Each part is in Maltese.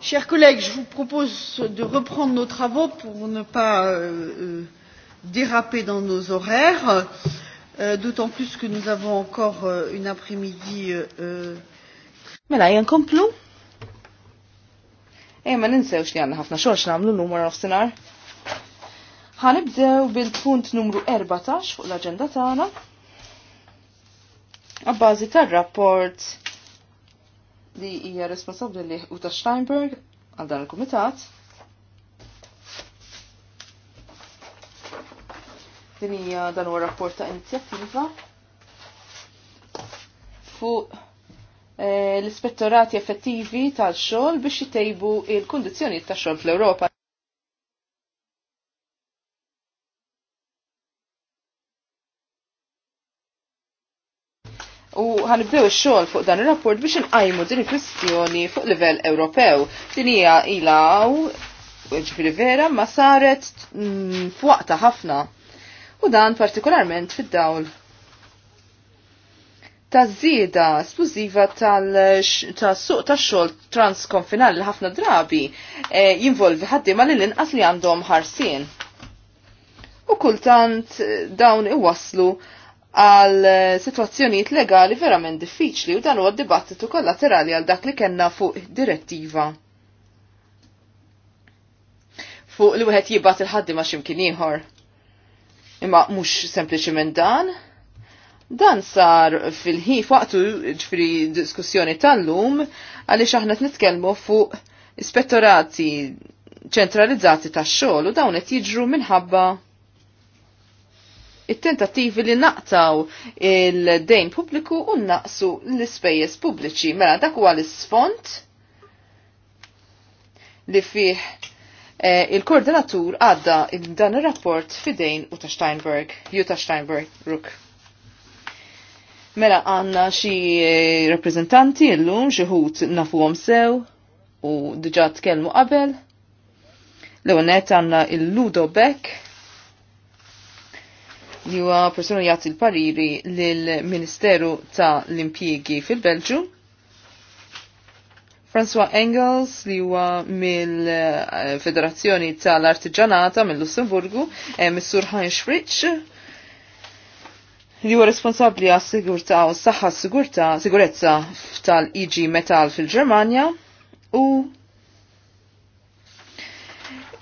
Chers collègues, je vous propose de reprendre nos travaux pour ne pas euh, euh, déraper dans nos horaires, euh, d'autant plus que nous avons encore euh, une après-midi. Euh... euh. Mela, jen komplu? Ej, ma ninsewx li għanna ħafna xorx namlu l-lum għara f-sinar. Ħanibdew bil-punt numru 14 fuq l-agenda tagħna. Għabbażi tar-rapport li hija responsabbli li Uta Steinberg għal dan il-kumitat. Din hija dan huwa rapport ta' inizjattiva fuq eh, l-ispettorati effettivi tal-xogħol biex jitejbu il-kundizzjonijiet tax-xogħol fl-Ewropa ħanibdew ix-xogħol fuq dan ir-rapport biex nqajmu din il-kwistjoni fuq livell Ewropew. Din hija ilha ġifieri vera ma saret mm, f'waqta ħafna. U dan partikolarment fid-dawl ta' zida esplosiva tal-suq ta' xol transkonfinali ħafna drabi eh, jinvolvi ħaddima li l-inqas li għandhom ħarsien. U kultant eh, dawn iwaslu għal eh, situazzjonijiet legali verament diffiċli u dan huwa dibattitu kollaterali għal dak li kellna fuq direttiva. Fuq li wieħed jibgħat il ma' x'imkien ieħor. Imma mhux minn dan. Dan sar fil-ħif waqtu ġifri diskussjoni tal-lum għaliex aħna nitkellmu fuq ispettorati ċentralizzati tax-xogħol u dawn qed jiġru minħabba it-tentattivi li naqtaw il-dejn pubbliku u naqsu l-ispejjeż pubbliċi. Mela dak huwa l-isfont li fih eh, il-koordinatur għadda il dan ir-rapport fidejn u ta' Steinberg, Jutta Steinberg Ruk. Mela għanna xi eh, rappresentanti llum xi ħut nafuhom sew u diġà tkellmu qabel. Leonet għanna il-Ludo Beck li huwa persuna jagħti l-pariri lill-Ministeru ta' l-Impjiegi fil-Belġu. François Engels li huwa mill-Federazzjoni tal-Artiġanata mill-Lussemburgu, eh, Missur Heinz Fritsch li huwa responsabbli għas sigurtà u s-saħħa sigurtà sigurezza tal-IG Metal fil-Ġermanja u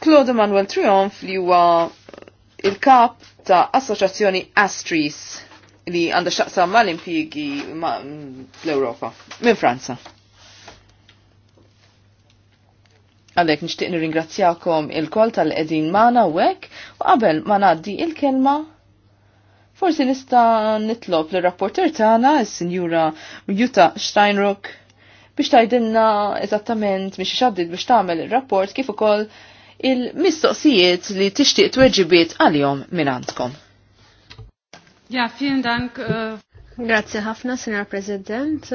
Claude Manuel Triumph li huwa il-kap ta' Assoċjazzjoni Astris li għandha xaqsam mal-impjigi fl-Ewropa minn Franza. Għalek nishtiq nir-ringrazzjakom il-kol tal-edin mana u għek, u qabel ma naddi il-kelma, forsi nista nitlob l-rapporter tana, il-sinjura Jutta Steinrock, biex tajdinna eżattament biex xaddit biex tamel il-rapport kif ukoll il-mistoqsijiet li tixtieq tweġibiet għalihom minn għandkom. Ja, vielen Dank. Äh, Grazie ħafna, Signor President.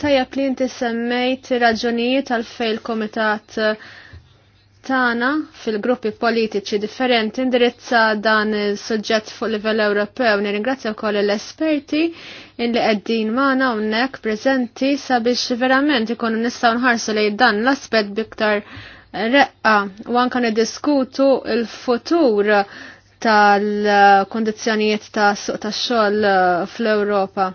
Tajja li inti semmejt raġunijiet għal fejl komitat äh, tana fil-gruppi politiċi differenti indirizza dan il-sujġett fuq livell Ewropew. Nirringrazzja wkoll l-esperti illi qegħdin magħna hawnhekk preżenti sabiex verament ikunu nistgħu nħarsu lejn dan l-aspett biktar reqqa u anka diskutu il-futur tal-kondizjonijiet ta' suq ta' xogħol eh, fl-Ewropa.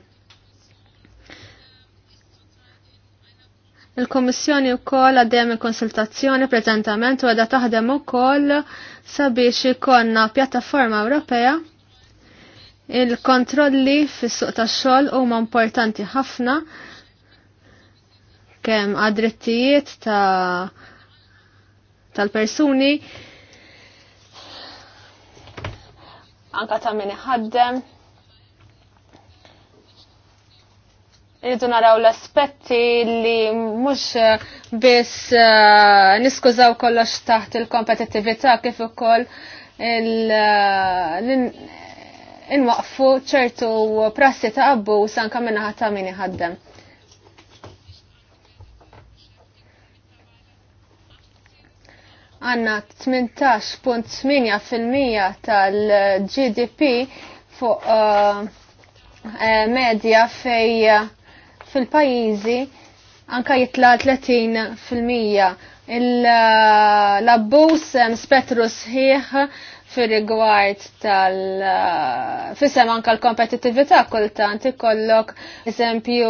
Il-Kommissjoni wkoll għaddejjem il-konsultazzjoni preżentament u għadha taħdem ukoll sabiex ikonna pjattaforma Ewropea Il-kontrolli fis-suq tax-xogħol huma importanti ħafna kemm għad-drittijiet ta' tal-persuni anka ta' min iħaddem. Irridu naraw l-aspetti li mhux biss uh, niskużaw kollox taħt il-kompetittività kif ukoll il-inwaqfu eh, ċertu prassi ta' abbuż anke minnaħa ta' min iħaddem. għanna 18.8% tal-GDP fuq uh, eh, medja fej uh, fil-pajizi anka jitla 30% il-labbus uh, um, spettru sħiħ fil-rigward tal- uh, fissem anka l-kompetitivita kultant ikollok eżempju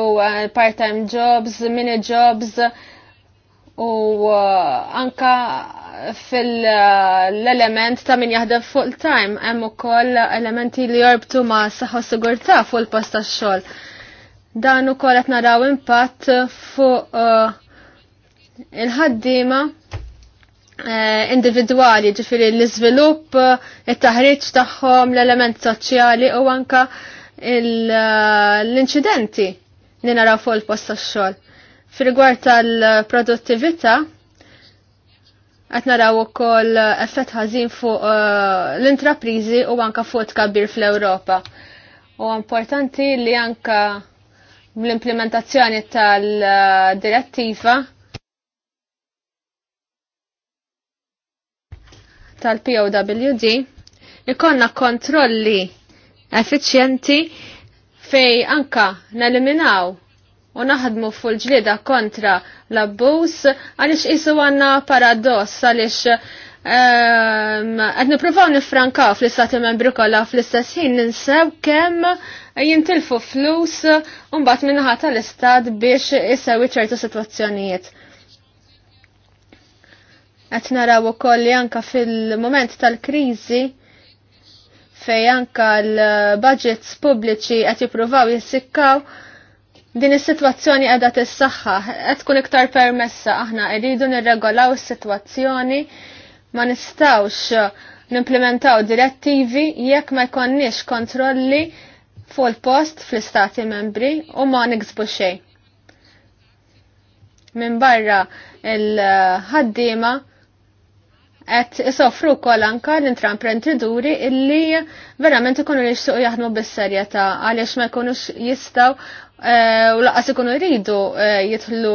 part-time jobs, mini jobs u anka fil-element ta' min jaħdem full time hemm ukoll elementi li jorbtu ma' saħħa sigurtà fuq il-post tax-xogħol. Dan ukoll qed naraw impatt fuq eh, il-ħaddiema eh, individwali, ġifiri l iżvilupp il-taħriċ tagħhom, l-element soċjali u anka eh, l-inċidenti li naraw fuq il-post tax-xogħol. Fil-rigward tal-produttività, Qed naraw ukoll effett ħażin fuq uh, l-intraprizi u anka fuq tkabbir fl-Ewropa. U importanti li anka l-implementazzjoni tal-direttiva tal-POWD ikonna kontrolli effiċjenti fej anka neliminaw u naħdmu fuq ġlieda kontra l-abbuż għaliex qisu għanna paradoss għaliex ehm, qed niprofaw nifrankaw fl-istati membri kolla fl-istess ħin ninsew kemm jintilfu flus un-bat minnaħa tal-istat biex jisewi ċertu situazzjonijiet. Qed naraw u koll janka fil-moment tal-krizi fej anke l-budgets pubbliċi qed jipruvaw jissikkaw din is-sitwazzjoni qiegħda tissaħħa, qed tkun iktar permessa aħna qegħdu nirregolaw is-sitwazzjoni ma nistgħux nimplementaw direttivi jekk ma jkollniex kontrolli fuq il-post fl-istati membri u ma niksbu xejn. Minn barra il-ħaddiema qed isofru wkoll anke l-intraprenditori illi verament ikunu jixtiequ jaħdmu bis-serjetà għaliex ma jkunux jistgħu Eh, u laqas ikunu jridu eh, jitħlu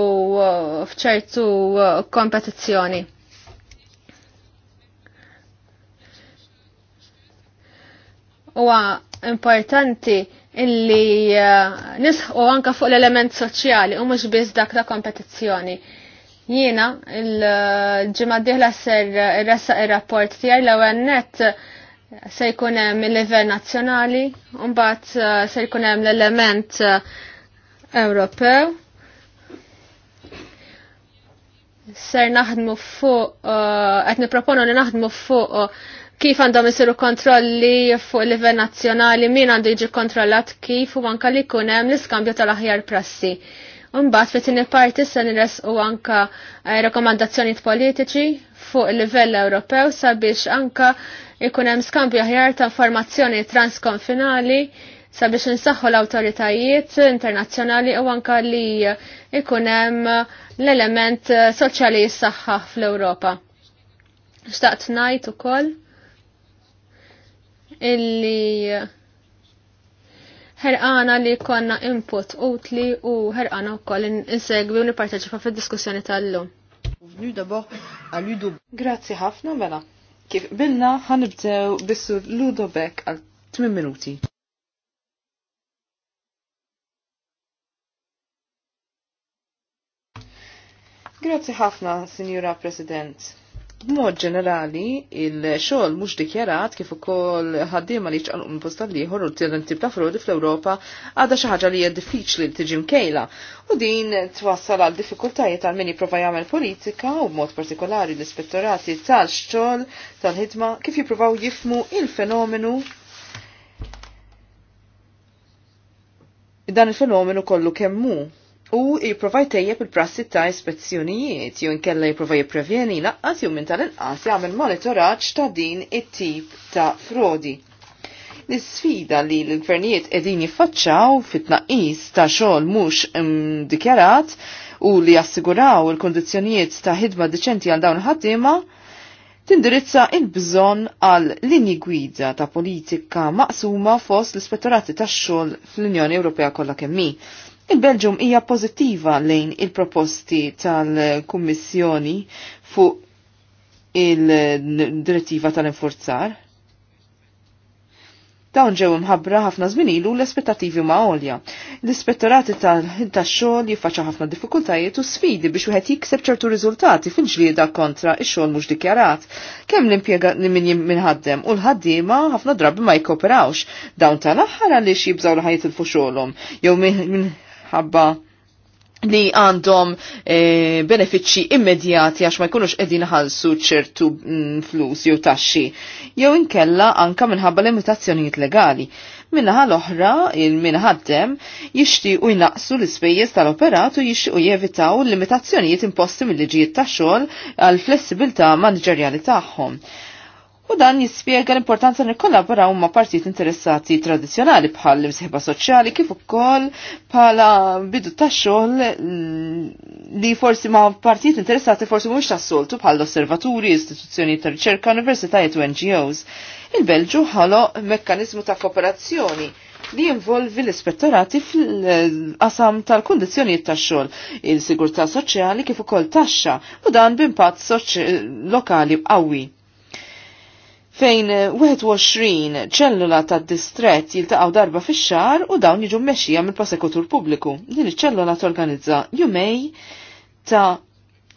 eh, fċertu kompetizzjoni. Huwa importanti illi nisħu anka fuq l-element soċjali u mhux biss dak ta' kompetizzjoni. Jiena il-ġimgħa diħla ser irressa ir-rapport tiegħi l-ewwel nett se jkun hemm il-livell nazzjonali u mbagħad se jkun hemm l-element uh, Ewropew. Ser naħdmu fuq, uh, qed niproponu li naħdmu fuq uh, kif għandhom isiru kontrolli fuq livell nazzjonali, min għandu jiġi kontrollat kif u anka li jkun hemm l-iskambju tal-aħjar prassi. Mbagħad fit tieni parti se nirresqu anka eh, rekomandazzjonijiet politiċi fuq il-livell Ewropew sabiex anka ikun hemm skambju aħjar ta' informazzjoni transkonfinali sabiex nsaħħu l-autoritajiet internazzjonali u anka li ikunem l-element soċjali jissaħħa fl-Ewropa. Xtaqt najt u koll illi ħerqana li konna input utli u ħerqana u koll insegwi u nipparteċipa fil-diskussjoni tal-lum. Grazzi ħafna mela. Kif bilna ħanibdew bissur Ludo Beck għal 8 minuti. Grazzi ħafna, Sinjura President. B'mod ġenerali, il-xogħol mhux dikjarat kif ukoll ħaddiema li ċqalqu minn posta li jħorru tip ta' frodi fl-Ewropa għadha xi ħaġa li hija diffiċli li tiġi mkejla. U din twassal għal diffikultajiet għal min jipprova jagħmel politika u b'mod partikolari l-ispettorati tal-xogħol tal-ħidma kif jippruvaw jifmu il-fenomenu dan il-fenomenu kollu kemmu u jiprofa tejjeb il-prassi ta' ispezzjonijiet, jew nkella jiprofa jiprevjeni laqqas jew minn tal-inqas jagħmel monitoraċ ta' din it-tip ta' frodi. L-sfida li l-gvernijiet edin jiffaċċaw fit-tnaqqis ta' xogħol mhux dikjarat u li jassiguraw il kondizjonijiet ta' ħidma deċenti għal dawn ħaddiema tindirizza il-bżon għal linji gwida ta' politika maqsuma fost l-ispettorati ta' xogħol fl-Unjoni Ewropea kollha kemm Il-Belġum hija pożittiva lejn il-proposti tal-Kummissjoni fuq il-direttiva tal-infurzar. Dawn ġew imħabbra ħafna żmien ilu l-aspettativi ma' għolja. L-ispettorati tax-xogħol jiffaċċa ħafna diffikultajiet u sfidi biex wieħed jikseb ċertu riżultati fil-ġlieda kontra x-xogħol mhux dikjarat. Kemm l-impjega minħaddem u l-ħaddiema ħafna drabi ma jkoperawx. Dawn tal-aħħar għaliex jibżgħu l-ħajt il xogħolhom jew ħabba li għandhom e, benefiċċji immedjati għax ma jkunux qegħdin ħalsu ċertu mm, flus jew taxxi. Jew inkella anka minħabba limitazzjonijiet legali. Minnaħa l-oħra, il-minħaddem, jixti u jnaqsu l-ispejjeż tal-operatu u u jevitaw limitazzjonijiet imposti mill-liġijiet tax-xogħol għal flessibilità manġerjali maniġerjali tagħhom u dan jispjega l-importanza li kollaboraw ma' partit interessati tradizjonali bħal l-imsieħba soċjali kif ukoll bħala bidu ta' xogħol mm, li forsi ma' partit interessati forsi mhux tas-soltu bħal osservaturi, istituzzjoni ta' riċerka, universitajiet u NGOs. Il-Belġu ħalo mekkanizmu ta' kooperazzjoni li jinvolvi l-ispettorati fil-qasam tal-kondizjonijiet tax-xogħol, il-sigurtà soċjali kif ukoll taxxa u dan b'impatt lokali qawwi fejn 21 eh, ċellula tad distret jiltaqgħu darba fix-xar u dawn jiġu mmexxija mill-prosekutur pubbliku. Din iċ-ċellula torganizza jumej ta'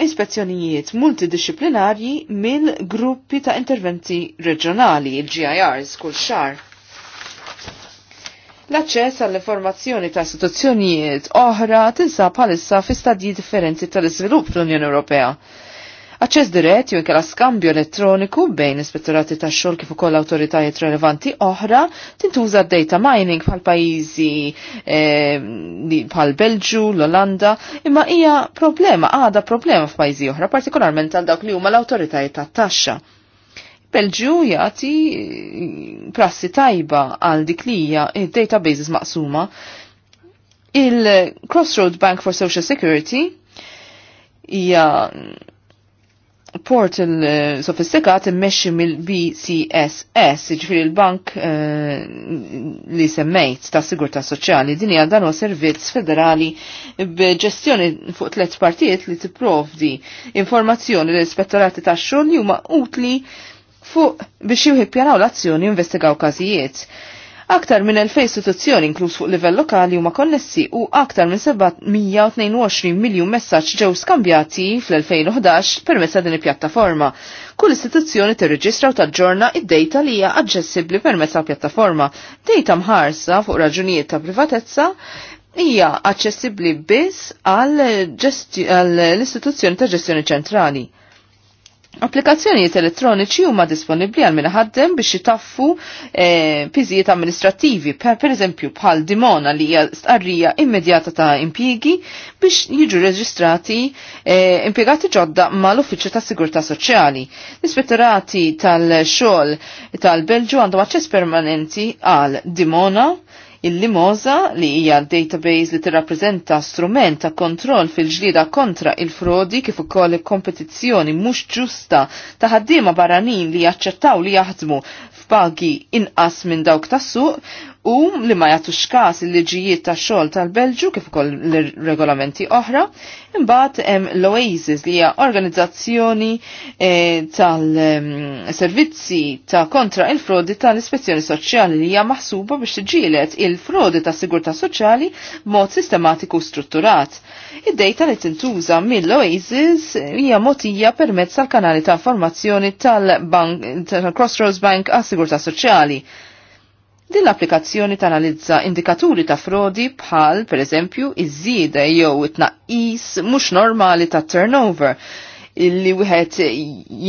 ispezzjonijiet multidisciplinarji mill-gruppi ta' interventi reġjonali, il-GIRs, kull xar. L-aċċess għall-informazzjoni ta' istituzzjonijiet oħra tinsab bħalissa fi stadji differenti tal-iżvilupp fl-Unjoni Ewropea aċċess dirett jew inkella skambju elettroniku bejn ispettorati tax-xogħol kif ukoll awtoritajiet relevanti oħra tintuża data mining bħal pajjiżi eh, bħal Belġu, l-Olanda, imma hija problema għada problema f'pajjiżi oħra, partikolarment għal dawk li huma l-awtoritajiet tat-taxxa. Belġu jagħti eh, prassi tajba għal dik li hija databases maqsuma il-Crossroad Bank for Social Security hija portal eh, sofistikat immexxi mill-BCSS, ġifiri l-bank eh, li semmejt ta' sigurta soċjali, din hija dan servizz federali b'ġestjoni fuq tliet partijiet li tipprovdi informazzjoni l ispettorati tax-xogħol li huma utli fuq biex jieħu l-azzjoni investigaw każijiet. Aktar minn 2000 istituzzjoni inkluż fuq livell lokali huma konnessi u aktar minn 722 miljun messaġġ ġew skambjati fl-2011 permezz din il-pjattaforma. Kull istituzzjoni tirreġistra u taġġorna id-data li hija aċċessibbli permezz tal-pjattaforma. Data mħarsa fuq raġunijiet ta' privatezza hija aċċessibbli biss għall-istituzzjoni ta' ġestjoni ċentrali. Applikazzjonijiet elettroniċi huma disponibbli għal minħaddem biex jitaffu e, eh, piżijiet amministrativi, per, per eżempju bħal dimona li hija stqarrija immedjata ta' impjiegi biex jiġu reġistrati e, eh, impjegati ġodda mal-Uffiċċju ta' Sigurtà Soċjali. L-ispettorati tal-xogħol tal-Belġu għandhom aċċess permanenti għal dimona Il-Limoza li hija database li tirrappreżenta strument ta' kontroll fil-ġlida kontra il-frodi kif ukoll kompetizzjoni mhux ġusta ta' ħaddiema barranin li jaċċettaw li jaħdmu f'pagi inqas minn dawk tas-suq u um li ma jagħtux każ il-liġijiet tax-xogħol tal-Belġu kif ukoll regolamenti oħra, imbagħad hemm l-Oasis li hija organizzazzjoni eh, tal-servizzi ta' kontra il-frodi tal-ispezzjoni soċjali li hija maħsuba biex tiġielet il-frodi ta' sigurtà soċjali b'mod sistematiku strutturat. Id-dejta li tintuża mill-Oasis hija motija permezz tal-kanali ta' informazzjoni tal-Crossroads Bank għas-Sigurtà Soċjali Din l-applikazzjoni tanalizza indikaturi ta' frodi bħal, per eżempju, iż-żieda jew it-naqis mhux normali ta' turnover illi wieħed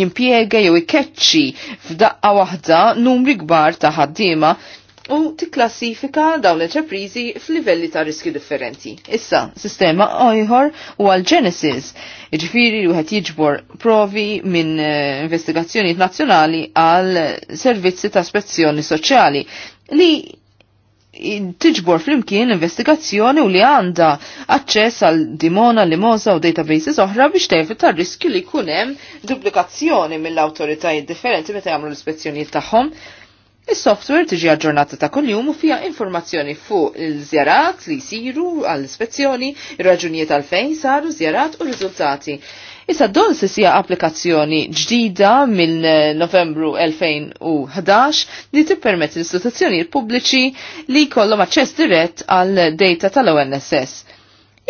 jimpiega jew ikeċċi f'daqqa waħda numri kbar ta' ħaddiema u tikklassifika dawn l-enterprizi f'livelli ta' riskju differenti. Issa, sistema ojħor u għal Genesis, ġifiri li wieħed jiġbor provi minn eh, investigazzjonijiet nazzjonali għal servizzi ta' spezzjoni soċjali li tiġbor flimkien investigazzjoni u li għanda aċċess għal dimona, Limoza u databases oħra biex tevita tar riski li kunem duplikazzjoni mill-autoritajiet differenti meta jagħmlu l-ispezzjonijiet tagħhom. Is-software tiġi aġġornata ta' kuljum u fija informazzjoni fuq il-żjarat li jsiru għall-ispezzjoni, ir-raġunijiet għal għal-fejn saru żjarat u riżultati. Issa Donsis hija applikazzjoni ġdida minn Novembru 2011 li tippermetti l-istituzzjonijiet pubbliċi li jkollhom aċċess dirett għal data tal-ONSS.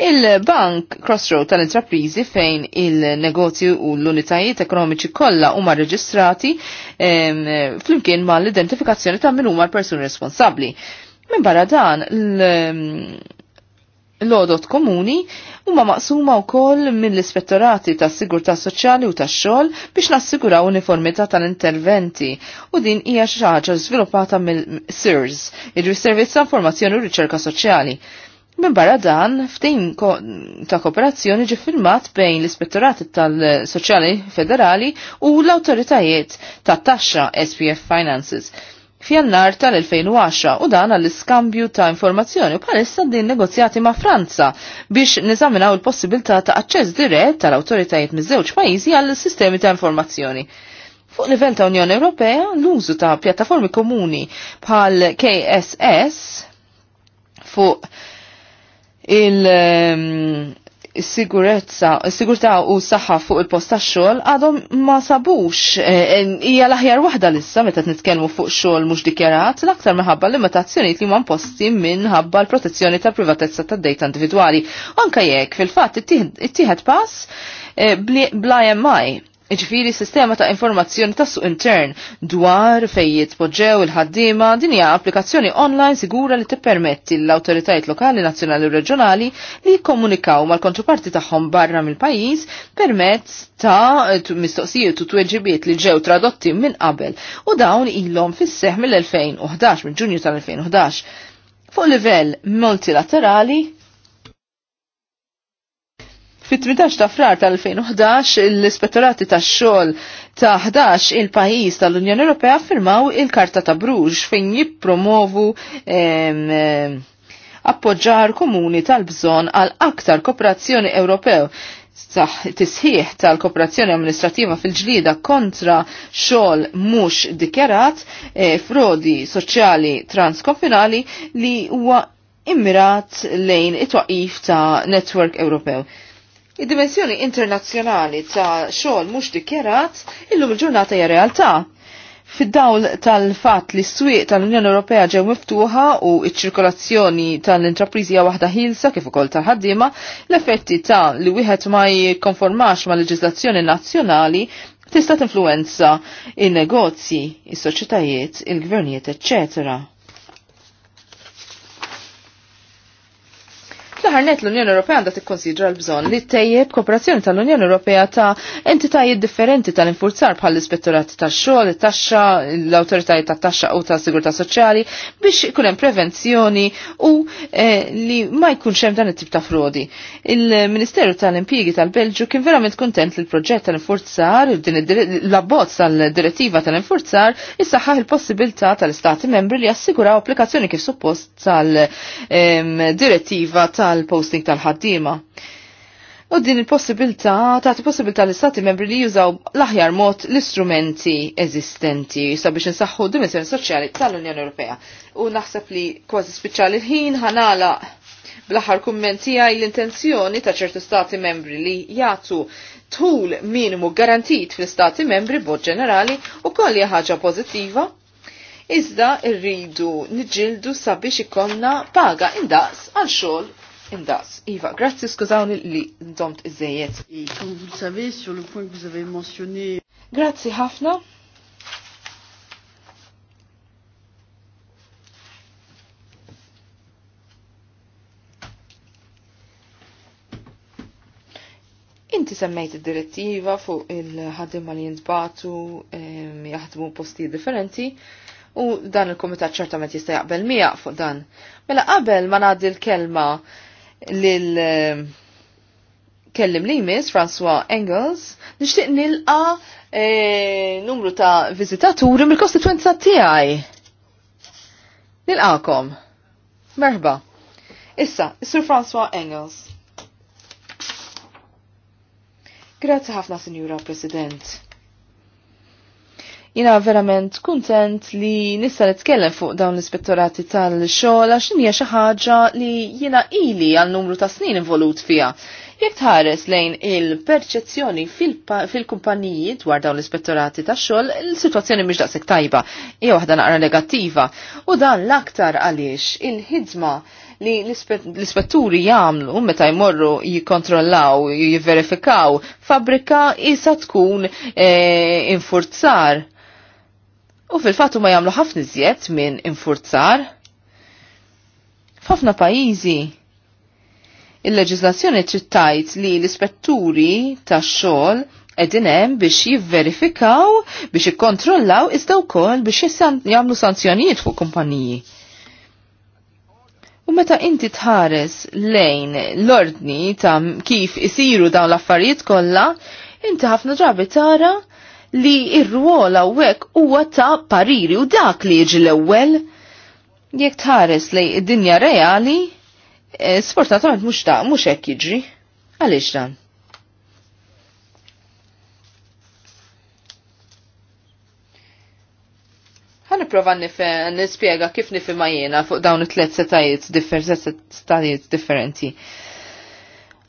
Il-bank Crossroad tal intrapriżi fejn il-negozju u l-unitajiet ekonomiċi kollha huma reġistrati flimkien ma l-identifikazzjoni ta' min huma l-persuni responsabbli. Minn barra dan l-lodot komuni huma maqsuma wkoll mill-ispettorati tas-sigurtà soċjali u tax-xogħol biex nassiguraw uniformità tal-interventi u din hija xi ħaġa żviluppata mill-SIRS, il-Servizz ta' Informazzjoni u Riċerka Soċjali. Minn barra dan, ftejn ko ta' kooperazzjoni ġi firmat bejn l-Ispettorat tal-Soċjali Federali u l-Awtoritajiet ta' Taxxa SPF Finances f'jannar tal-2010 u dan għall-iskambju ta' informazzjoni u bħalissa din negozjati ma' Franza biex niżaminaw il-possibilità ta' aċċess dirett tal-awtoritajiet miż-żewġ pajjiżi għall-sistemi ta' informazzjoni. Fuq livell ta' Unjoni Ewropea, l-użu ta' pjattaformi komuni bħal KSS fuq il- ehm, sigurezza, sigurtà u s saħħa fuq il-post tax-xogħol għadhom ma sabux. Eh, hija l-aħjar waħda lissa meta nitkellmu fuq xogħol mhux dikjarat l-aktar minħabba limitazzjonijiet li posti minn minħabba l-protezzjoni tal-privatezza tad-dejta individwali. Anke jekk fil it-tihet pass eh, bla MI Iġifiri sistema ta' informazzjoni tas suq intern dwar fej jitpoġġew il-ħaddima din hija applikazzjoni online sigura li tippermetti l-awtoritajiet lokali, nazzjonali u reġjonali li jikkomunikaw mal-kontraparti tagħhom barra mill-pajjiż permezz ta' mistoqsijiet u tweġibiet li ġew tradotti minn qabel u dawn ilhom fis-seħ mill-2011 minn Ġunju tal-2011 fuq livell multilaterali Fit-18 ta' frar tal-2011 l-ispettorati tax-xogħol ta' 11 il-pajjiż tal-Unjoni Ewropea firmaw il-Karta ta' Bruġ fejn jippromovu appoġġar komuni tal-bżonn għal aktar kooperazzjoni Ewropew tisħiħ tal-kooperazzjoni amministrativa fil-ġlida kontra xogħol mhux dikjarat e, frodi soċjali transkonfinali li huwa immirat lejn it-twaqif ta' Network Ewropew. Id-dimensjoni internazzjonali ta' xogħol mhux dikjerat illum il-ġurnata hija realtà. Fid-dawl tal-fatt li s-swieq tal-Unjoni Ewropea ġew miftuħa u ċ-ċirkolazzjoni tal-intrapriżi hija waħda ħilsa kif ukoll tal-ħaddiema, l-effetti ta' li wieħed ma jikkonformax ma' leġiżlazzjoni nazzjonali tista' tinfluwenza in-negozji, is-soċjetajiet, il-gvernijiet, eċċetera. fl l-Unjoni Ewropea għandha tikkonsidra l-bżonn li tejjeb kooperazzjoni tal-Unjoni Ewropea ta' entitajiet differenti tal-infurzar bħal l-ispettorat tax-xogħol, it taxxa, l-awtoritajiet tat-taxxa u tas-sigurtà soċjali biex ikun hemm prevenzjoni u eh, li ma jkunx hemm dan it-tip ta' frodi. Il-Ministeru tal-Impjiegi tal-Belġu kien verament kuntent li l-proġett tal-infurzar, l-abbozz tal-direttiva tal-infurzar, issaħħaħ il-possibilità tal-Stati membri li jassiguraw applikazzjoni kif suppost tal-direttiva tal ehm, għal posting tal-ħaddiema. U din il-possibilità tagħti possibilità l istati membri li jużaw l-aħjar mod l-istrumenti eżistenti sabiex insaħħu dimensjoni soċjali tal-Unjoni Ewropea. U naħseb li kważi spiċċali l-ħin ħanala bl-aħħar kumment tiegħi l-intenzjoni ta' ċertu stati membri li jagħtu tul minimu garantit fl-istati membri bod ġenerali u kolli ħaġa pożittiva. Iżda rridu niġildu sabiex ikollna paga indaqs għal xogħol indas. Iva, grazzi skużawni li domt iżejiet. vous savez, sur le point que vous avez mentionné. Grazzi ħafna. Inti semmejt id-direttiva fuq il-ħadimma li jintbatu jaħdmu posti differenti u dan il-komitat ċertament jista' jaqbel miegħek fuq dan. Mela qabel ma ngħaddi l-kelma lil eh, kellim li jmiss François Engels, nixtieq nilqa e, numru ta' viżitaturi mill-kostituenza tiegħi. Nilqakom. Merħba. Issa, Sir François Engels. Grazzi ħafna, Signora President. Jina verament kuntent li nista nitkellem fuq dawn l-ispettorati tal-xogħol għax hija xi ħaġa li jiena ili għal numru ta' snin involut fiha. Jekk tħares lejn il-perċezzjoni fil-kumpaniji dwar dawn l-ispettorati tax-xogħol, il-sitwazzjoni mhix daqshekk tajba, hija waħda naqra negattiva. U dan l-aktar għaliex il-ħidma li l-ispetturi jagħmlu meta jmorru jikkontrollaw, jiverifikaw fabrika jisa tkun eh, infurzar. U fil-fattu ma jagħmlu ħafna iżjed minn infurzar. F'ħafna pajjiżi il-leġislazzjoni trid tgħid li l-ispetturi tax-xogħol qegħdin hemm biex jivverifikaw, biex ikkontrollaw iżda wkoll biex jagħmlu sanzjonijiet fuq kumpaniji. U meta inti tħares lejn l-ordni ta' kif isiru dawn l-affarijiet kollha, inti ħafna drabi tara li ir-ruola hawnhekk huwa ta' pariri u dak li jiġi l-ewwel. Jekk tħares li id-dinja reali, eh, sportatorant mhux ta' mhux hekk jiġri. Għaliex dan? Ħaniprofa nispjega kif nifhimha jiena fuq dawn it-tliet setajiet differenti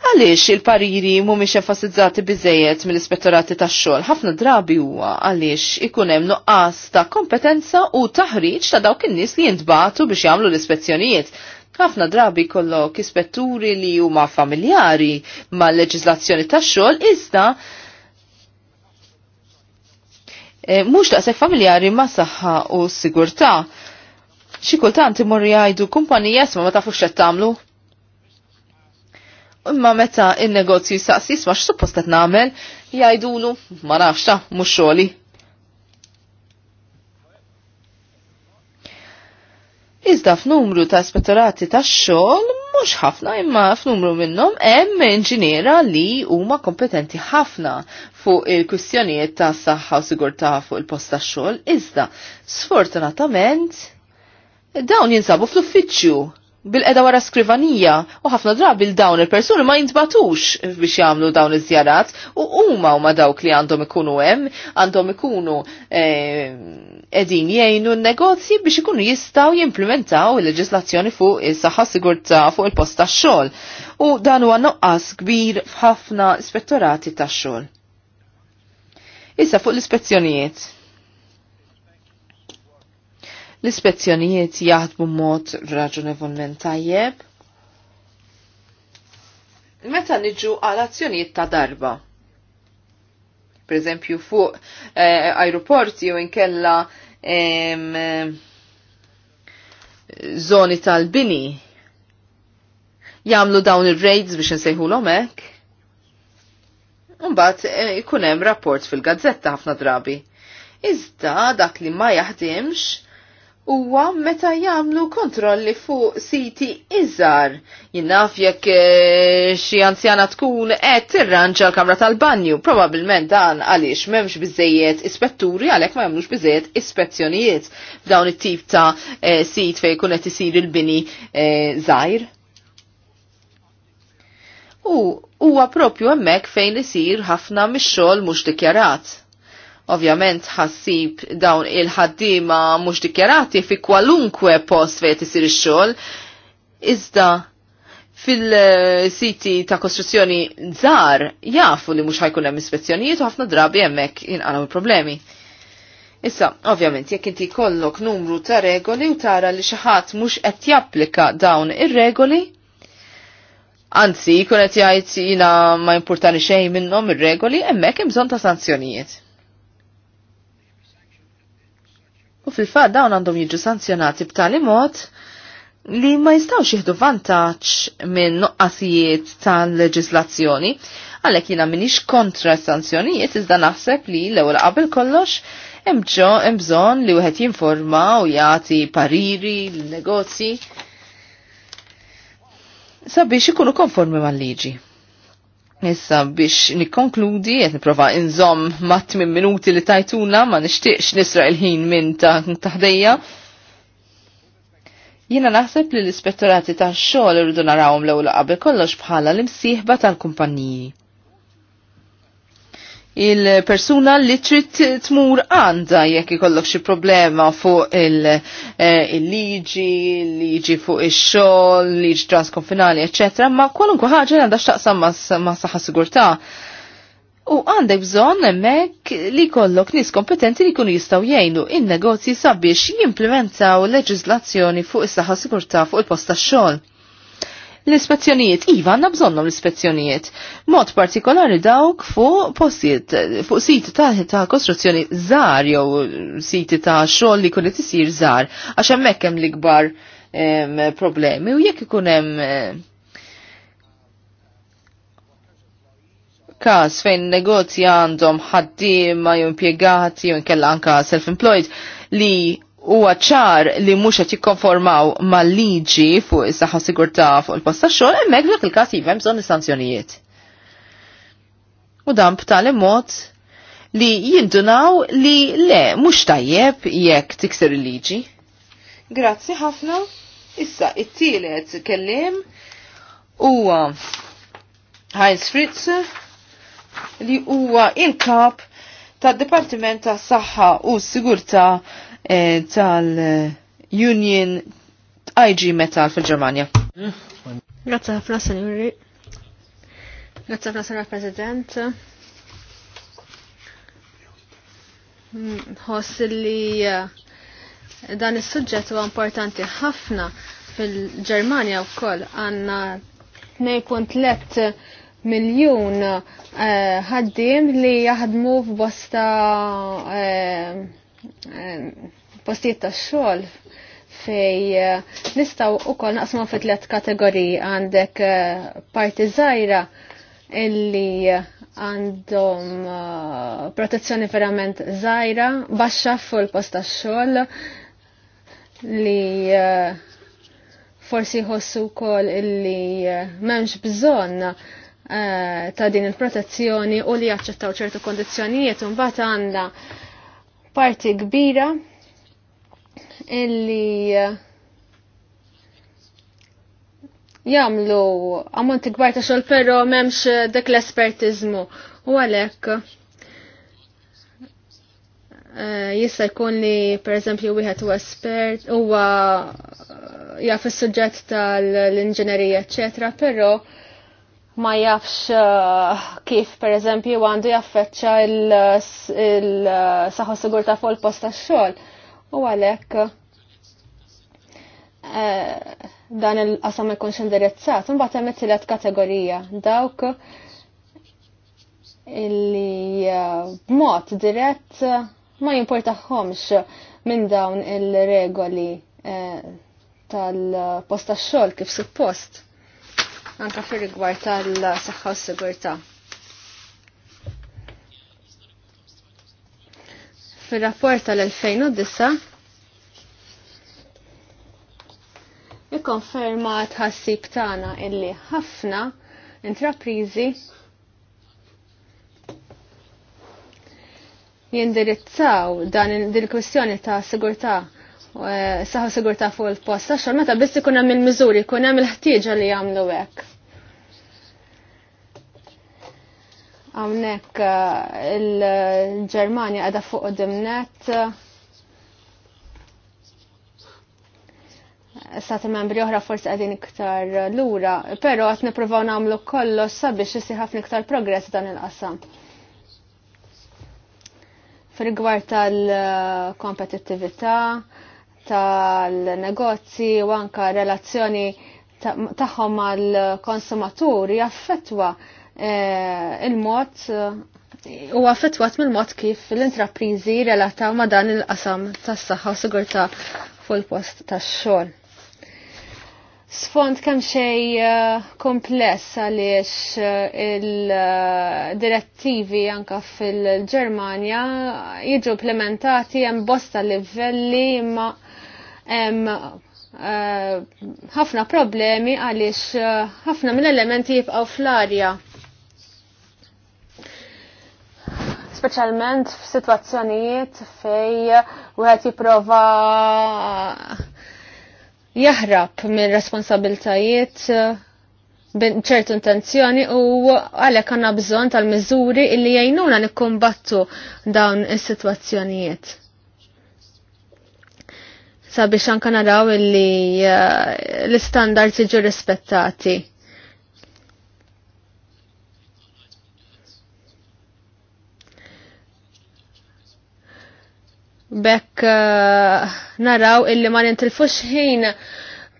Għaliex il-pariri mhumiex enfasizzati biżejjed mill-ispettorati tax-xogħol ħafna drabi huwa għaliex ikun hemm nuqqas ta' kompetenza u taħriġ ta' dawk in-nies li jintbagħtu biex jagħmlu l-ispezzjonijiet ħafna drabi kollok ispetturi li huma familjari ma' leġiżlazzjoni tax xogħol iżda eh, mhux daqshekk familjari ma' saħħa u sigurtà. Xi kultant imur jgħidu kumpanija isma' ma tafux x'qed tagħmlu imma meta il-negozju jistaqsi jisma x'suppost qed nagħmel, jajdulu, ma nafx ah, mhux xogħli. Iżda f'numru ta' ispettorati ta' xogħol mhux ħafna imma f'numru minnhom hemm inġiniera li huma kompetenti ħafna fuq il-kwistjonijiet ta' saħħa u sigurtà fuq il-post ta' xogħol, iżda sfortunatament dawn jinsabu fl-uffiċċju bil-qeda wara skrivanija u ħafna drabi l-dawn il-persuni ma jintbatux biex jagħmlu dawn iż-żjarat u huma huma dawk li għandhom ikunu hemm, għandhom ikunu eh, qegħdin jgħinu n-negozji biex ikunu jistgħu jimplementaw il-leġislazzjoni fuq is-saħħa sigurtà fuq il-post tax-xogħol. U dan huwa noqqas kbir f'ħafna ispettorati tax-xogħol. Issa fuq l-ispezzjonijiet L-ispezzjonijiet jaħdmu mod raġunevolment tajjeb. Meta niġu għal azzjonijiet ta' darba, per eżempju fuq eh, aeroporti u inkella eh, zoni tal-bini, jamlu dawn il-raids biex nsejħu l-omek. Umbat, eh, ikunem rapport fil-gazzetta ħafna drabi. Iżda dak li ma jaħdimx, huwa meta jagħmlu kontrolli fuq siti iżgħar. Jinaf jekk eh, xi anzjana tkun qed tirranġa l-kamra tal-banju, probabbilment dan għaliex m'hemmx biżejjed ispetturi għalhekk ma jagħmlux biżejjed ispezzjonijiet f'dawn it-tip ta' eh, sit fejn jkun qed isir il-bini eh, żgħir. U huwa propju hemmhekk fejn isir ħafna mix-xogħol mhux dikjarat Ovvjament ħassib dawn il-ħaddima mhux dikjarati fi kwalunkwe post fejn isir ix-xogħol, iżda fil-siti ta' kostruzzjoni żgħar jafu li mhux ħajkun hemm ispezzjonijiet u ħafna drabi hemmhekk inqalgħu il-problemi. Issa, ovvjament, jekk inti kollok numru ta' regoli u tara li xi ħadd mhux qed japplika dawn ir-regoli, anzi jkun qed jgħid jiena ma importani xejn minnhom ir-regoli, hemmhekk hemm bżonn ta' sanzjonijiet. U fil-fat dawn għandhom jiġu sanzjonati b'tali mod li ma jistawx jihdu vantaġġ minn nuqqasijiet tal-leġislazzjoni. Għalhekk jiena minix kontra sanzjonijiet iżda naħseb li l-ewwel qabel kollox hemm bżonn li wieħed jinforma u jagħti pariri negozji sabiex ikunu konformi mal-liġi. Issa biex nikkonkludi, qed niprofa inżom ma' 8 minuti li tajtuna, ma' nixtieqx nisra il-ħin minn ta' taħdejja. Jiena naħseb li l-ispettorati tax xogħol irridu narawhom l-ewwel qabel kollox bħala l-imsieħba tal-kumpanniji il-persuna li trid tmur għandha jekk ikollok xi problema fuq eh, il-liġi, liġi fuq ix-xogħol, liġi konfinali, eċċetera, ma kwalunkwe ħaġa għandha x'taqsam ma' saħħa sigurtà. U għandek bżonn hemmhekk li kollok nies kompetenti li jkunu jistgħu jgħinu in-negozji sabiex jimplementaw leġiżlazzjoni fuq is-saħħa sigurtà fuq il-post tax-xogħol. L-ispezzjonijiet, iva għanna bżonnom l-ispezzjonijiet. Mod partikolari dawk fuq postijiet, fuq siti ta', ta kostruzzjoni zar jew siti ta' xogħol li kunet isir zar, għax hemmhekk hemm l-ikbar problemi u jekk ikun hemm eh, każ fejn negozji għandhom ħaddiema jew impjegati jew inkella anka self-employed li huwa ċar li mhux qed jikkonformaw mal-liġi fuq is-saħħa sigurtà fuq il-post tax-xogħol hemmhekk dak il-każ jifhem iva bżonn is-sanzjonijiet. U dan b'tali mod li jindunaw li le mhux tajjeb jekk tikser il-liġi. Grazzi ħafna. Issa it-tielet kellim huwa Heinz Fritz li huwa il-kap tad-Dipartiment tas-Saħħa u s Sigurtà Eh, tal-Union IG Metal fil-Germania. Grazie ħafna, Senjuri. Grazie ħafna, Senjur President. Hoss mm, li eh, dan is-suġġett huwa importanti ħafna fil-Ġermanja wkoll għandna 2.3 miljun eh, ħaddiem li jaħdmu f'bosta postijiet tax-xogħol fej eh, nistaw u kol naqsmu fi tlet kategoriji għandek eh, parti zaħira illi għandhom eh, protezzjoni verament zaħira baxxa fu l ta' xol li forsi jħossu kol illi memx bżon ta' din il-protezzjoni u li jaċċettaw ċertu kondizjonijiet un bat għanda parti kbira illi eh, jamlu ammonti kbar ta' xol pero memx eh, dak l-espertizmu u għalek eh, jista jkun li per eżempju wieħed u espert huwa jaf is-suġġett tal-inġinerija eċetera, però ma jafx kif per eżempju għandu jaffeċċa il-saħħa sigurta fuq il-post tax-xogħol u għalhekk eh, dan il-qasam ikunx indirizzat, imbagħad hemm it-tielet kategorija dawk illi eh, b'mod dirett ma jimportaħħomx minn dawn il-regoli eh, tal-posta xogħol kif suppost anka fir rigward tal-saħħa u s-sigurtà. fil-rapport tal-2009 ikkonferma tħassib tagħna illi ħafna intraprizi jindirizzaw dan il-kwestjoni ta' sigurtà eh, saħu sigurtà fuq il-post għax meta biss ikun hemm il-miżuri jkun hemm il-ħtieġa li jagħmlu hekk. Għamnek eh, il ġermania għada fuq dimnet. Sa' membri oħra forse għadin iktar lura, pero għat niprofaw namlu kollox sabiex jisir ħafna iktar progress dan il-qasam. Fil-gwar tal-kompetittività, tal negozzi u anka relazzjoni tagħhom mal-konsumaturi affettwa. Eh, il-mod eh, u għaffetwat mill-mod kif l-intraprizi relata ma dan il-qasam tas saħħa u sigurta fuq il-post tax xogħol. Sfond kemm xej eh, kompless għaliex il-direttivi anka fil-Ġermanja jiġu implementati hemm bosta livelli imma hemm ħafna problemi għaliex ħafna mill-elementi jibqgħu fl-arja. specialment f'sitwazzjonijiet fej wieħed jipprova jahrab minn responsabiltajiet ċertu intenzjoni u għalhekk għandna bżonn tal-miżuri illi jgħinuna nikkumbattu dawn is-sitwazzjonijiet. Sabiex anka naraw illi eh, l-istandards jiġu rispettati. Bekk uh, naraw illi ma nintilfux ħin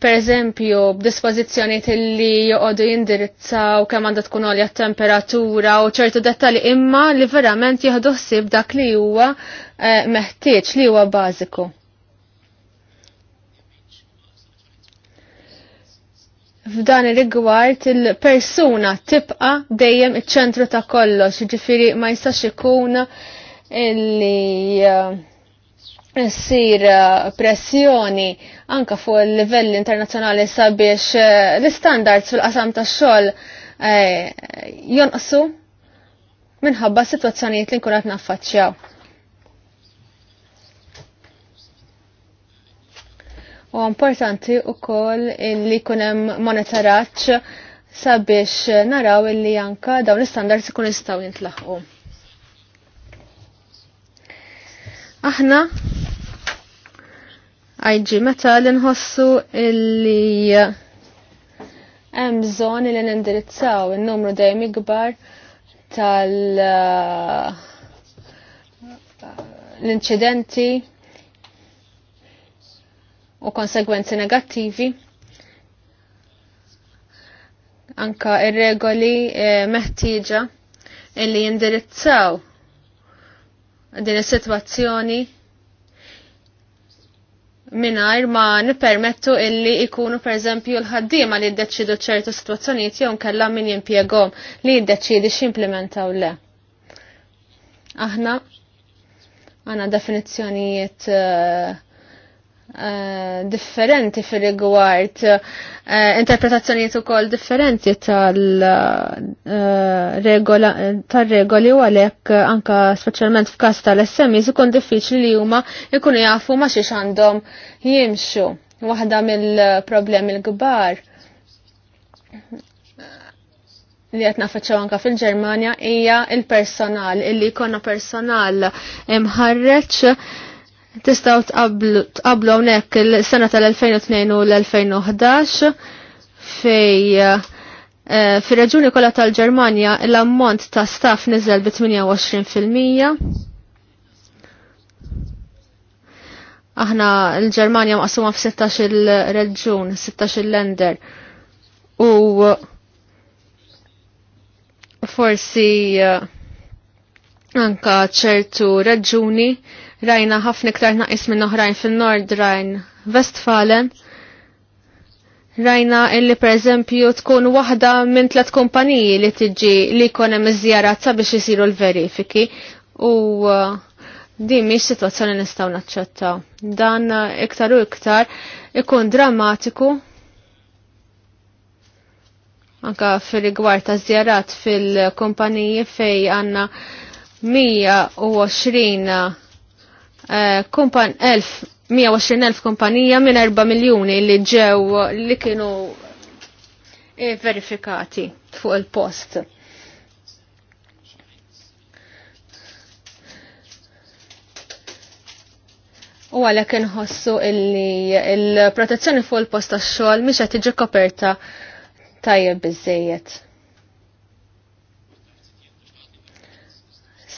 per eżempju b'dispożizzjonijiet illi joqogħdu jindirizzaw kemm għandha tkun għolja temperatura u ċertu dettali imma li verament jieħdu ħsieb dak li huwa uh, meħtieġ li huwa bażiku. f'dan ir-rigward il-persuna tibqa dejjem iċ-ċentru ta' kollox, ġifiri ma jistax ikun illi eh, sir eh, pressjoni anka fuq il-livell internazzjonali sabiex eh, l-standards fil-qasam ta' xogħol eh, jonqsu minħabba situazzjonijiet li nkunat naffaċċjaw. U importanti wkoll li jkun hemm sabiex naraw illi anka dawn l-istandards ikun jistgħu jintlaħqu. Aħna għajġi meta l-inħossu illi hemm bżonn li nindirizzaw in-numru dejjem ikbar tal l-inċidenti u konsegwenzi negattivi anka ir-regoli eh, meħtieġa illi jindirizzaw din is-sitwazzjoni minar ma nipermettu illi ikunu per eżempju l-ħaddima li jiddeċidu ċertu situazzjonijiet jew nkella min jimpjegom li jiddeċidi x'implementaw le. Aħna għandna definizzjonijiet uh, Eh, differenti fil-rigward eh, interpretazzjonijiet ukoll differenti tal-regoli eh, u għalhekk anka speċjalment f'każ tal-SMEs ikun diffiċli li huma jkunu jafu ma xiex għandhom jimxu. Waħda mill-problemi l-kbar li qed nafaċċaw anka fil-Ġermanja hija il-personal, illi jkollna personal imħarreġ tistaw tqablu hawnhekk il-sena tal-2002 u l-2011 fej fi eh, fir-reġuni kollha tal-Ġermanja l-ammont ta' staff niżel bi 28%. Aħna l-Ġermanja maqsuma f-16 il-reġun, 16 il-lender. U forsi eh, anka ċertu reġuni rajna ħafna iktar naqis minn oħrajn fin-Nord Rhine Westfalen. Rajna illi per eżempju tkun waħda minn tlet kumpaniji li tiġi li jkun hemm iżjarat sabiex isiru l-verifiki u uh, din mhix sitwazzjoni nistgħu naċċettaw. Dan uh, iktar u iktar ikun drammatiku anka fil-rigward ta' żjarat fil-kumpaniji fej għandna 120 120.000 eh, kumpanija minn 4 miljoni li ġew li kienu eh, verifikati fuq il-post. U għalek nħossu illi il-protezzjoni fuq il-post tax-xogħol mhix qed tiġi koperta tajjeb biżejjed.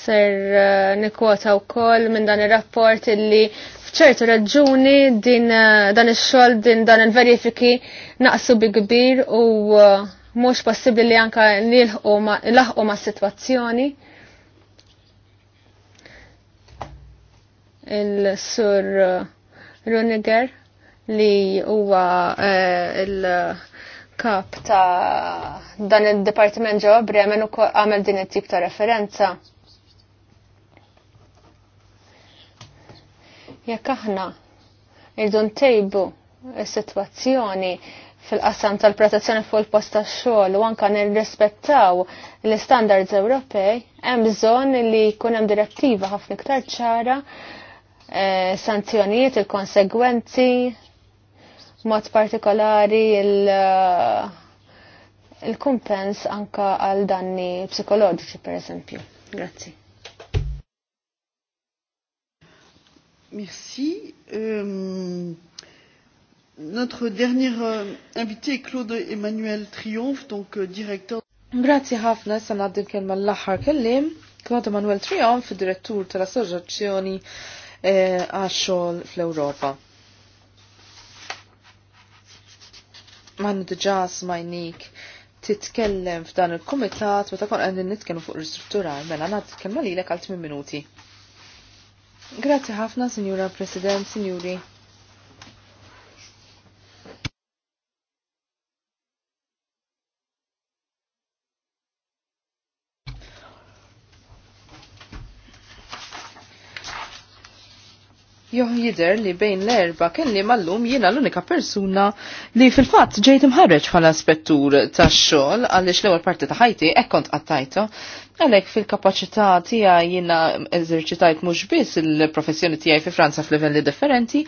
ser eh, nikwota wkoll minn dan ir-rapport illi f'ċertu raġuni din eh, dan ix-xogħol din dan il-verifiki naqsu bi kbir u eh, mhux possibbli li anka nilħu ma' sitwazzjoni. Il-sur Runiger li huwa il-kap ta' dan il-Departiment ġo Bremen u għamel din it-tip ta' referenza. Jekk aħna irdu ntejbu s-sitwazzjoni fil-qasam tal-protezzjoni fuq il-post tax-xogħol u anke nirrispettaw l-istandards Ewropej, hemm bżonn li jkun hemm direttiva ħafna iktar ċara, eh, sanzjonijiet, il-konsegwenzi, mod partikolari eh, il-kumpens anka għal danni psikoloġiċi per eżempju. Grazzi. Merci. Euh, notre dernier euh, invité est Claude Emmanuel Triomphe, donc euh, directeur. Grazie ħafna, sa naddi kelma l-aħħar kellim. Claude Emmanuel Triomphe, direttur tal-Assoċjazzjoni eh, għax-xogħol fl-Ewropa. Mannu diġà smajnik titkellem f'dan il-kumitat meta kon qegħdin nitkellmu fuq ristrutturar mela nagħti kelma lilek għal 8 minuti. Grazie ħafna, Signora President, signori. joħ jider li bejn l-erba kelli mallum jiena l-unika persuna li fil-fat ġejt imħarreġ bħala spettur ta' xol għalix l-ewwel parti ta' ħajti ekkont għattajta għalek fil-kapacità tija jiena eżerċitajt mhux biss il-professjoni tiegħi fi Franza f'livelli differenti,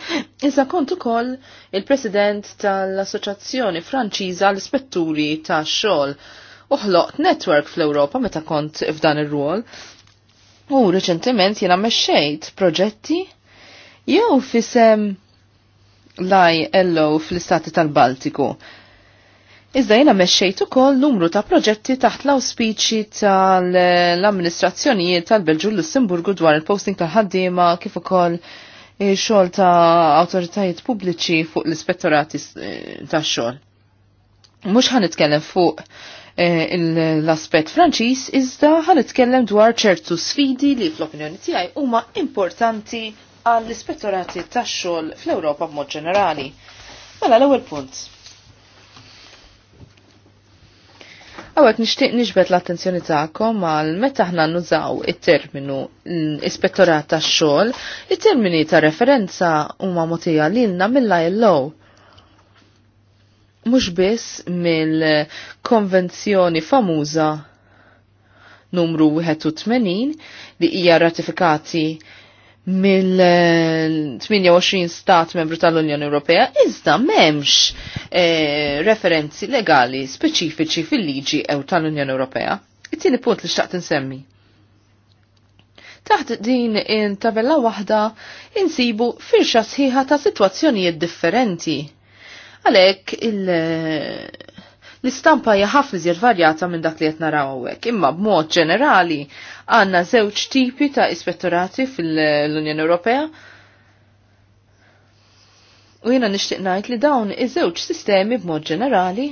iżda kont ukoll il-President tal-Assoċjazzjoni Franċiża l-Ispetturi ta' xogħol uħloqt network fl-Ewropa meta kont f'dan ir-rwol U reċentement jina meċċejt proġetti jew fisem laj ello fl-istati tal-Baltiku. Iżda jena meċċejt ukoll numru ta' proġetti taħt l-auspiċi tal-amministrazzjonijiet tal-Belġu Lussemburgu dwar il-posting tal-ħaddiema kif ukoll xogħol ta' awtoritajiet pubbliċi fuq l-ispettorati eh, tax-xogħol. Mhux ħanitkellem fuq eh, l-aspett Franċiż iżda ħanitkellem dwar ċertu sfidi li fl-opinjoni tiegħi huma importanti għall-ispettorati tax-xogħol fl-Ewropa b'mod ġenerali. Mela l-ewwel punt. Għawek nishtiq nixbet l-attenzjoni ta'kom għal meta ħna nużaw il-terminu ispettorat ta' xol, il-termini ta' referenza huma motija lilna mill low Mux biss mill-konvenzjoni famuża numru 81 li hija ratifikati mill-28 stat membru tal-Unjoni Ewropea, iżda memx eh, referenzi legali speċifiċi fil-liġi ew tal-Unjoni Ewropea. It-tieni punt li xtaqt insemmi. Taħt din in tabella waħda insibu firxa sħiħa ta' situazzjonijiet differenti. Għalek il- eh, l-istampa hija ħafna iżjed varjata minn dak li qed naraw imma b'mod ġenerali Għanna żewġ tipi ta' ispettorati fil-Unjoni Ewropea. U jena nishtiq ngħid li dawn iż-żewġ sistemi b'mod ġenerali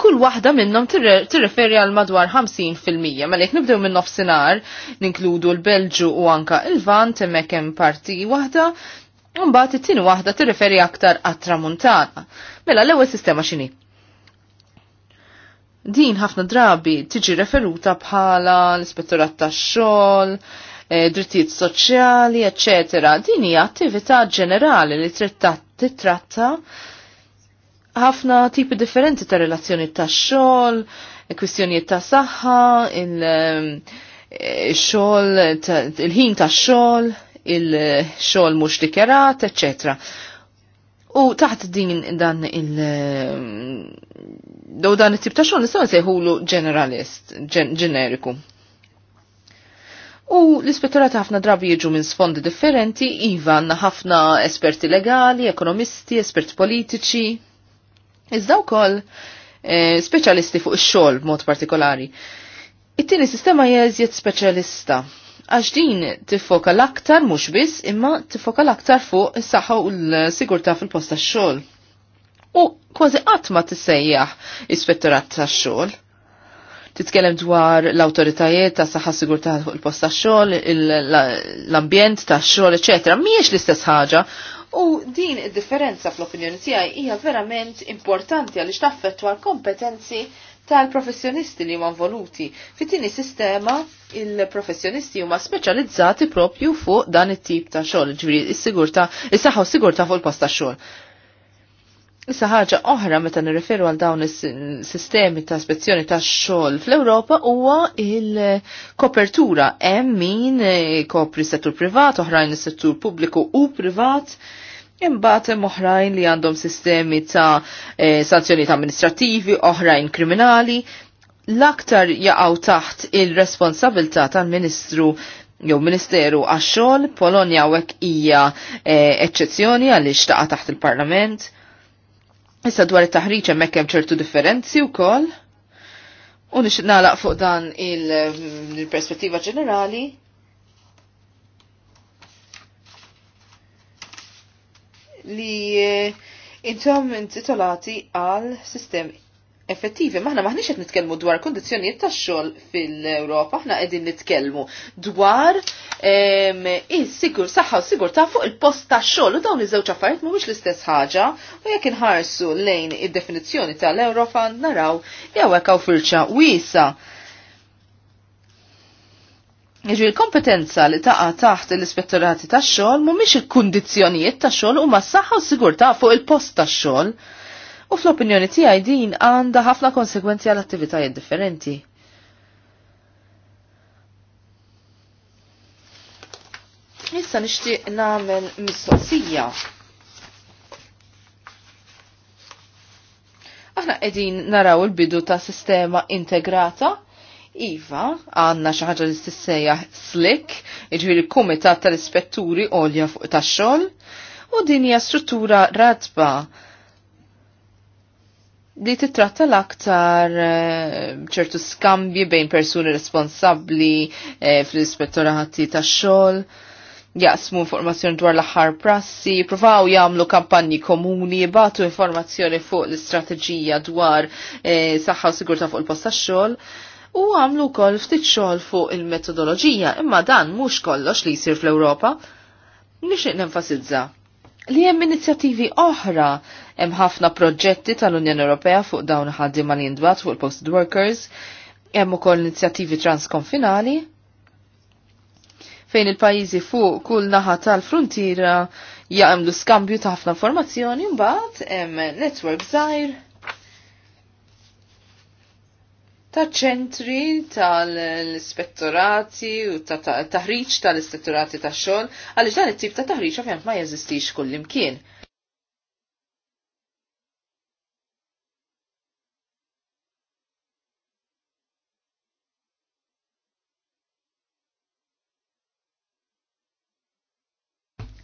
kull waħda minnhom tirreferi għal madwar 50% ma lek nibdew minn nofsinhar ninkludu l-Belġu u anka il-Vant hemmhekk hemm parti waħda Mbagħad it-tieni waħda tirreferi aktar għat-tramuntana. Mela l-ewwel sistema x'inhi? Din ħafna drabi tiġi referuta bħala l-ispettorat tax-xogħol, eh, drittijiet soċjali, eċetera. Din hija attività ġenerali li titratta ħafna tipi differenti ta' relazzjoni tax-xogħol, eh, kwistjonijiet ta' saħħa, eh, il-xogħol, il-ħin tax-xogħol il-xol mux dikjarat, etc. U taħt din dan il- eh, daw dan it-tip ta' xogħol nistgħu nsejħulu generalist, ġeneriku. U l-ispettorat ħafna drabi jiġu minn sfondi differenti, iva għandna ħafna esperti legali, ekonomisti, esperti politiċi. Iżda wkoll eh, speċjalisti fuq ix-xogħol b'mod partikolari. It-tieni sistema jeżjed speċjalista għax din tifoka l-aktar mhux biss imma tifoka l-aktar fuq is-saħħa u l-sigurtà fil posta tax-xogħol. U kważi għatma ma tissejjaħ ispettorat tax-xogħol. Titkellem dwar l-awtoritajiet ta' saħħa sigurta fuq il posta tax-xogħol, l-ambjent tax-xogħol, eċetera. Mhijiex l-istess ħaġa U din id-differenza fl-opinjoni tiegħi hija verament importanti għaliex iċtaffet dwar kompetenzi tal-professjonisti li huma voluti. fit sistema il-professjonisti huma speċjalizzati propju fuq dan it-tip ta' xogħol, ġifieri s-sigurta, is-saħħa u s-sigurta fuq il-post ta' xogħol. Issa ħaġa oħra meta nirriferu għal dawn is-sistemi ta' spezzjoni ta' xogħol fl-Ewropa huwa il-kopertura hemm min kopri settur privat, oħrajn is-settur pubbliku u privat. Imbagħad hemm oħrajn li għandhom sistemi ta' eh, sanzjonijiet amministrativi, oħrajn kriminali, l-aktar jaqgħu taħt il-responsabilità tal-Ministru jew Ministeru għax-xogħol, Polonja hekk hija eh, eċċezzjoni għaliex taqa' taħt il-Parlament. Issa dwar it-taħriġ hemmhekk hemm ċertu differenzi wkoll. U nix nalaq fuq dan il-perspettiva ġenerali li eh, intom intitolati għal sistemi effettivi. Maħna maħniex qed nitkellmu dwar kondizzjonijiet tax-xogħol fil-Ewropa, aħna qegħdin nitkellmu dwar is-sigur saħħa u ta' fuq il-post tax-xogħol u dawn iż-żewġ affarijiet mhumiex l-istess ħaġa u jekk inħarsu lejn id-definizzjoni tal europa naraw jew hekk firċa firxa wiesa' Iġi l-kompetenza li taqa taħt l-ispettorati ta' xol mumiex il-kondizjonijiet ta' xol u ma' s-saxħa u sigurta fuq il-post ta' xol. U fl-opinjoni tiegħi din għandha ħafna konsekwenzi għal attivitajiet differenti. Issa nixtieq nagħmel mistoqsija. Aħna qegħdin naraw il-bidu ta' sistema integrata Iva, għanna xaħġa li stissejja slik, iġviri kumitat tal-ispetturi olja fuq tax-xogħol, u din hija struttura radba li titratta l-aktar eh, ċertu skambji bejn persuni responsabbli e, eh, fl-ispettorati ta' xogħol jaqsmu informazzjoni dwar l-aħħar prassi, provaw jagħmlu kampanji komuni, batu informazzjoni fuq l-istrateġija dwar e, saħħa u sigurta fuq il-post tax-xogħol u għamlu kol ftit xogħol fuq il-metodoloġija imma dan mhux kollox li jsir fl-Ewropa. Nixtieq nenfasizza li hemm inizjattivi oħra hemm ħafna proġetti tal-Unjoni Ewropea fuq dawn ħaddiema li jindwat fuq il-post workers, hemm ukoll inizjattivi transkonfinali fejn il-pajjiżi fuq kull naħa tal-frontiera jagħmlu skambju ta' ħafna informazzjoni mbagħad hemm network żgħir ta' ċentri tal-ispettorati u ta' taħriġ tal-ispettorati ta' xogħol għaliex dan it-tip ta' taħriġ ovvjament ma jeżistix kullimkien.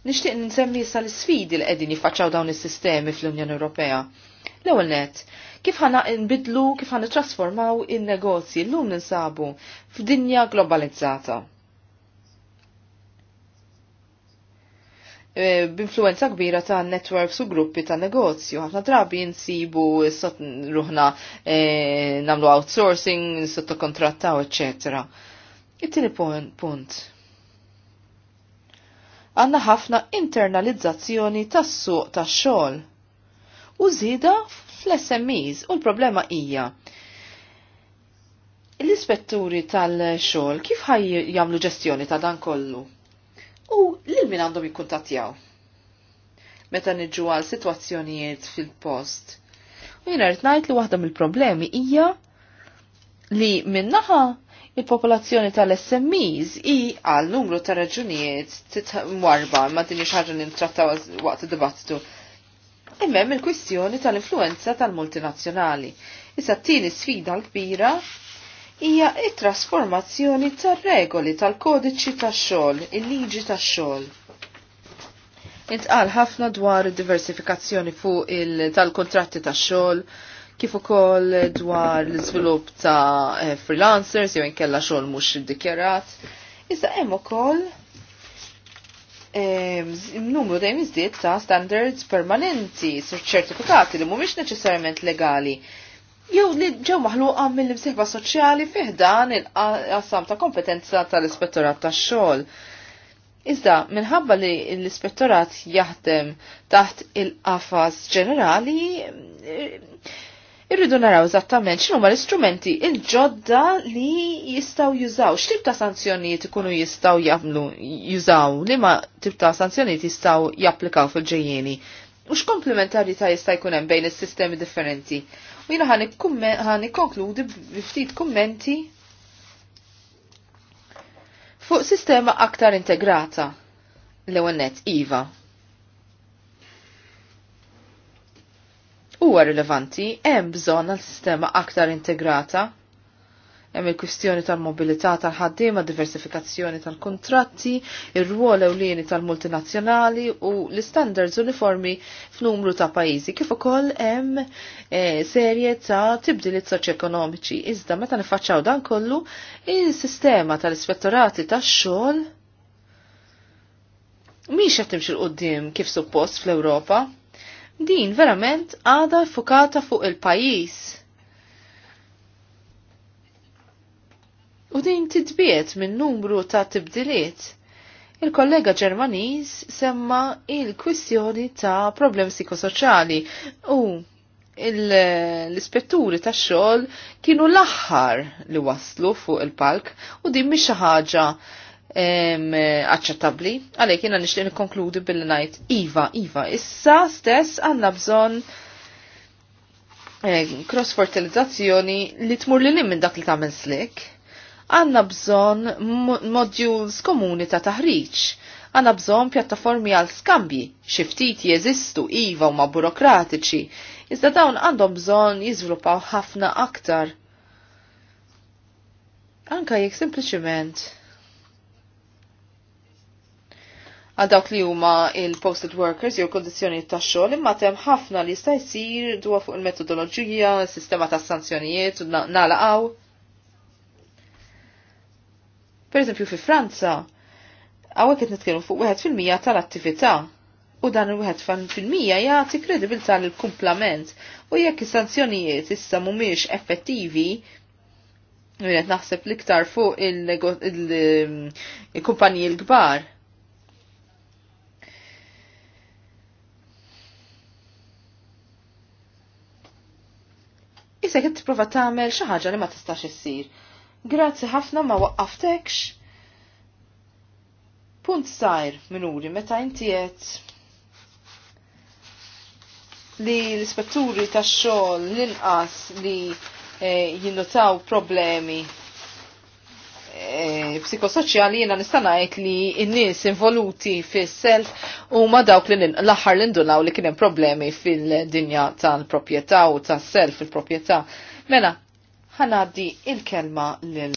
Nixtieq nsemmi issa l isfidi li qegħdin jiffaċċaw dawn is-sistemi fl-Unjoni Ewropea L-ewwel net, kif ħana nbidlu, kif ħana trasformaw in-negozji llum ninsabu f'dinja globalizzata. E, b'influenza kbira ta' networks u gruppi ta' negozju. Ħafna drabi nsibu ruħna e, namlu outsourcing, sottokontrattaw, kontrattaw, It-tieni punt. Għanna ħafna internalizzazzjoni tas-suq tax-xogħol u żieda fl-SMEs u l-problema hija l-ispetturi tal-xogħol kif ħaj jagħmlu ġestjoni ta' dan kollu? U lil min għandhom jikkuntatjaw? Meta niġu għal sitwazzjonijiet fil-post. U jiena rrid ngħid li waħda mill-problemi hija li minnaħa il-popolazzjoni tal-SMEs i għal numru ta' raġunijiet warba ma' din ħaġa li nittrattaw waqt id-dibattitu. Immem il-kwistjoni tal-influenza tal-multinazzjonali. Issa t-tieni sfida l-kbira hija it-trasformazzjoni tar-regoli tal-kodiċi tax-xogħol, il-liġi tax-xogħol. Intqal ħafna dwar diversifikazzjoni fuq tal-kontratti tax-xogħol, kif ukoll dwar l-iżvilupp ta' eh, freelancers jew inkella xogħol mhux iddikjarat. Issa hemm ukoll numru dejjem iżdied ta' standards permanenti, ċertifikati li mhumiex neċessarjament legali. Jew li ġew maħluqa mill-imsieħba soċjali fih dan il-qassam ta' kompetenza tal-ispettorat tax-xogħol. Iżda, minħabba li l-ispettorat jaħdem taħt il-qafas ġenerali, irridu naraw eżattament x'inhu l-istrumenti il-ġodda li jistgħu jużaw, x'tip ta' sanzjonijiet ikunu jistgħu jagħmlu jużaw, li ma tip ta' sanzjonijiet jistgħu japplikaw fil-ġejjieni. U x'komplementarità jista' jkun hemm bejn is-sistemi differenti. U jiena ħan ikkonkludi b'ftit kummenti fuq sistema aktar integrata l-ewwel nett IVA huwa rilevanti hemm bżonn għal sistema aktar integrata. Hemm il-kwistjoni tal-mobilità tal-ħaddiema, diversifikazzjoni tal-kontratti, ir-rwol ewlieni tal-multinazzjonali u l-standards uniformi f'numru ta' pajjiżi kif ukoll hemm eh, serje ta' tibdiliet soċjoekonomiċi. Iżda meta nifaċċaw dan kollu, il sistema tal-ispettorati tax-xogħol mhix qed timxi l-qudiem kif suppost fl-Ewropa din verament għada fukata fuq il-pajis. U din titbiet minn numru ta' tibdiliet. Il-kollega Ġermaniż semma il-kwistjoni ta' problemi psikosoċjali u l-ispetturi ta' xogħol kienu l-aħħar li waslu fuq il-palk u din mhix xi ħaġa aċċettabli. Għalhekk jiena nixtieq nikkonkludi billi ngħid iva, iva, issa stess għandna bżonn cross fertilizzazzjoni li tmur li minn dak li tagħmel slik. Għandna bżonn modules komuni ta' taħriġ. Għandna bżonn pjattaformi għal skambji, xi ftit jeżistu iva u ma' burokratiċi, iżda dawn għandhom bżonn jizvlupaw ħafna aktar. Anka jekk sempliċiment għadak li huma il-posted workers jew kondizjoni ta' xogħol imma tem ħafna li jista' jsir dwar fuq il-metodoloġija, sistema ta' sanzjonijiet u nalaqgħu. Per eżempju fi Franza, għawek qed nitkellmu fuq wieħed fil-mija tal-attività u dan il-wieħed fil-mija jagħti kredibilità lil kumplament u jekk is-sanzjonijiet issa mhumiex effettivi Jienet naħseb liktar fuq il-kumpanji il il il l-kbar se qed tipprova tagħmel xi ħaġa li ma tistax issir. Grazzi ħafna ma waqqaftekx. Punt sajr minuri meta inti qed li l-ispetturi tax-xogħol l-inqas li eh, jinnotaw problemi Eh, psikosoċjali jena nistanajt li n-nis involuti fil-self u ma dawk li l-axar l-indunaw li kienem problemi fil-dinja tal-propieta u tal-self il-propieta. Mela, ħanaddi il-kelma l-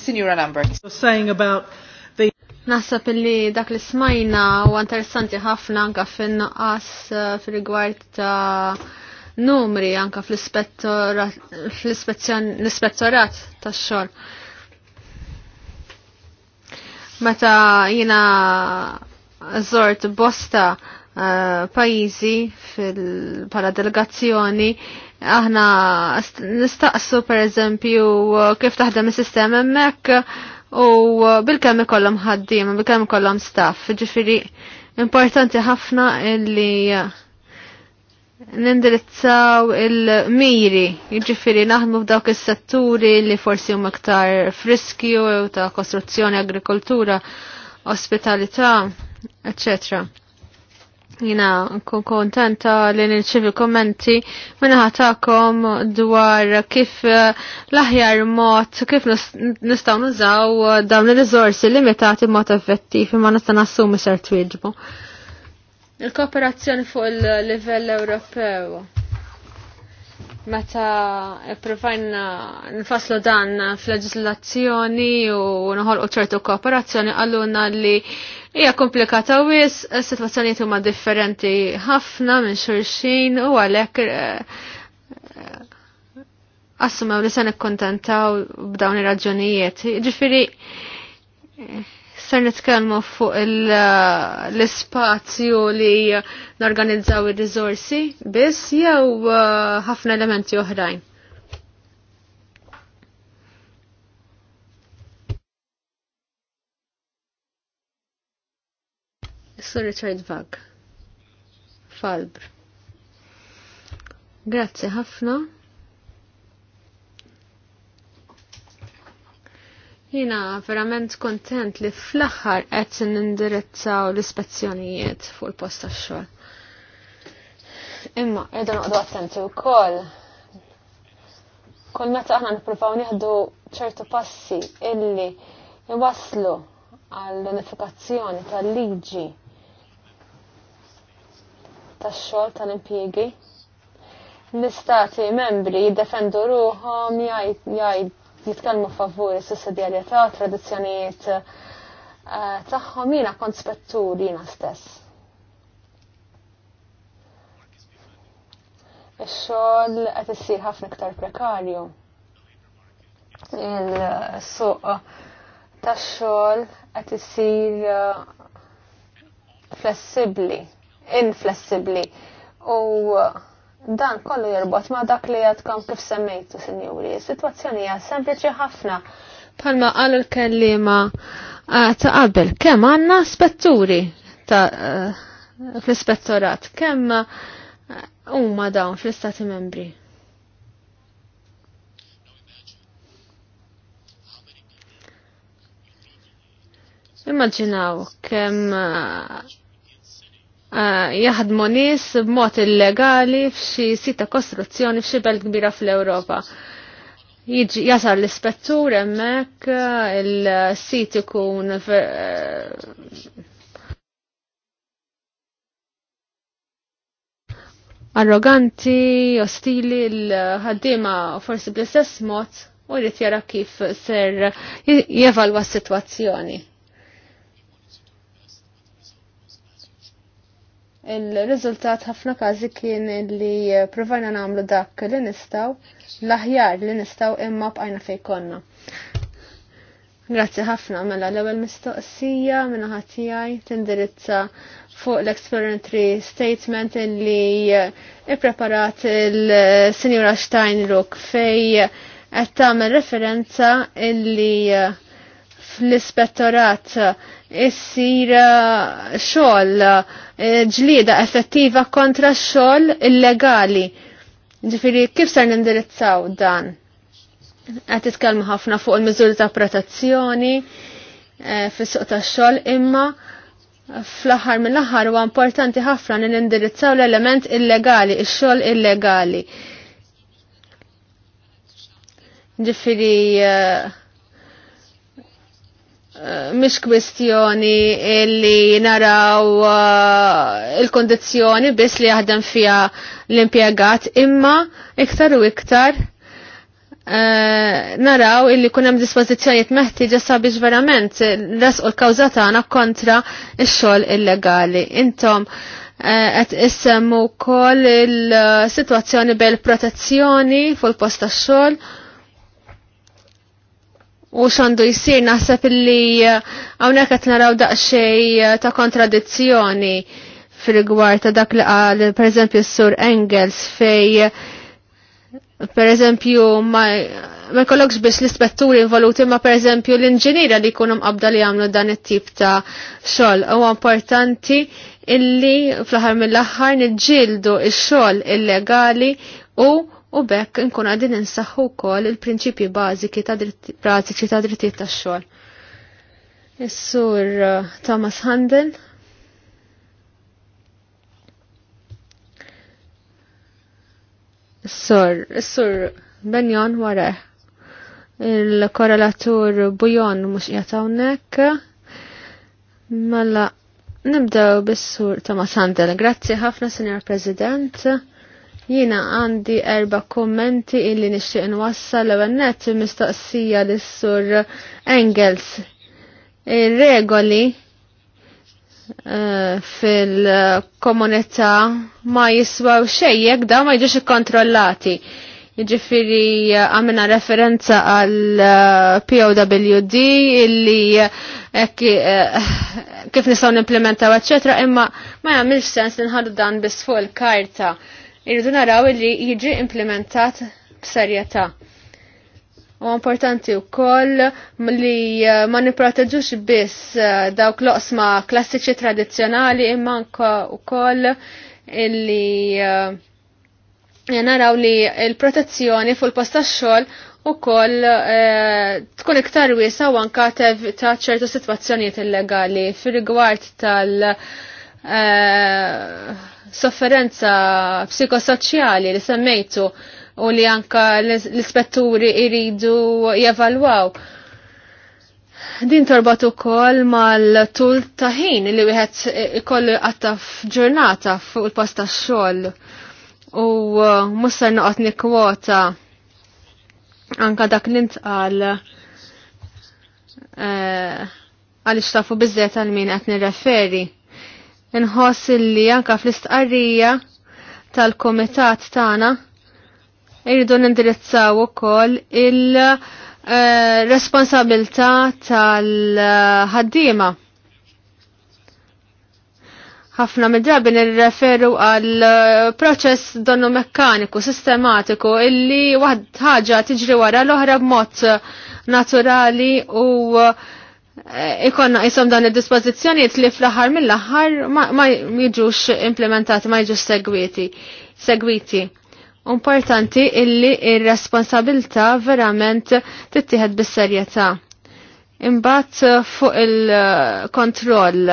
Signora Lambert. Saying about the Nasab illi dak li smajna u interessanti ħafna anka fin-nuqqas eh, fil-rigward ta' numri anka fl-ispettorat tax-xogħol. Meta jiena żort bosta uh, pajjiżi fil-pala delegazzjoni aħna nistaqsu per eżempju kif taħdem is-sistema hemmhekk u bil kem ikollhom ħaddim, bil kem ikollhom staff, ġifiri importanti ħafna illi nindirizzaw il-miri, jiġifieri naħdmu f'dawk is-setturi li forsi huma aktar friskju ta' kostruzzjoni, agrikoltura, ospitalità, eccetera jina nkun kontenta li nirċivi kommenti minnaħatakom dwar kif l-aħjar mod kif nistaw nużaw dawn il-rizorsi limitati mot effettivi ma nista' nassumi ser Il-kooperazzjoni fuq il-livell Ewropew. Meta provajna nfaslu dan fl-leġislazzjoni u nħolqu ċertu kooperazzjoni għalluna li hija komplikata wis, is-sitwazzjonijiet huma differenti ħafna minn xulxin u għalhekk eh, assumew li se nikkuntentaw b'dawn ir-raġunijiet. Ġifieri Ser nitkellmu fuq uh, l-ispazju li norganizzaw ir rizorsi biss jew uh, ħafna elementi oħrajn. Sir Richard Vag. Falbr. Grazzi ħafna. Jina verament kontent li fl-axħar qed nindirizzaw l-ispezzjonijiet fuq il-post tax-xogħol. Imma qegħdu noqgħdu attenti wkoll. Kull meta aħna nippruvaw nieħdu ċertu passi illi iwaslu għall-unifikazzjoni tal-liġi tax-xogħol tal-impjiegi l-istati membri jiddefendu ruħom jgħid jitkellmu favur is u tradizzjonijiet eh, tagħhom jiena kont spettur jiena stess. Ix-xogħol qed issir ħafna iktar prekarju. Il-suq tax-xogħol qed issir eh, flessibbli, inflessibbli u uh, dan kollu jirbot ma dak li jadkom kif semmejtu, sinjuri. Situazzjoni hija sempliċi ħafna. Palma għal il-kellima ta' qabel, kemm għandna spetturi ta' eh, fl-ispettorat, kemm eh, huma dawn fl-istati membri? Immaġinaw kemm eh, Eh, jaħdmu nies b'mod illegali f'xi sita kostruzzjoni f'xi belt kbira fl-Ewropa. Jiġi l-ispettur hemmhekk il-sit ikun eh, arroganti, ostili, l-ħaddima forsi bl-istess mod u jrid jara kif ser jevalwa s-sitwazzjoni. Il-rizultat ħafna każi kien li provajna nagħmlu dak li nistgħu, l-aħjar li nistgħu imma bqajna fej konna. Grazzi ħafna mela l-ewwel mistoqsija minna ħadd tiegħi tindirizza fuq l-explanatory statement li ippreparat il-Sinjura Steinruck fej qed tagħmel referenza illi fl-ispettorat issir xogħol Eh, ġlieda effettiva kontra x-xogħol illegali. Ġifieri kif ser nindirizzaw dan? Qed titkellmu ħafna fuq il-miżuri ta' protezzjoni eh, fis-suq tax-xogħol imma fl-aħħar mill-aħħar huwa importanti ħafna li nindirizzaw l-element illegali, ix-xogħol illegali. Ġifieri eh, Eh, mish kwestjoni illi naraw uh, eh, il-kondizjoni biss li jaħdem fija l-impiegat imma iktar u iktar uh, naraw illi kunem dispozizjoniet meħtieġa sabiex verament u l-kawza tagħna kontra x-xogħol illegali. Intom għet uh, issemmu wkoll il-sitwazzjoni bel protezzjoni fuq il posta tax-xogħol u xandu jisir naħseb li għawnek eh, qed naraw daqxej eh, ta' kontradizzjoni fil-gwar ta' dak li qal pereżempju s-sur Engels fej pereżempju ma jkollokx biex l-ispetturi involuti ma pereżempju l-inġiniera li jkunu qabda li jagħmlu dan it-tip ta' xogħol huwa importanti illi fl-aħħar mill-aħħar niġġieldu il xogħol illegali u u bekk nkun għadin insaħħu wkoll il-prinċipji bażiki ta' pratiċi ta' drittijiet tax-xogħol. Is-sur uh, Thomas Handel Is-sur, is-sur Benjon wareh. Il-korrelatur Bujon mhux qiegħed hawnhekk. Mela nibdew bis-sur Thomas Handel. Grazzi ħafna, Sinjor President. Jiena għandi erba kommenti illi nixtieq nwassal l-ewwel nett mistoqsija lis-sur Engels. Ir-regoli eh, fil-komunità ma jiswaw xejjek da ma jiġux ikkontrollati. Ġifiri eh, għamina referenza għal eh, POWD illi kif n nimplementaw, eccetera, imma ma jgħamil sens nħadu dan bis fuq il-karta irridu naraw li jiġi implementat b'serjetà. U importanti wkoll li eh, ma nipproteġux biss eh, dawk loqsma klassiċi tradizzjonali imma anke wkoll illi eh, naraw li l-protezzjoni fuq il-post tax-xogħol ukoll tkun iktar wiesa u anke ta' ċertu sitwazzjonijiet illegali fir-rigward tal- sofferenza psikosoċjali li semmejtu u li anka l-ispetturi iridu jevalwaw. Din torbat ukoll mal-tul ta' ħin li wieħed ikollu għattaf ġurnata fuq il-post tax-xogħol u uh, musser noqgħod nikkwota anka dak l ntqal eh, għaliex tafu bizzet għal min qed nirreferi. Inħoss illi anka fl-istqarrija tal-komitat tagħna irridu nindirizzaw ukoll il-responsabilità tal-ħaddiema. Ħafna mid-drabi nirreferu għal proċess donnu mekkaniku, sistematiku, illi waħd ħaġa tiġri wara l-oħra b'mod naturali u uh, Eh, ikonna jisom dan il dispozizjoni li fl-ħar mill-ħar ma jiġux implementati, ma jiġux segwiti. segwiti. Importanti illi il responsabilta verament tittieħed bis-serjetà. Imbagħad fuq il-kontroll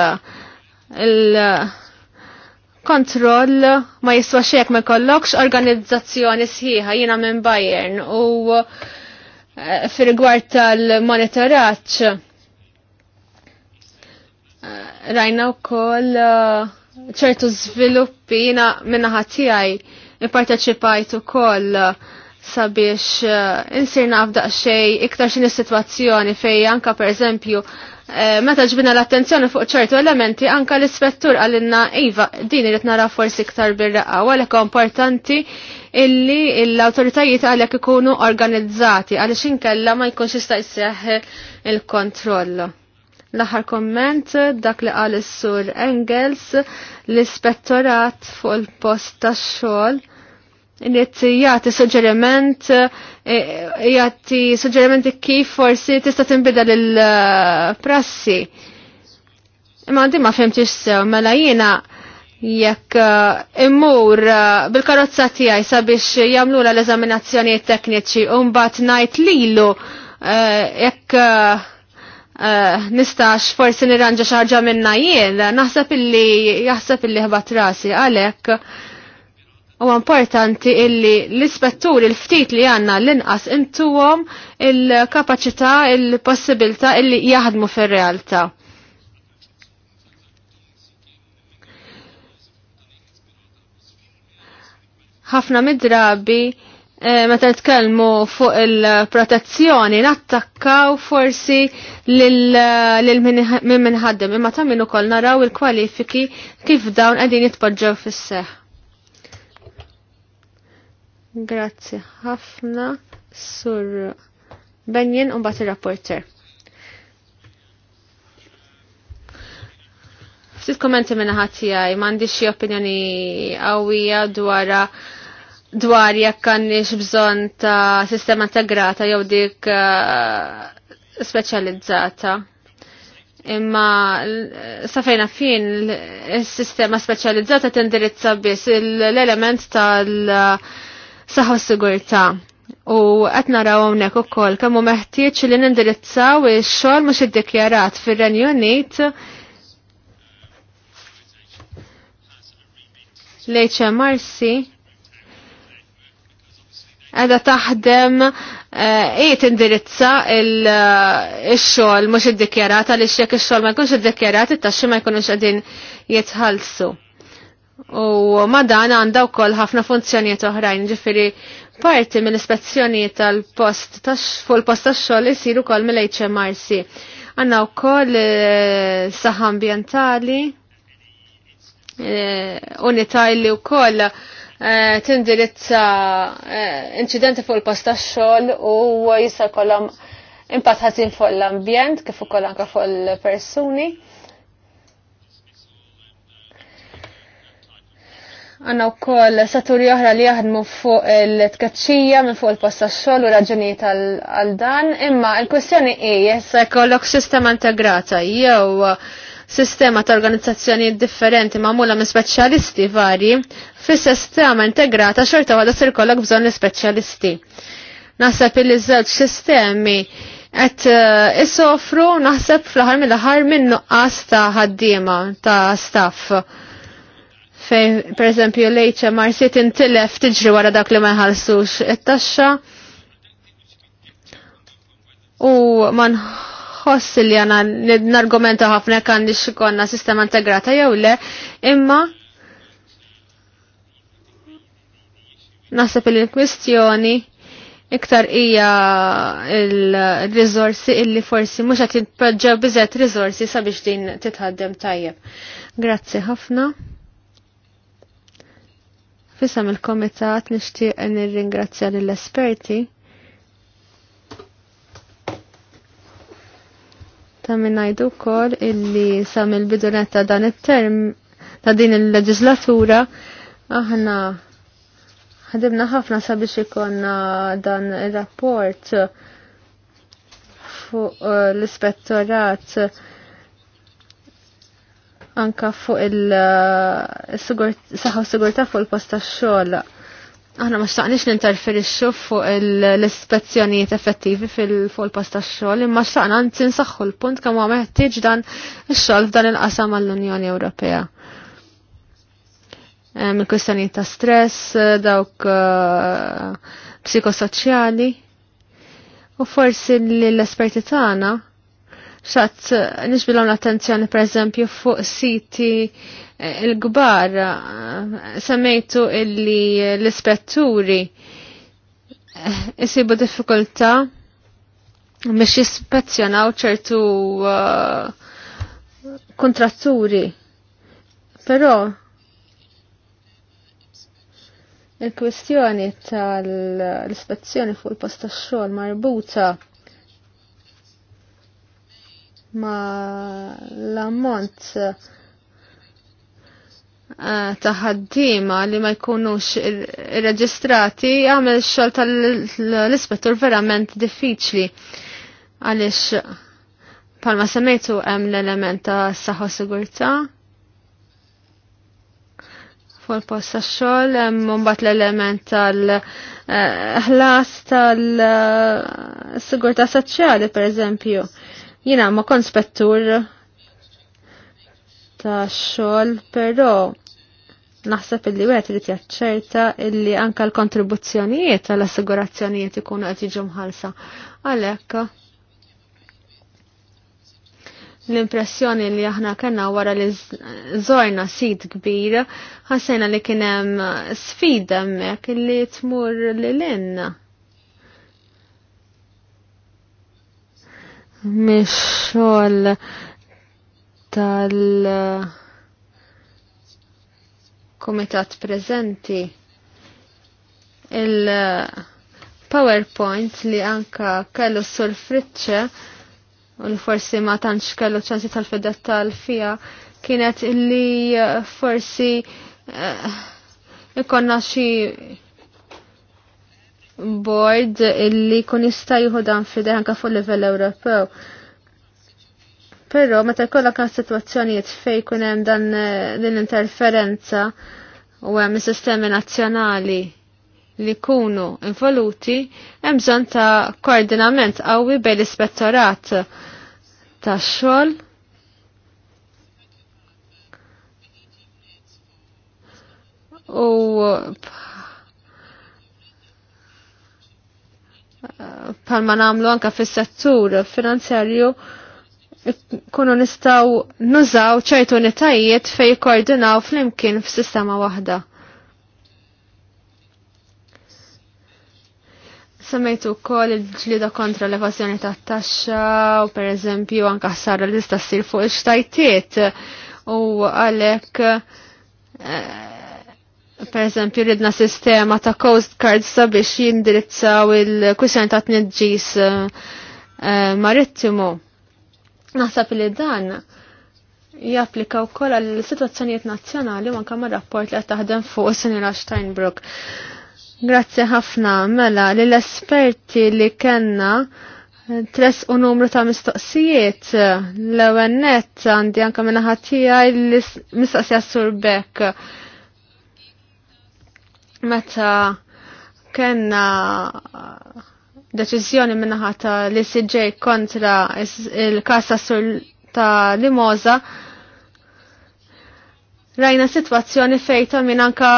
il-kontroll ma jiswa xejk ma jkollokx organizzazzjoni sħiħa jiena minn Bayern u eh, fir-rigward tal-monitoraġġ Rajna u koll uh, ċertu sviluppi jina minna ħatijaj imparteċipajt u koll uh, sabiex uh, insir nafdaq xej iktar xin is-sitwazzjoni fej anka per eżempju meta ġbina l-attenzjoni fuq ċertu elementi anka l-ispettur għallinna Iva din irid nara forsi iktar birraqa għalhekk importanti illi l-awtoritajiet għalek ikunu organizzati għaliex inkella ma jkunx jista' jseħħ il kontrollo L-aħħar komment dak li qal is-sur Engels l-ispettorat fuq il-post tax-xogħol Nit jgħati suġġeriment e, jgħati suġġeriment kif forsi tista' tinbidel lill-prassi. Imma għandi ma fimtix sew, mela jiena jekk e, immur e, bil-karozza tiegħi sabiex jagħmlu l-eżaminazzjonijiet tekniċi u mbagħad ngħid lilu jekk Eh, nistax forsi nirranġa xarġa minna jien, naħseb illi jaħseb illi ħbat rasi għalek. U importanti illi l-ispetturi l-ftit li għanna l-inqas intuwom il kapacita il-possibilità illi jaħdmu fil-realtà. ħafna midrabi drabi Eh, meta tkellmu fuq il-protezzjoni nattakkaw forsi lil min minħaddem imma ta' min ukoll naraw il-kwalifiki kif dawn qegħdin jitpoġġew fis-seħ. Grazzi ħafna sur Benjen u mbagħad ir-rapporter. Ftit kommenti minna ħadd tiegħi m'għandix xi opinjoni qawwija dwar dwar jekk għandix bżonn ta' sistema integrata jew dik eh, speċjalizzata. Imma safejna fin il-sistema speċjalizzata tindirizza biss l-element tal-saħħa sigurtà. U qed naraw hawnhekk ukoll kemm hu meħtieġ li nindirizzaw ix-xogħol mhux iddikjarat fir-Renju Unit l-HMRC għada taħdem i eh, tindirizza eh, il-xol mux id-dikjarat għal ix-xek il-xol ma jkunx id-dikjarat it-taxxi ma jkunux għadin jitħalsu. U madana għanda wkoll ħafna funzjonijiet oħrajn ġifiri parti mill-ispezzjonijiet tal-post fuq il-post tax-xogħol jisiru kol mill-HMRC. Għandna wkoll eh, saħħa ambjentali, unità li wkoll koll Eh, tindirizza eh, incidenti fuq il-post tax-xogħol u jista' jkollhom impatt ħażin fuq l-ambjent kif ukoll anke fuq il-persuni. Għanna u saturi oħra li jaħdmu fuq il-tkaċċija minn fuq il-post tax-xogħol u raġunijiet għal dan, imma l-kwestjoni hi jessa jkollok sistema integrata jew sistema ta' organizzazzjoni differenti magħmula minn speċjalisti varji, fi sistema integrata xorta waħda sirkolog bżon bżonn l-speċjalisti. Naħseb li żewġ sistemi qed eh, issofru naħseb fl-aħħar mill-aħħar minn nuqqas ta' ħaddiema ta' staff fej per eżempju l intilef tintilef tiġri wara dak li ma jħallsux it-taxxa u man ħoss li għana n-argumenta ħafna kan li xikonna sistema integrata jew le, imma nasab il-kwistjoni iktar hija il-rizorsi illi forsi mhux qed jitpoġġew bizet rizorsi sabiex din titħaddem tajjeb. Grazzi ħafna. Fisam il-komitat nixtieq nirringrazzja lill-esperti. ta' minnajdu kol illi sam il-bidunetta dan il-term ta' din il-leġislatura aħna ħadibna ħafna sabiex ikonna dan il-rapport fuq uh, l-ispettorat anka fuq il saħu s sigurta fuq il-posta xogħol Aħna ma xtaqniex ninterferixxu fuq l-ispezzjonijiet effettivi fil-folpas tax-xogħol, imma xtaqna ntinsaħħu l-punt kemm huwa meħtieġ dan ix-xogħol f'dan il-qasam għall-Unjoni Ewropea. Il-kwistjonijiet ta' stress, dawk eh, psikosoċjali u forsi l-esperti tagħna xat eh, nisbilom l-attenzjoni per eżempju fuq siti eh, il-gbar eh, semmejtu illi l-ispetturi jisibu diffikulta biex jispezzjonaw ċertu kontratturi però il-kwestjoni tal-ispezzjoni fuq il-posta xogħol marbuta ma l-ammont eh, ta' ħaddiema li ma jkunux irreġistrati għamel xogħol tal-ispettur verament diffiċli għaliex palma semmejtu hemm l-element ta' saħħa sigurtà fuq il xol għem xogħol hemm mbagħad l-element tal-ħlas tal-sigurtà eh, soċjali pereżempju. eżempju Jina ma kon spettur ta' xol, pero naħseb illi wieħed irid jaċċerta illi anke l-kontribuzzjonijiet għal assigurazzjonijiet ikunu qed jiġu ħalsa. Għalhekk l-impressjoni li aħna kellna wara li żorna sit kbir ħassejna li kien hemm sfida hemmhekk li tmur lil inna mix-xogħol tal komitat Prezenti. il-PowerPoint li anka kellu sul fritċe u li forsi ma tantx kellu ċansi tal-fedet tal-fija kienet li eh, forsi eh, ikonna xi board illi kun jista' juhu dan fideh anke fu livell Ewropew. Però meta jkollok kan sitwazzjonijiet fejn kun hemm dan eh, din interferenza u hemm sistemi nazzjonali li kunu involuti, hemm bżonn ta' koordinament qawwi bejn l-ispettorat tax-xogħol u palma namlu anka fis-settur finanzjarju kunu nistaw nużaw ċertu nitajiet fej koordinaw fl-imkien f-sistema wahda. Semmejtu kol il-ġlida kontra l-evazjoni ta' taxxa u per eżempju anka ħsara li tista' ssir fuq il ċtajtiet u għalhekk eh, Per eżempju, ridna sistema ta' Coast Guard sabiex jindirizzaw il-kwissjoni ta' tneġġis eh, eh, marittimu. Naħseb li dan japplika wkoll għal situazzjoniet nazzjonali u anke mar-rapport li qed taħdem fuq Sinira Steinbrook. Grazzi ħafna mela li l-esperti li kenna Tres u numru ta' mistoqsijiet, l-ewennet għandi anka minna ħatija l-mistoqsija surbek meta kena deċizjoni minnaħa ta' l-ICJ kontra il-kasa sur ta' limoza rajna situazzjoni fejta minn anka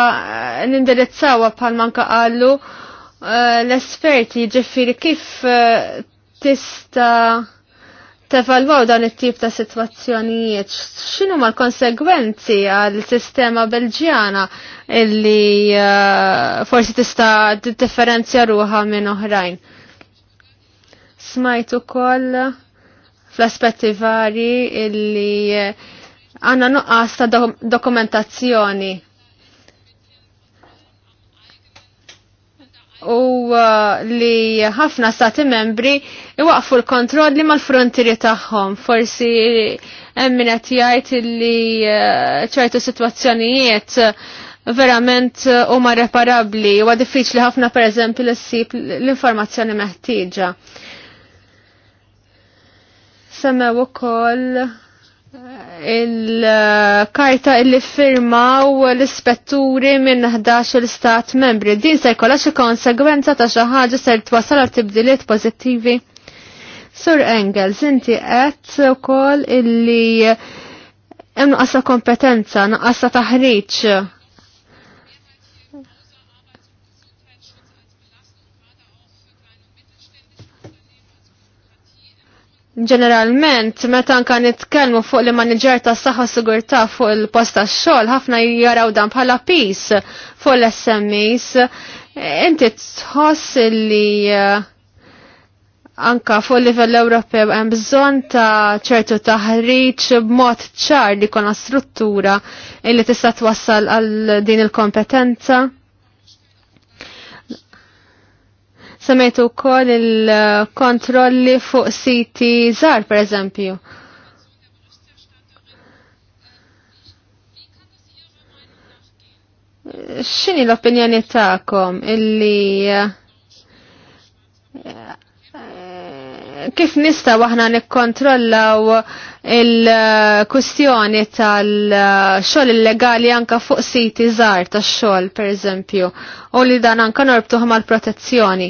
eh, nindirizzawa pal manka għallu eh, l-esperti ġifiri kif eh, tista' tevalvaw dan it-tip ta' situazzjonijiet, x'inhu ma' l-konsegwenzi għal-sistema belġjana illi uh, forsi tista' differenzja ruha minn oħrajn. Smajt ukoll fl-aspetti vari illi uh, għandna nuqqas ta' dokumentazzjoni u li ħafna stati membri iwaqfu l-kontrolli mal-frontieri tagħhom. Forsi hemm qed jgħid li eh, ċertu sitwazzjonijiet eh, verament eh, huma reparabbli u diffiċli ħafna pereżempju li ssib l-informazzjoni meħtieġa. Semmew ukoll il-karta illi firmaw l-ispetturi minn 11 l-istat membri. Din se jkollha xi konsegwenza ta' xi ħaġa se twassal għal tibdiliet pożittivi. Sur Engels, inti qed ukoll illi hemm naqasa kompetenza, naqasa taħriġ Ġeneralment, meta nka nitkellmu fuq li manager ta' saħħa sigurtà fuq il posta tax-xogħol, ħafna jaraw dan bħala pis fuq l-SMEs. Inti tħoss li eh, anka fuq livell Ewropew hemm bżonn ta' ċertu taħriġ b'mod ċar li jkollna struttura illi tista' twassal għal din il-kompetenza? Semmejtu wkoll il-kontrolli fuq siti żgħar pereżempju. X'inhi l-opinjoni tagħkom illi eh, kif nista' aħna nikkontrollaw il-kustjoni tal-xogħol illegali anka fuq siti żgħar tax-xogħol pereżempju u li dan anka norbtuħ mal-protezzjoni.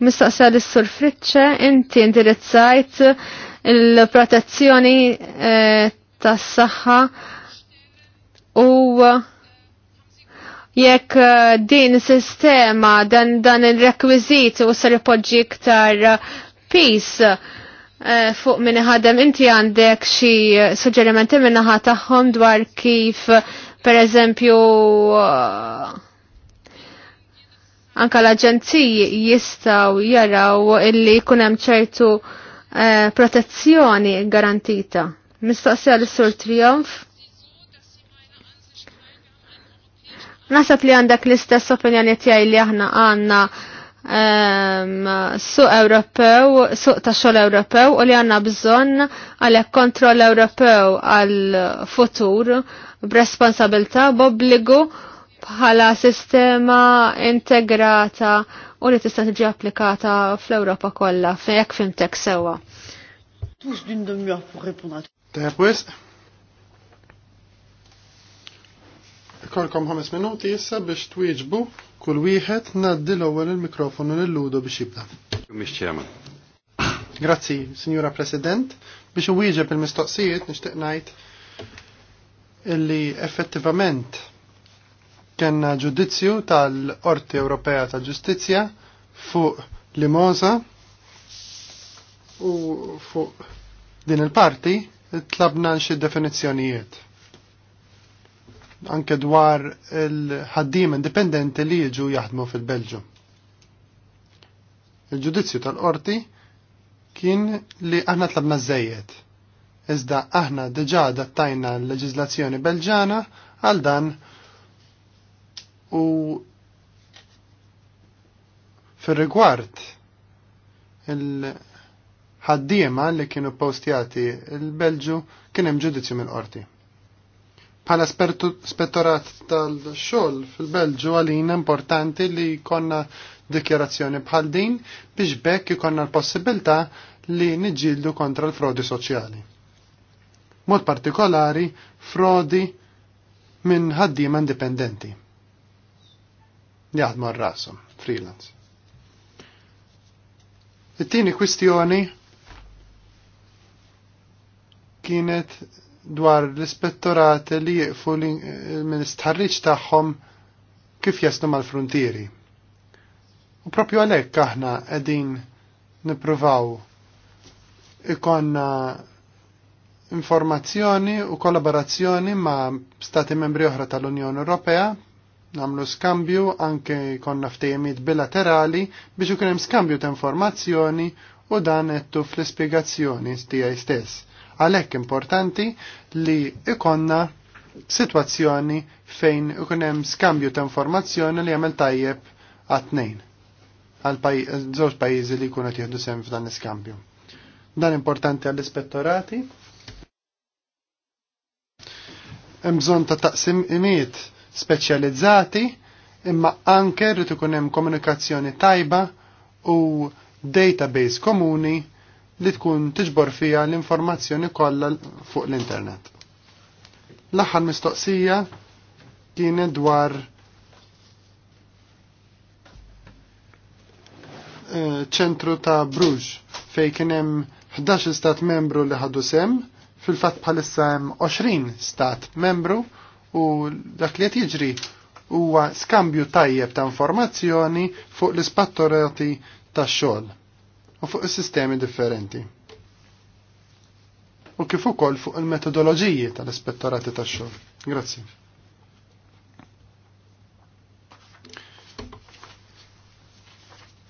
Mistaqsal is sur Fritxe, inti indirizzajt il-protezzjoni eh, tas saħħa u jekk eh, din sistema dan, dan il-rekwizit u ser ipoġġi iktar eh, peace fuq minn ħadem inti għandek xi suġġerimenti minn naħa tagħhom dwar kif per eżempju uh, anka l-aġenziji jistaw jaraw illi kunem ċertu eh, protezzjoni garantita. Mistoqsija l-sur Triumph. Nasab li għandak l-istess opinjoni tiegħi li aħna għandna ehm, suq Ewropew, suq ta' xogħol Ewropew u li għandna bżonn għalhekk kontroll Ewropew għal futur b'responsabilità b'obbligu bħala sistema integrata u li tista' tiġi applikata fl-Ewropa kollha jekk fimtek sewwa. Tux din dumja ripunat. Tepwis. Ikolkom ħames minuti issa biex twieġbu kull wieħed ngħaddi l-ewwel il-mikrofonu lil Ludo biex jibda. Grazzi, Sinjura President, biex iwieġeb il-mistoqsijiet nixtieq ngħid illi effettivament kena ġudizzju tal-Qorti Ewropea tal-Ġustizzja fuq Limosa u fuq din il-parti tlabna xi definizzjonijiet. Anke dwar il-ħaddim indipendenti li jiġu jaħdmu fil-Belġu. Il-ġudizzju tal-qorti kien li aħna tlabna żejjed. Iżda aħna diġà adattajna l-leġiżlazzjoni Belġana għal dan U fil-rigward il-ħaddiema li kienu postjati il-Belġu kien hemm ġudizzju mill-qorti. Bħala spettorat tal-xogħol fil-Belġu għalina importanti li konna dikjarazzjoni bħal din biex bekk ikonna l-possibilità li niġġieldu kontra l-frodi soċjali. Mod partikolari frodi minn ħaddiema indipendenti li jaħdmu rasom freelance. It-tieni kwistjoni kienet dwar l-ispettorati li jieqfu l istħarriċ tagħhom kif jaslu mal-frontieri. U propju għalhekk aħna qegħdin nippruvaw ikonna informazzjoni u kollaborazzjoni ma' stati membri oħra tal-Unjoni Ewropea namlu skambju anke konna ftejemiet bilaterali biex ukien hemm skambju ta' informazzjoni u dan ettu fl-ispjegazzjoni tiegħi stess. Għalhekk importanti li ikonna sitwazzjoni fejn ikun hemm skambju ta' informazzjoni li jagħmel tajjeb għat-tnejn għal żewġ pajjiżi li jkunu jieħdu sem f'dan l-iskambju. Dan importanti għall-ispettorati. Hemm bżonn ta' taqsimiet speċjalizzati, imma anke rrid ikun hemm komunikazzjoni tajba u database komuni li tkun tiġbor fija l-informazzjoni kollha fuq l-internet. L-aħħar mistoqsija kienet dwar eh, ċentru ta' Bruġ fej kien hemm 11 stat membru li ħadu sem, fil-fatt bħalissa hemm 20 stat membru u dak li qed jiġri huwa skambju tajjeb ta' informazzjoni fuq l-ispattorati tax-xogħol u fuq is-sistemi differenti. U kif ukoll fuq il-metodoloġiji tal-ispettorati tax-xogħol. Grazzi.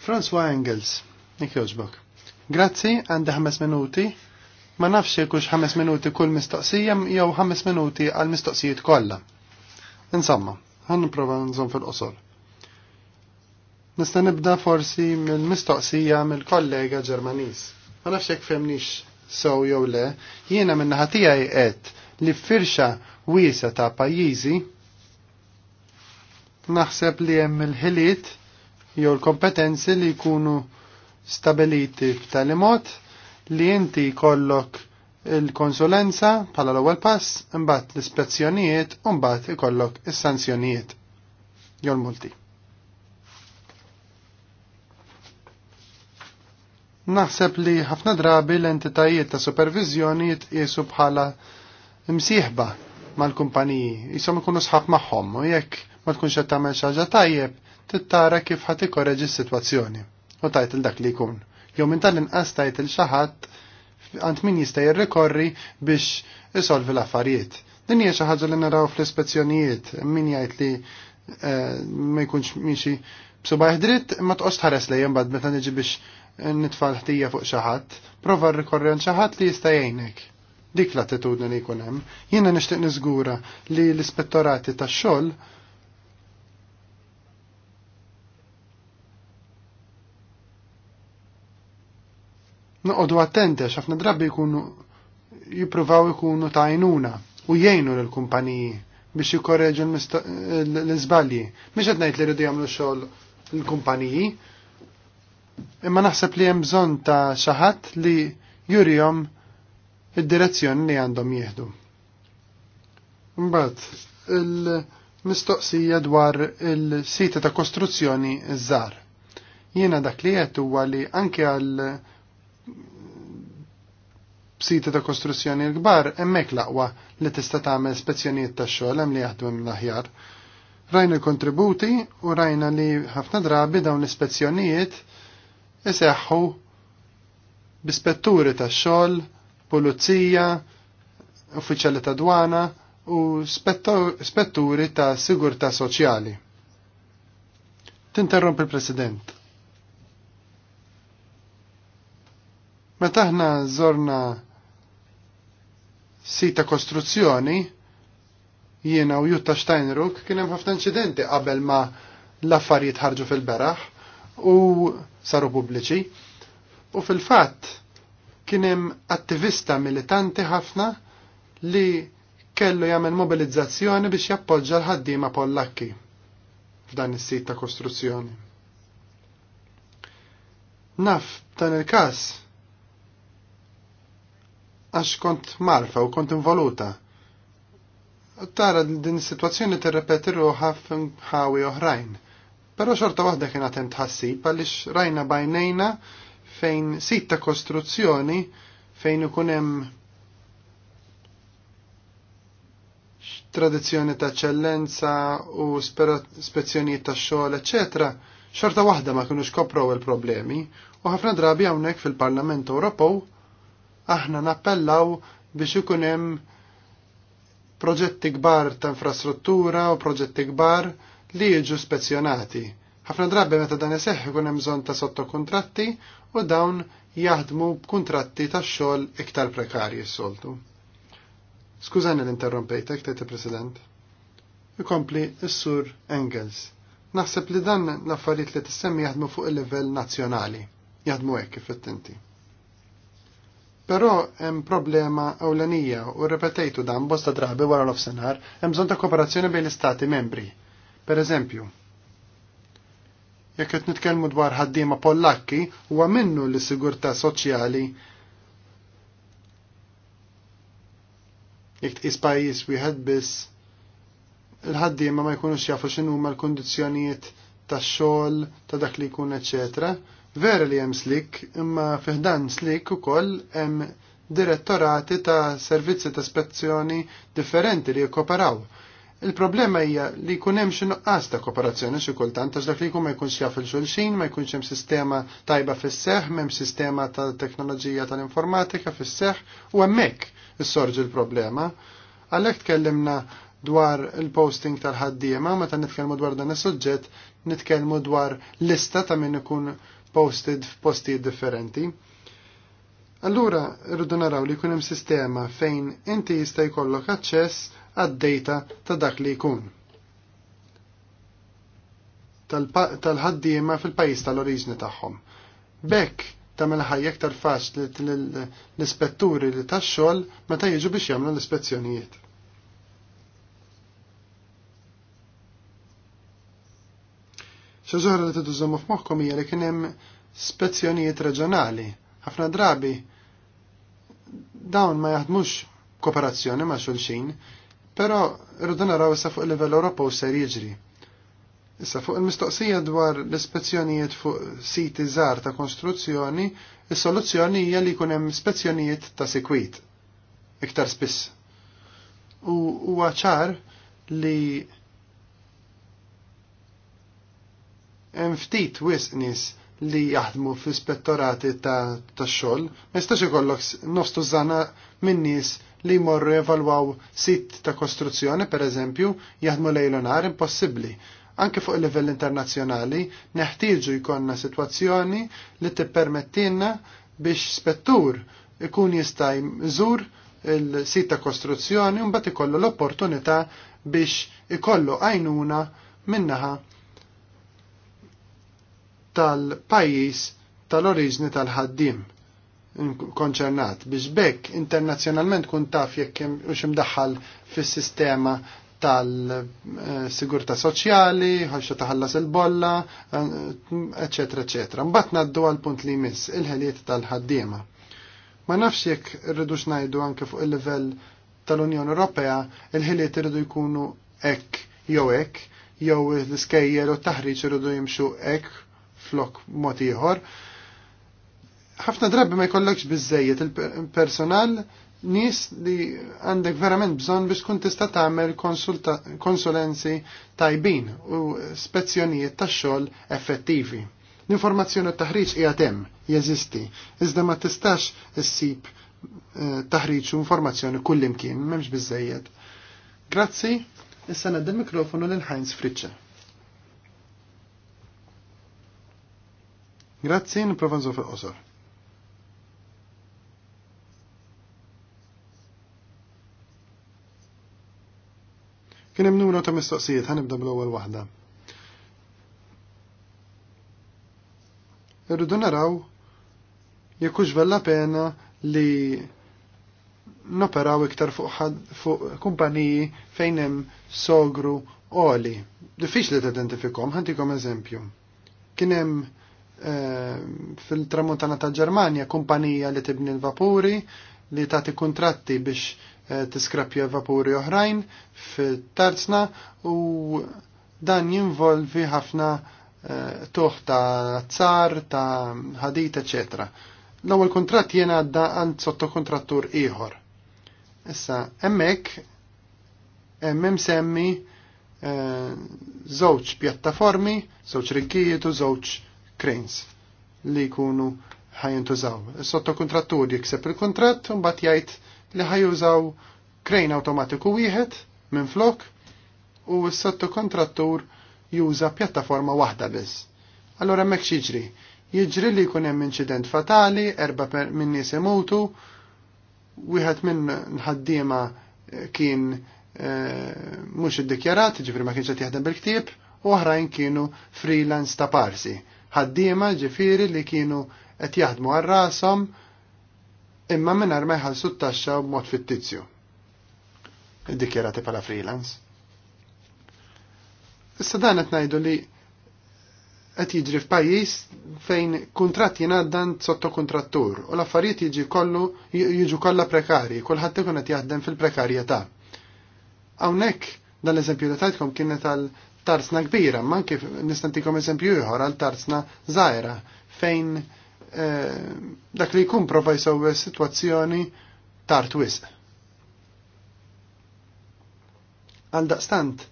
François Engels, Nick Grazzi, għandi ħames minuti Ma nafx kux ħames minuti kull mistoqsija jew ħames minuti għal mistoqsijiet kollha. Insomma, ħan nipprova nżomm fil-qosol. Nista' nibda forsi mill-mistoqsija mill-kollega Ġermaniż. Ma nafx jekk femnix sew jew le, jiena minn tiegħi qed li firxa wiesa ta' pajjiżi naħseb li hemm il-ħiliet jew l-kompetenzi li jkunu stabiliti b'tali mod li inti kollok il-konsulenza bħala l-ewwel pass, imbagħad l-ispezzjonijiet u mbagħad ikollok is-sanzjonijiet jew l-multi. Naħseb li ħafna drabi l-entitajiet ta' supervizjoni jisu bħala msieħba mal-kumpaniji, jisom ikunu sħab magħhom u jekk ma tkunx qed tagħmel xi ħaġa tajjeb, tittara kif ħadd ikoreġi s-sitwazzjoni u tajt il dak li jkun jew minn tal-inqas tajt il xaħat għand min jista' jirrikorri biex isolvi l-affarijiet. Din hija xi ħaġa li naraw fl-ispezzjonijiet min jgħid li eh, ma jkunx miexi b'subaħ dritt ma tqos tħares lejn bad meta niġi biex nitfal ħtija fuq xi ħadd, prova rrikorri għand xi ħadd li jista' jgħinek. Dik l-attitudni li jkun hemm. Jiena nixtieq niżgura li l-ispettorati tax-xogħol noqogħdu attenti għax ħafna drabi jkunu jippruvaw ikunu ta' għajnuna u jgħinu l-kumpaniji biex jikorreġu l-izbalji. Mix qed ngħid li rridu jagħmlu xogħol l-kumpaniji, imma naħseb li hemm bżonn ta' xi ħadd li jurihom id-direzzjoni li għandhom jieħdu. Mbagħad il-mistoqsija dwar il-sita ta' kostruzzjoni żgħar. Jiena dak li qed huwa li anke għal b'siti ta' kostruzzjoni l-kbar hemmhekk laqwa li tista' tagħmel spezzjonijiet tax-xogħol hemm li jaħdmu mill-aħjar. Rajna l kontributi u rajna li ħafna drabi dawn l-ispezzjonijiet iseħħu bispetturi tax-xogħol, pulizija, uffiċjali ta' dwana u spetturi ta' sigurtà soċjali. Tinterromp il-President. Meta aħna żorna sita kostruzzjoni jiena u Jutta Steinruk kien hemm ħafna inċidenti qabel ma l-affarijiet ħarġu fil-beraħ u saru pubbliċi. U fil-fatt kien hemm attivista militanti ħafna li kellu jagħmel mobilizzazzjoni biex jappoġġa l-ħaddiema Pollakki f'dan is-sit ta' kostruzzjoni. Naf, dan il-każ għax kont marfa u kont involuta. Tara din is-sitwazzjoni tirrepeti ruħha f'ħawi oħrajn. Però xorta waħda kien għatem tħassi, għaliex rajna bajnejna fejn sit ta' kostruzzjoni fejn ikun hemm tradizzjoni ta' ċellenza u spezzjonijiet ta' xogħol, eċetera, xorta waħda ma kinux xkoprow il-problemi u ħafna drabi hawnhekk fil-Parlament Ewropew aħna nappellaw biex ikun hemm proġetti kbar ta' infrastruttura u proġetti kbar li jiġu spezzjonati. Ħafna drabi meta dan iseħħ ikun hemm bżonn ta' sottokuntratti u dawn jaħdmu b'kuntratti ta' xogħol iktar prekarji soltu. Skużani l-interrompejtek, tajti President. Ikompli s-sur Engels. Naħseb li dan l-affarijiet li tissemmi jaħdmu fuq il-livell nazzjonali. Jaħdmu hekk kif tinti. Però hemm problema ewlenija u repetejtu dan bosta drabi wara l ofsenar hemm bżonn ta' kooperazzjoni bejn l-istati membri. Per eżempju, jekk qed nitkellmu dwar ħaddiema Pollakki huwa minnu l sigurtà soċjali jekk tqis pajjiż wieħed biss il-ħaddiema ma jkunux jafu x'inhuma l-kundizzjonijiet tax-xogħol ta' dak li jkun eċetera Vera li hemm slik, imma fiħdan slik ukoll hemm direttorati ta' servizzi ta' spezzjoni differenti li jkoperaw. Il-problema hija li jkun hemm xi ta' kooperazzjoni xi kultant għax dak li jkun ma jkunx jaf il-xulxin, ma jkunx hemm sistema tajba fis-seħ, m'hemm sistema ta' teknoloġija tal-informatika fis-seħ u hemmhekk sorġi l-problema. Għalhekk tkellimna dwar il-posting tal-ħaddiema, meta nitkellmu dwar dan is-suġġett, nitkellmu dwar lista ta' min ikun posted f'postijiet differenti. Allura rridu naraw li jkun hemm sistema fejn inti jista' jkollok aċċess għad-data ta' dak li jkun tal-ħaddiema fil-pajis tal-oriġni tagħhom. Bekk tagħmel ħajja aktar faċli l-ispetturi li tax-xogħol meta jiġu biex jagħmlu l-ispezzjonijiet. xa ġoħra li f f'moħħkom hija li kien hemm spezzjonijiet reġjonali. Ħafna drabi dawn ma jaħdmux kooperazzjoni ma' xulxin, però rridu naraw issa fuq il-livell Ewropew ser jiġri. Issa fuq il-mistoqsija dwar l-ispezzjonijiet fuq siti żgħar ta' konstruzzjoni, is-soluzzjoni hija li jkun hemm spezzjonijiet ta' sekwit iktar spiss. U huwa ċar li hemm ftit wisq nies li jaħdmu fl-ispettorati tax-xogħol, ma ikollok nostu żana minn nies li jmorru evalwaw sit ta' kostruzzjoni pereżempju jaħdmu lejlu nhar impossibbli. Anke fuq il-livell internazzjonali neħtieġu jkollna sitwazzjoni li tippermettilna biex spettur ikun jista' jżur il-sit ta' kostruzzjoni u mbagħad ikollu l-opportunità biex ikollu għajnuna minnaħa tal-pajjiż tal-oriġni tal-ħaddim konċernat biex bekk internazzjonalment kun taf jekk hux imdaħħal fis-sistema tal-sigurta soċjali, ħaxa taħallas il-bolla, eccetera, eccetera. Mbatt naddu għal-punt li jmiss, il-ħeliet tal-ħaddiema. Ma nafx jekk rridux xnajdu anke fuq il-level tal-Unjoni Ewropea, il-ħiliet irridu jkunu ek jew ek, jew l-iskejjer u t taħriġ irridu jimxu ek flok mod ieħor. Ħafna drabi ma jkollokx biżejjed il-personal nies li għandek verament bżonn biex tkun tista' tagħmel konsulenzi tajbin u spezzjonijiet tax-xogħol effettivi. L-informazzjoni t taħriġ hija hemm, jeżisti, iżda ma tistax issib eh, taħriġ u informazzjoni kullimkien, m'hemmx biżejjed. Grazzi, issa nadda l-mikrofonu lil Heinz Fritxe. Grazzi, niprovanżu fil-qosor. Kien hemm numru ta' mistoqsijiet, ħanibda bl-ewwel waħda. Irridu naraw jekk hux vella pena li noperaw iktar fuq, fuq kumpaniji fejn hemm sogru oli. Diffiċli tidentifikhom, ħantikom eżempju. Kien hemm Eh, fil-tramuntana ta' Ġermanja kumpanija li tibni l-vapuri li tagħti kuntratti biex eh, tiskrapja vapuri oħrajn fit-tarzna u dan jinvolvi ħafna eh, toħ ta' tsar, ta' ħadit, eccetera. L-ewwel kuntratt jien għadda għal sottokuntrattur ieħor. Issa hemmhekk hemm semmi żewġ pjattaformi, żewġ rikkijiet u żewġ cranes li jkunu ħajintużaw. kontrattur jikseb il-kontratt u mbagħad jgħid li ħajużaw crane awtomatiku wieħed minn flok u s-sottokontrattur juża pjattaforma waħda biss. Allora hemmhekk jiġri. Jiġri li jkun hemm inċident fatali, erba minn nies imutu, wieħed minn nħaddiema kien eh, mhux iddikjarat, ġifri ma kienx qed jaħdem bil-ktieb, u oħrajn kienu freelance ta' parsi ħaddiema ġifiri li kienu qed jaħdmu għal rasom imma mingħajr ma jħallsu t-taxxa b'mod fittizju. Iddikjerati bħala freelance. Issa dan qed ngħidu li qed jiġri f'pajjiż fejn kuntratt jingħaddan sotto kuntrattur u l-affarijiet jiġi kollu jiġu kollha prekarji, kulħadd ikun qed jaħdem fil-prekarjetà. Hawnhekk dan l-eżempju li tajtkom kienet għal tarzna kbira, ma anke nistantikom eżempju ieħor għal tarzna żgħira fejn eh, dak li jkun prova jsewwe sitwazzjoni tard wisq. Għal daqstant,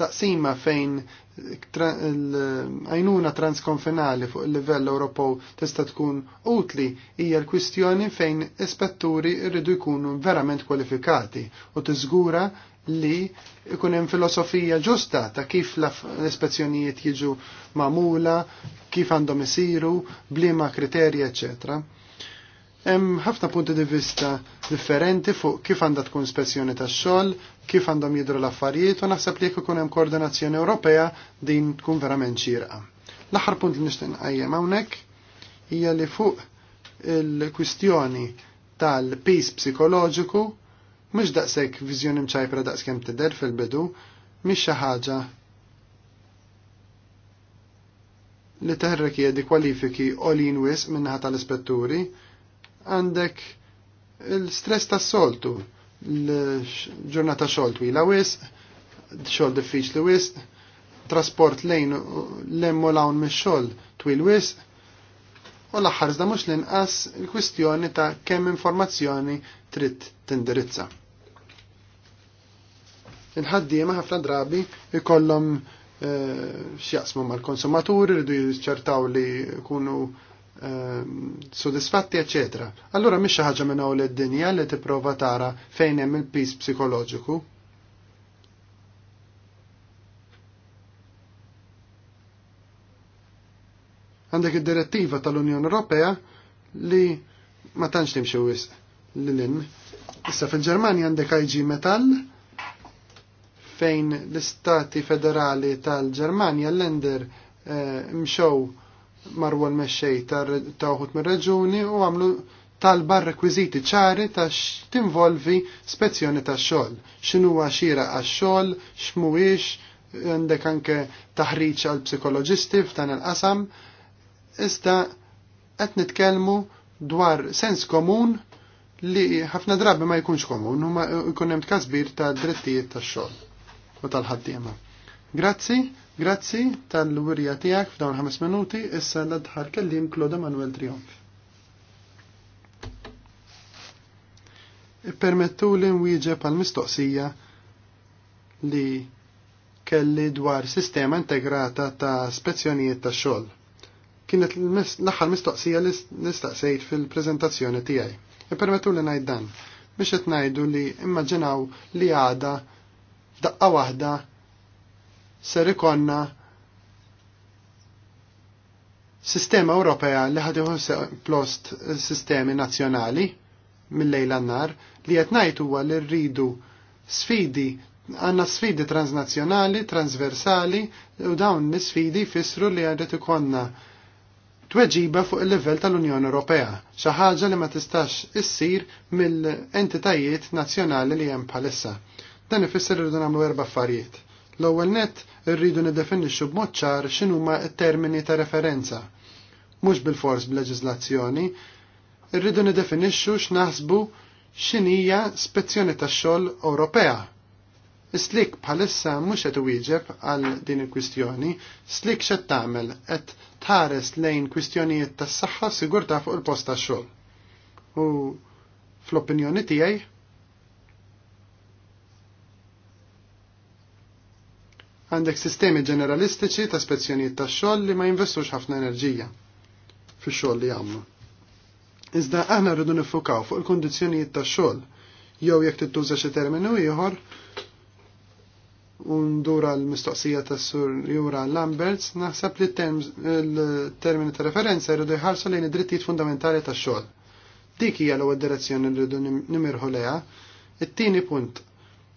taqsima fejn l-għajnuna transkonfinali fuq il-livell Ewropew tista' tkun utli hija l-kwistjoni fejn ispetturi rridu jkunu verament kwalifikati u tiżgura li ikun hemm filosofija ġusta ta' kif l-ispezzjonijiet jiġu magħmula, kif għandhom isiru, bliema kriterji, eċċetera Hemm ħafna punti di vista differenti fuq kif għandha tkun spessjoni tax-xogħol, kif għandhom jidru l-affarijiet u naħseb li jekk ikun hemm koordinazzjoni Ewropea din tkun verament xierqa. L-aħħar punt li nixtieq ngħajjem hawnhekk hija li fuq il-kwistjoni tal peace psikoloġiku mhux daqshekk viżjoni mċajpra daqskemm tidher fil-bidu, mhix xi ħaġa li teħrek jedi kwalifiki all-in wisq minnaħa tal-ispetturi, għandek il-stress tas soltu l-ġurnata xogħol twila wisq, xogħol diffiċli wisq, trasport lejn lemmu lawn mix-xogħol twil wisq, u l-aħħar mux mhux l-inqas il-kwistjoni ta' kemm informazzjoni trid tindirizza. Il-ħaddiema ħafna drabi ikollhom eh, x'jaqsmu mal-konsumaturi rridu jiċċertaw li jkunu Ehm, sodisfatti, eccetera. Allora mi xi ħaġa minn hawn id-dinja li tipprova tara fejn hemm il-pis psikoloġiku. Għandek id-direttiva tal-Unjoni Ewropea li ma tantx timxi wisq lil Issa fil-Ġermanja għandek IG Metall fejn l-istati federali tal-Ġermanja l-lender eh, mxow marwa l-mexxej ta' uħut mir reġuni u għamlu talba rekwiziti ċari ta' tinvolvi spezzjoni ta' xogħol. Xinu għaxira għax xogħol, x'mhuwiex għandek anke taħriġ għal psikoloġisti f'dan il-qasam. Ista qed nitkellmu dwar sens komun li ħafna drabi ma jkunx komun, huma jkun hemm tkasbir ta' drittijiet tax-xogħol u tal-ħaddiema. Grazzi. Grazzi tal-wirja tijak f'dawn 5 minuti, issa l-adħar kellim Kloda Manuel Triumph. Permettu li nwieġeb pal mistoqsija li kelli dwar sistema integrata ta' spezzjonijiet ta' xogħol. Kienet l-aħħar mistoqsija li nistaqsejt fil-preżentazzjoni tiegħi. Permettu li ngħid dan biex qed ngħidu li immaġinaw li għada daqqa waħda ser ikonna sistema Ewropea li ħadiħu plost sistemi nazzjonali mill-lejl nar li qed ngħid huwa li rridu sfidi għanna sfidi transnazzjonali, transversali u dawn l-sfidi fissru li għadet ikonna tweġiba fuq il-level tal-Unjoni Ewropea, xaħġa ħaġa li ma tistax issir mill-entitajiet nazzjonali li hemm bħalissa. Dan ifisser irridu nagħmlu erba' affarijiet. L-ewwel nett irridu niddefinixxu b'mod ċar x'inhuma t-termini ta' referenza. Mhux bil-fors b'leġiżlazzjoni, irridu niddefinixxu x'naħsbu x'inhija spezzjoni tax-xogħol Ewropea. Slik bħalissa mhux qed iwieġeb għal din il-kwistjoni, slik x'qed tagħmel qed tħares lejn kwistjonijiet tas-saħħa sigurtà fuq il-post tax-xogħol. U fl-opinjoni tiegħi Għandek sistemi ġeneralistiċi ta' spezzjonijiet ta' xogħol li ma jinvestux ħafna enerġija fix xogħol li jagħmlu. Iżda aħna rridu nifukaw fuq il kondizjonijiet ta' xogħol jew jekk tittuża xi terminu ieħor undura l-mistoqsija ta' sur Jura Lamberts, naħseb li l-termini ta' referenza jridu jħarsu lejn id-drittijiet fundamentali ta' xogħol. Dik hija l-ewwel direzzjoni li rridu nimirħu leha. It-tieni punt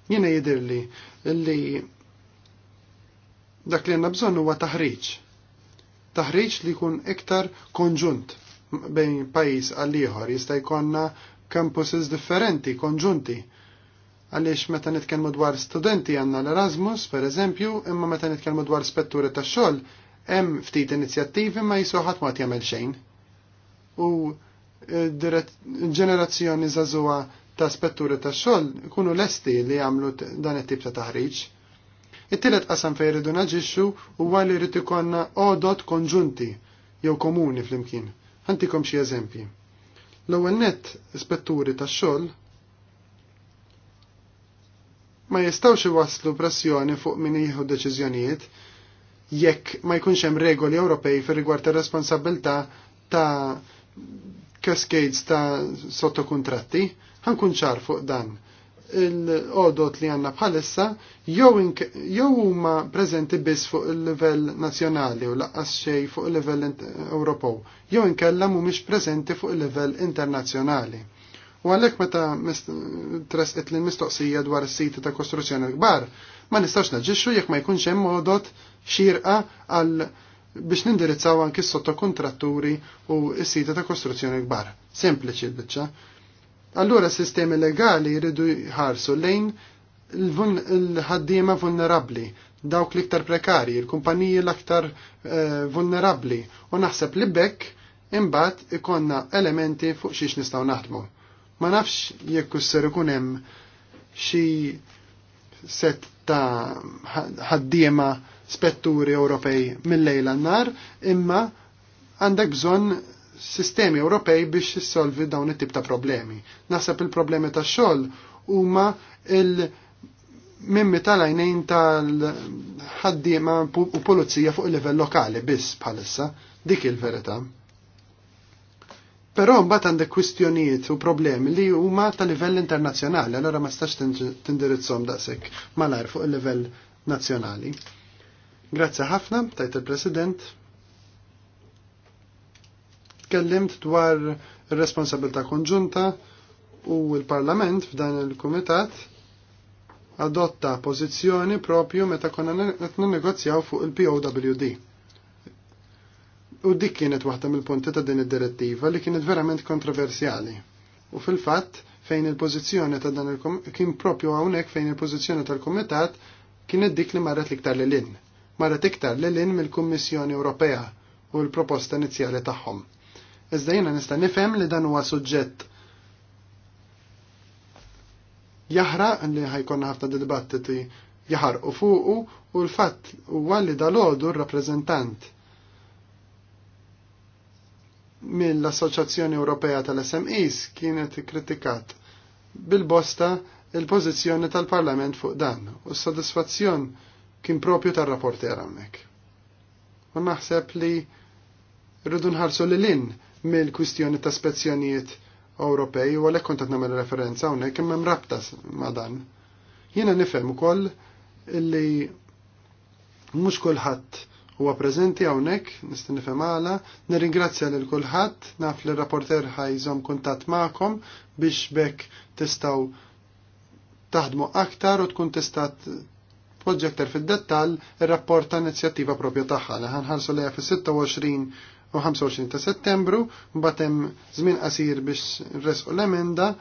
jiena jidirli li Dak li għanna bżonn huwa taħriġ. Taħriġ li jkun iktar konġunt bejn pajis għal ieħor jista' jkollna campuses differenti, konġunti. Għaliex meta nitkellmu dwar studenti għandna l-Erasmus, per eżempju, imma meta nitkellmu dwar spetturi tax-xogħol, hemm ftit inizjattivi ma jisuħat ma jagħmel xejn. U eh, ġenerazzjoni zazuwa ta' spetturi ta' xogħol ikunu lesti li jagħmlu dan it-tip ta' taħriġ. It-tielet qasam fejn irridu naġixxu huwa li rrid ikollna għodot konġunti jew komuni flimkien. Ħantikom xi eżempji. L-ewwel nett ispetturi tax-xogħol ma jistgħux iwasslu pressjoni fuq min jieħu deċiżjonijiet jekk ma jkunx hemm regoli Ewropej fir rigward ir-responsabilità ta' cascades ta' sottokuntratti, ħankun ċar fuq dan il-qodot li għanna bħalissa jew huma preżenti biss fuq il-livell nazzjonali u laqqas xej fuq il-livell Ewropew, jew inkella mhumiex preżenti fuq il-livell internazzjonali. U għalhekk meta tresqet li mistoqsija dwar is-siti ta' kostruzzjoni kbar, ma nistax naġixxu jekk ma jkunx hemm għodot xirqa għal biex nindirizzaw anki s-sottokontratturi u s-siti ta' kostruzzjoni kbar. Sempliċi l-biċċa Allura s-sistemi legali jridu jħarsu lejn il-ħaddiema vulnerabli, dawk l-iktar prekari, il-kumpaniji l-aktar eh, vulnerabli, u naħseb li bekk imbagħad ikonna elementi fuq xiex nistgħu naħdmu. Ma nafx jekk isser ikun hemm xi set ta' ħaddiema spetturi Ewropej mill-lejla n-nar, imma għandek bżonn sistemi Ewropej biex jissolvi dawn it-tip ta' problemi. Naħseb il-problemi ta' xogħol huma il- mimmi tal-għajnejn tal-ħaddiema u pulizija fuq il-livell lokali biss bħalissa, dik il-verità. Però mbagħad għandek kwistjonijiet u problemi li huma ta' livell internazzjonali, allora ma stax tindirizzhom daqshekk malajr fuq il-livell nazzjonali. Grazzi ħafna, tajt il-President. Tkellimt dwar responsabilità konġunta u l-Parlament f'dan il-Kumitat adotta pożizzjoni propju meta konna qed negozjaw fuq il-POWD. U dik kienet waħda mill-punti ta' din id-direttiva li kienet verament kontroversjali. U fil-fatt fejn il-pożizzjoni ta' dan il kien propju hawnhekk fejn il-pożizzjoni tal-Kumitat kienet dik li marret liktar l in. Marret iktar l in mill-Kummissjoni Ewropea u l-proposta inizjali tagħhom. Iżda jiena nista' nifhem li dan huwa suġġett jaħra li ħajkonna ħafna dibattiti jaħarqu fuqu u l-fatt huwa li dalodu r-rappreżentant mill-Assoċjazzjoni Ewropea tal-SMEs kienet kritikat bil-bosta il-pożizzjoni tal-Parlament fuq dan u s-sodisfazzjon kien propju tar-rapporter hawnhekk. U naħseb li rridu nħarsu lil-in mill-kwistjoni ta' spezzjonijiet Ewropej u għalhekk kont qed nagħmel referenza hawnhekk imma mrabta ma' dan. Jiena nifhem ukoll illi mhux kulħadd huwa preżenti hawnhekk, nista' nifhem għala, nirringrazzja lil kulħadd, naf li rapporter ħajżhom kuntatt magħkom biex bekk tistgħu taħdmu aktar u tkun tista' poġġi fid-dettall ir-rapport ta' inizjattiva propju tagħha li ħanħarsu lejha fis-26 u 25 ta' settembru, mbagħad hemm żmien qasir biex resqu l-emenda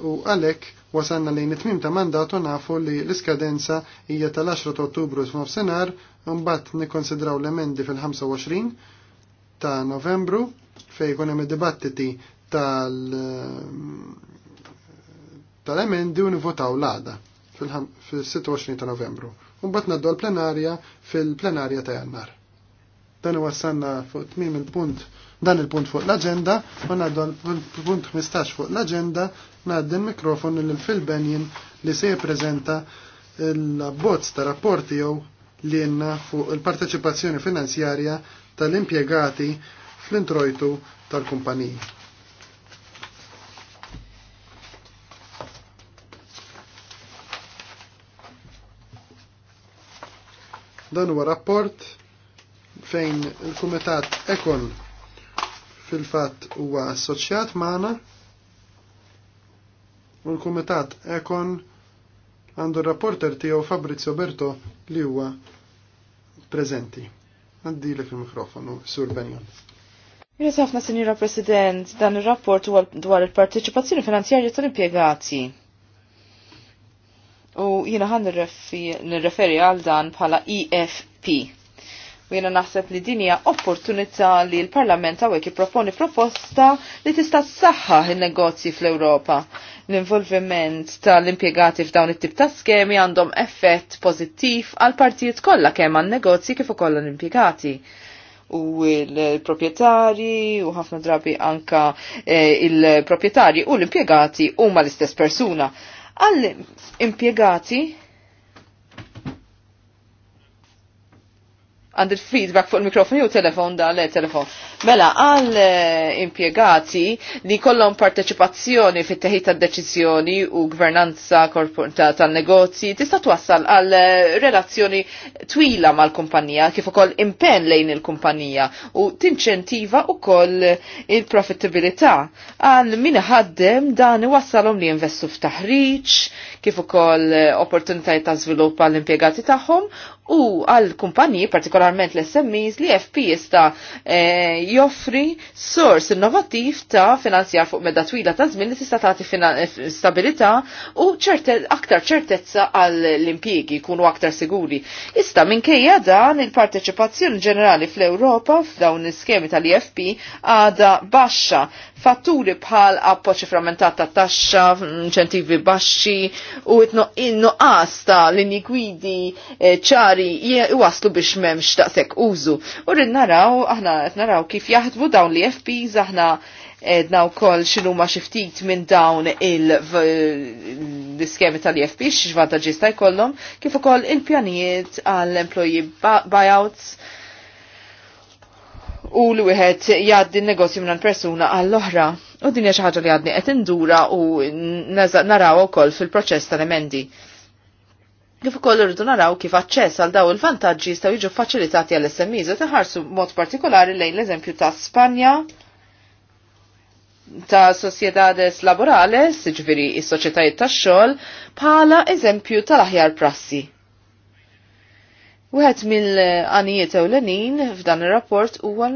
u għalhekk wasalna lejn it-tmim ta' mandatu nafu li l-iskadenza hija tal-10 ta' Ottubru f'nofsinhar, mbagħad nikkonsidraw l-emendi fil-25 ta' Novembru fejn jkun hemm dibattiti tal tal-emendi u nivotaw l-għada fil-26 ta' novembru. Un bat naddu l-plenarja fil-plenarja ta' jannar. Dan wasanna fuq tmim il-punt dan il-punt fuq l-agenda u ngħaddu l-punt 15 fuq l-agenda ngħaddi l-mikrofon l Phil Benjen li se jippreżenta l bozz ta' rapport jew li jenna fuq il-parteċipazzjoni finanzjarja tal-impjegati fl-introjtu tal-kumpaniji. Dan huwa rapport fejn il-Kumitat Ekon fil-fatt huwa assoċjat magħna u l-Kumitat Ekon għandu rapporter tiegħu Fabrizio Berto li huwa preżenti. Għaddilek fil mikrofonu Sur Benjon. Jirrisafna, Sinjura President, dan il-rapport dwar il parteċipazzjoni finanzjarja tal-impjegati. U jina għan nirreferi għal dan bħala EFP. U jena naħseb li dinja opportunità li l-Parlament għawek proponi proposta li tista' saħħa il-negozji fl-Europa. L-involviment tal-impiegati f'dawn it-tip ta' skemi għandhom effett pozittiv għal partijiet kollha kemm għan negozji kif ukoll l-impjegati u l-propietari u ħafna drabi anka e, il-propietari u l-impiegati huma l-istess persuna. Għall-impiegati għand il-feedback fuq il-mikrofon jew telefon da le telefon. Mela għal eh, impjegati li kollhom parteċipazzjoni fit teħid tad-deċiżjoni u gvernanza tan-negozji tista' twassal għal eh, relazzjoni twila mal-kumpanija kif ukoll impenn lejn il-kumpanija u tinċentiva ukoll il profittabilità għal min ħaddem dan iwassalhom li jinvestu f'taħriġ kif ukoll eh, opportunitajiet ta' żvilupp għall impjegati tagħhom u għal kumpaniji, partikolarment l-SMEs, li FP jista eh, joffri sors innovativ ta' finanzjar fuq medda twila ta' żmien li tista' tagħti eh, stabilità u ċerte, aktar ċertezza għal l-impjiegi jkunu aktar siguri. Ista minkejja dan il-parteċipazzjoni ġenerali fl-Ewropa f'dawn l-iskemi tal-IFP għada baxxa fatturi bħal appoċi frammentata ta' taxxa, inċentivi baxxi u it-nuqqas ta' linji gwidi eh, ċari waslu biex memx sekk użu. U rrid naraw, aħna qed naraw kif jahdbu dawn li FPs aħna edna u koll xinu ma xiftit minn dawn il-diskemi tal-IFP, xvantaġista jkollom, kif u koll il pjaniet għall-employee buyouts u li wieħed jgħaddi n-negozju minn persuna għall-oħra. U din hija xi ħaġa li għadni qed indura u naraw ukoll fil-proċess tal-emendi. Kif ukoll irridu naraw kif aċċess għal daw il-vantaġġi jistgħu jiġu faċilitati għall smis u tinħarsu mod partikolari lejn l-eżempju ta' Spanja ta' Sociedades Laborales, ġviri is-soċjetajiet tax-xogħol, bħala eżempju tal-aħjar prassi. Wieħed mill-għanijiet ewlenin f'dan ir-rapport huwa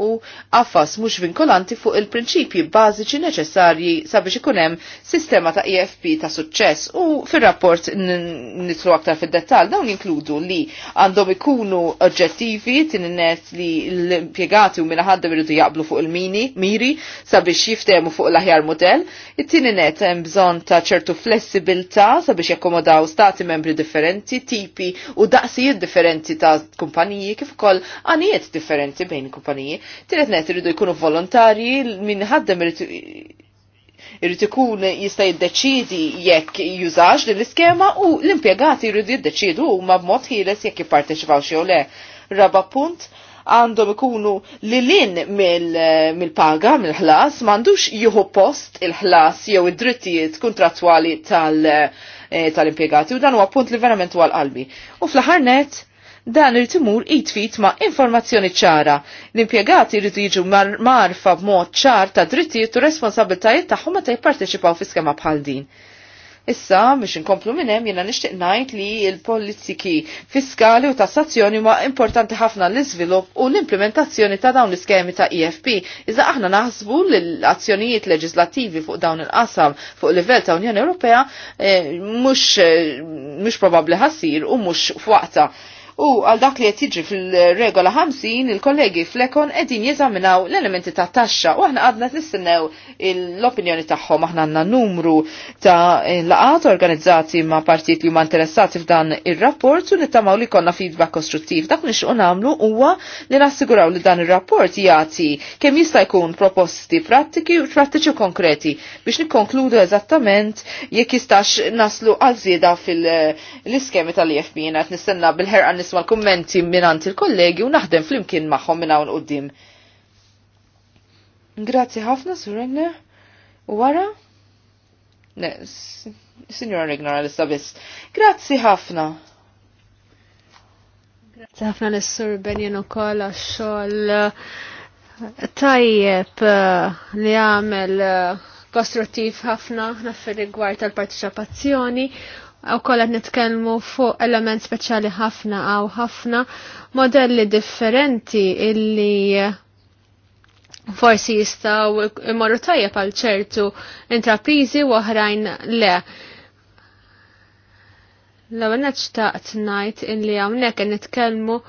u qafas mhux vinkolanti fuq il-prinċipji bażiċi neċessarji sabiex ikun hemm sistema ta' EFP ta' suċċess u fir-rapport nitlu aktar fid-dettall dawn jinkludu li għandhom ikunu oġġettivi tinnet li l-impjegati u minn ħaddem iridu jaqblu fuq il-mini miri sabiex jiftehmu fuq l-aħjar mudell, it-tieni net hemm bżonn ta' ċertu flessibilità sabiex jakkomodaw stati membri differenti, tipi u daqsijiet differenti differenti ta' kumpaniji kif ukoll għanijiet differenti bejn kumpaniji. Tiret net irridu jkunu volontarji minn ħaddem irrid ikun jista' jiddeċidi jekk jużax din l-iskema u l-impjegati jridu jiddeċidu huma b'mod ħieles jekk jipparteċipaw xi le. Raba punt għandhom ikunu lilin mill-paga, mil mill-ħlas, m'għandux jieħu post il-ħlas jew id-drittijiet kontrattwali tal- eh, tal-impjegati u dan huwa punt li verament huwa qalbi. U fl-aħħar net dan il-timur jitfit ma' informazzjoni ċara. L-impjegati jridu jiġu marfa b'mod ċar ta' drittijiet u responsabiltajiet tagħhom meta jipparteċipaw fi skema bħal din. Issa, biex inkomplu minn hemm jiena nixtieq ngħid li l-politiki fiskali u tassazzjoni huma importanti ħafna l-iżvilupp u l-implementazzjoni ta' dawn l-iskemi ta' IFP, e Iżda aħna naħsbu l-azzjonijiet leġislattivi fuq dawn il-qasam fuq livell ta' Unjoni Ewropea eh, eh, mhux probabbli ħassir u mhux f'waqta U għal dak li qed jiġri fil-regola 50 il-kollegi flekon qegħdin jeżaminaw l-elementi ta' taxxa u aħna għadna nistennew l-opinjoni tagħhom aħna għandna numru ta' laqat organizzati ma' partijiet li huma interessati f'dan ir-rapport u nittamaw li konna feedback kostruttiv. Dak nixqu nagħmlu huwa li nassiguraw li dan ir-rapport jagħti kemm jista' jkun proposti prattiki u prattiċi konkreti biex nikkonkludu eżattament jekk jistax naslu għal fil-iskemi tal-IFB. Nistenna bil-ħerqa nisma' l-kommenti minant il-kollegi u naħdem fl-imkien maħħom minna un qudiem. Grazie ħafna, Sur U għara? Ne, Signora Regna, għalissa biss. Grazie ħafna. Grazie ħafna l-Sur Benjen u għax-xogħol uh, tajjeb uh, li għamel uh, kostruttiv ħafna ħna fil-rigward tal-partiċipazzjoni u kollet nitkelmu fuq element speċjali ħafna għaw ħafna modelli differenti illi forsi jistaw imorru tajjeb għal ċertu intrapizi u oħrajn le. L-għu naċtaqt najt illi għawnek nitkelmu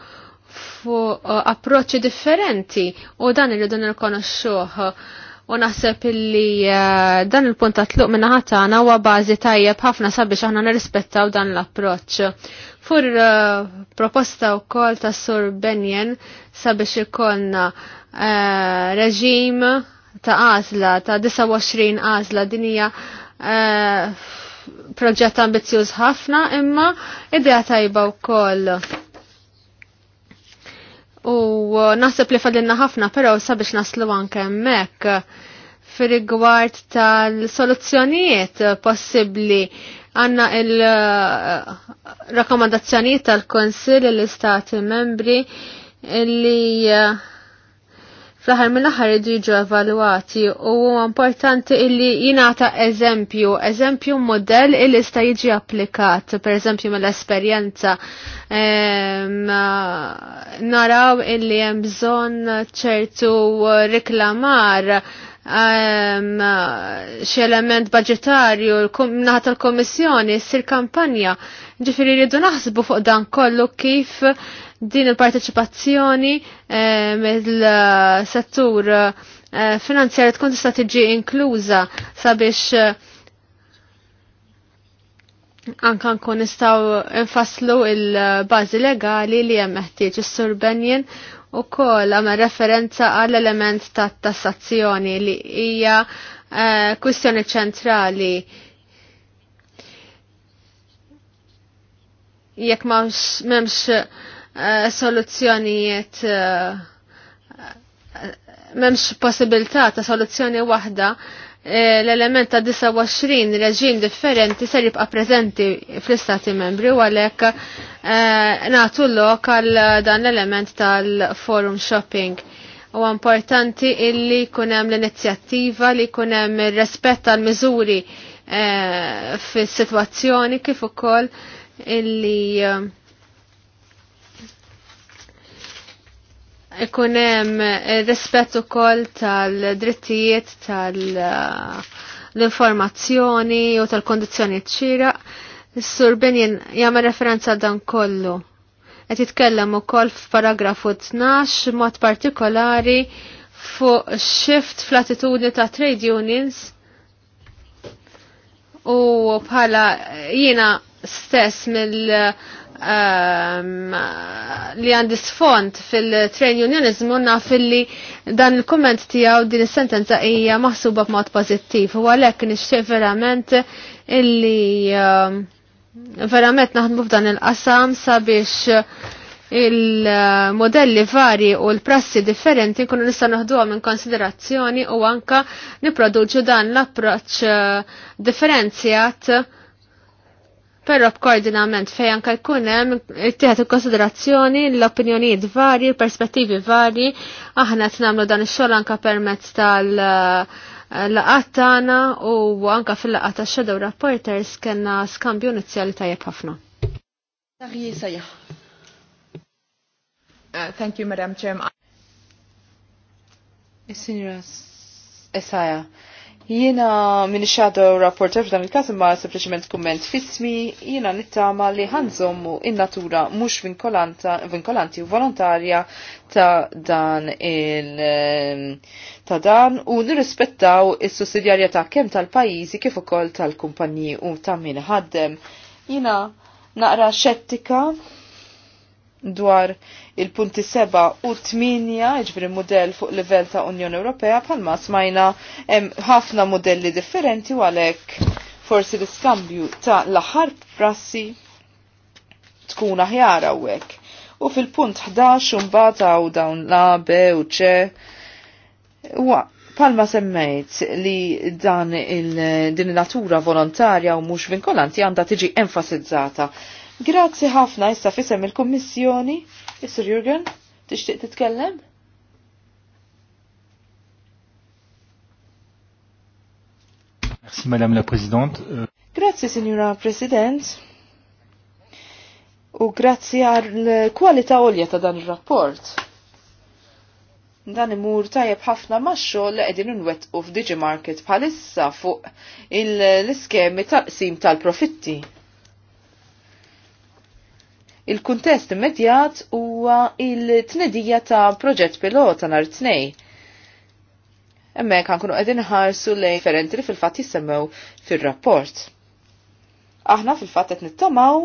fuq approċċi differenti u dan irridu nirkonoxxuh. Uh, U naħseb illi eh, dan il-punt ta' tluq minna ħatana huwa bażi tajjeb ħafna sabiex aħna nirrispettaw dan l-approċċ. Fur eh, proposta wkoll ta' Sur Benjen sabiex ikollna eh, reġim ta' għażla ta' 29 għażla din hija proġett ambizjuż ħafna imma idea tajba wkoll U uh, naħseb li fadilna ħafna, pero sabiex naslu anke hemmhekk uh, fir-rigward tal-soluzzjonijiet uh, possibbli għanna il-rakkomandazzjonijiet tal-Konsil l-Istati membri li fl ħar mill-aħħar idu jiġu evalwati u huwa importanti illi jingħata eżempju, eżempju modell illi sta jiġi applikat, pereżempju mill-esperjenza ehm, naraw illi hemm bżonn ċertu riklamar ehm, xie element budgetarju naħat l-Komissjoni, s-sir kampanja, ġifiri rridu naħsbu fuq dan kollu kif din il-parteċipazzjoni eh, mill-settur eh, finanzjarju tkun tista' tiġi inkluża sabiex eh, anka nkun nistgħu nfasslu il-bażi legali li hemm meħtieġ is-Sur Benjen ukoll għamel referenza għall element ta' tassazzjoni li hija kwistjoni ċentrali. jekk m'hemmx Eh, soluzzjonijiet eh, memx possibilità ta' soluzzjoni waħda eh, l-element ta' 29 reġim differenti ser jibqa' preżenti fl-istati membri u għalhekk nagħtu lok għal dan l-element tal-forum shopping. U importanti illi jkun hemm l-inizjattiva li jkun hemm ir-rispett tal miżuri fis-sitwazzjoni kif ukoll illi ikunem hemm eh, rispett ukoll tal-drittijiet tal-informazzjoni eh, u tal-kondizzjoni ċira. Sur Benjen jagħmel referenza dan kollu. Qed jitkellem f-paragrafu 12 mod partikolari fuq shift fl-attitudni ta' trade unions u bħala jina stess mill- um, li għandi sfond fil-train unionizmu naf li dan il-komment tijaw din is-sentenza hija maħsuba b'mod pożittiv u għalhekk nixtieq verament illi um, verament naħdmu f'dan il-qasam sabiex il-modelli vari u l-prassi differenti kunu nista naħduha minn konsiderazzjoni u anka niproduġu dan l-approċ differenzjat Però b'koordinament fejn anke jkun hemm ittieħed konsiderazzjoni l-opinjonijiet varji, l-perspettivi varji, aħna qed nagħmlu dan ix-xogħol anke permezz tal- laqat tagħna u anke fil-laqat tax shadow reporters kellna skambju inizjali tajjeb ħafna. Uh, thank you, Madam Chairman. Is-Sinjura Esaja. Jiena minn shadow rapporter f'dan il kas imma sempliċement kumment fismi, jiena nittama li ħanżommu in-natura mhux vinkolanti u volontarja ta' dan il ehm, ta' dan u nirrispettaw is-sussidjarjetà kemm tal-pajjiżi kif ukoll tal-kumpanji u ta' min ħaddem. Jiena naqra xettika dwar il-punti 7 u 8 ġbri model fuq livell ta' Unjoni Ewropea bħalma smajna hemm ħafna modelli differenti u għalhekk forsi l-iskambju ta' l-aħħar prassi tkun aħjar hawnhekk. U fil-punt 11 mbagħad u dawn la B u C. Huwa palma semmejt li dan il-din natura volontarja u mhux vinkolanti għandha tiġi enfasizzata. Grazzi ħafna issa fisem il-Kummissjoni Isser Jurgen, tixtieq titkellem? Merci Madame la Présidente. Grazie Signora President. U grazzi għal kwalità olja ta' dan ir-rapport. Dan imur tajjeb ħafna max li qegħdin inwettqu f'Digi Market bħalissa fuq l-iskemi tal-qsim tal-profitti. taqsim tal qsim tal profitti Il-kuntest immedjat huwa il-tnedija ta' proġett pilota nhar tnej. Hemmhekk ankunu qegħdin ħarsu lejn ferentri li fil-fatt jisemmew fir-rapport. Aħna fil-fatt qed nittamaw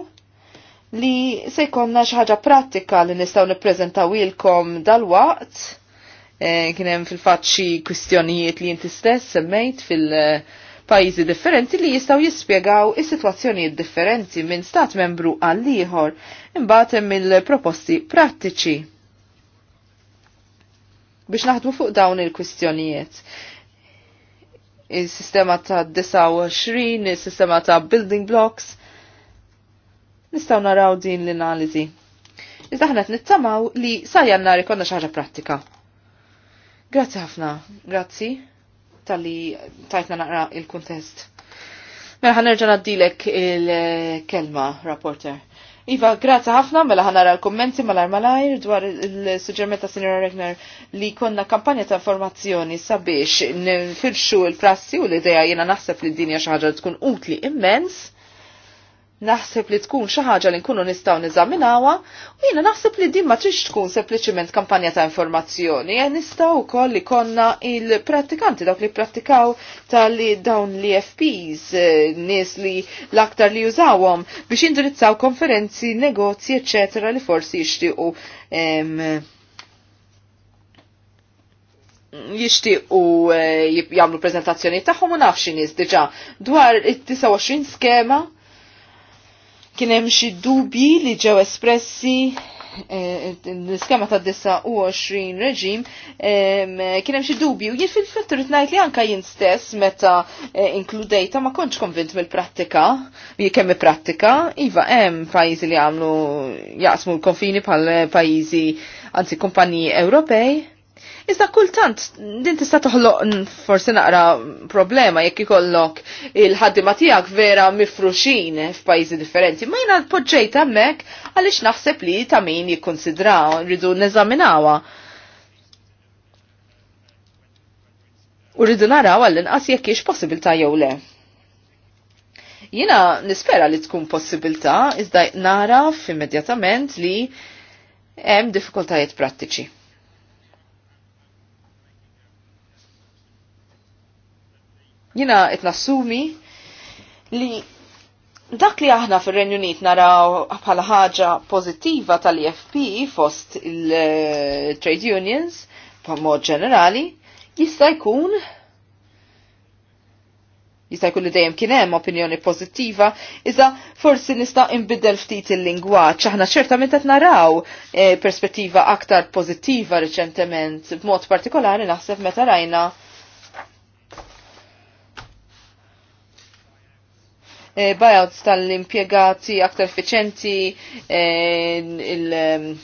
li se jkollna xi ħaġa prattika li nistgħu nippreżentaw ilkom dal-waqt. kienem eh, kien hemm fil-fatt xi kwistjonijiet li jinti stess semmejt fil- uh, pajjiżi differenti li jistgħu jispjegaw is-sitwazzjonijiet differenti minn stat membru għal ieħor imbagħad mill proposti prattiċi biex naħdmu fuq dawn il-kwistjonijiet. Il-sistema ta' 29, il-sistema ta' building blocks, nistaw naraw din l-analizi. Iżda ħna nittamaw li sajjanna rikonna ikonna xaġa pratika. Grazzi ħafna, grazzi tal-li tajtna naqra il-kuntest. Mela nerġa' naddilek il-kelma, rapporter. Iva, grazzi ħafna, mela ħanara l-kommenti malar malajr dwar il-suġġerment ta' Sinjora Regner li konna kampanja ta' informazzjoni sabiex nfirxu l-prassi u l-ideja jena naħseb li d-dinja xaħġa tkun utli immens naħseb li tkun xi ħaġa li nkunu nistgħu niżaminawha u jiena naħseb li din ma trix tkun sempliċiment kampanja ta' informazzjoni, jgħan nistgħu wkoll li konna il-prattikanti dawk li prattikaw tal-li dawn li FPs, eh, nies li l-aktar li jużawhom biex indirizzaw konferenzi, negozji, eċetera li forsi jixtiequ jishtiqu eh, jamlu prezentazzjoni taħħom u nafxin diġa dwar it-29 skema Kien hemm xi dubji li ġew espressi eh, l-iskema ta' 29 reġim kien hemm xi dubju. Jien fil-fittur ngħid li anka jien stess meta eh, inkludejta ma kontx konvint mill-prattika, li kemm prattika, iva hemm pajjiżi li għamlu jaqsmu l-konfini bħal pajjiżi anzi kumpaniji Ewropej Iżda kultant, din tista' toħloq forsi naqra problema jekk ikollok il-ħaddima tiegħek vera mifruxin f'pajjiżi differenti. Ma jiena poġġejt hemmhekk għaliex naħseb li ta' min jikkonsidraw, rridu neżaminawha. U rridu naraw għall-inqas jekk hiex possibilità jew le jina nispera li tkun possibilta, iżda nara immedjatament li hemm diffikultajiet prattiċi. Jina qed nassumi li dak li aħna fir renju Unit naraw bħala ħaġa pożittiva tal-EFP fost il-trade unions b'mod ġenerali jista' jkun jista' jkun li dejjem kien hemm opinjoni pożittiva, iżda forsi nista' inbidel ftit il-lingwaġġ. Aħna ċertament qed naraw eh, perspettiva aktar pożittiva riċentement, b'mod partikolari naħseb meta rajna Eh, buyouts tal-impiegati aktar efficienti eh, il- ehm,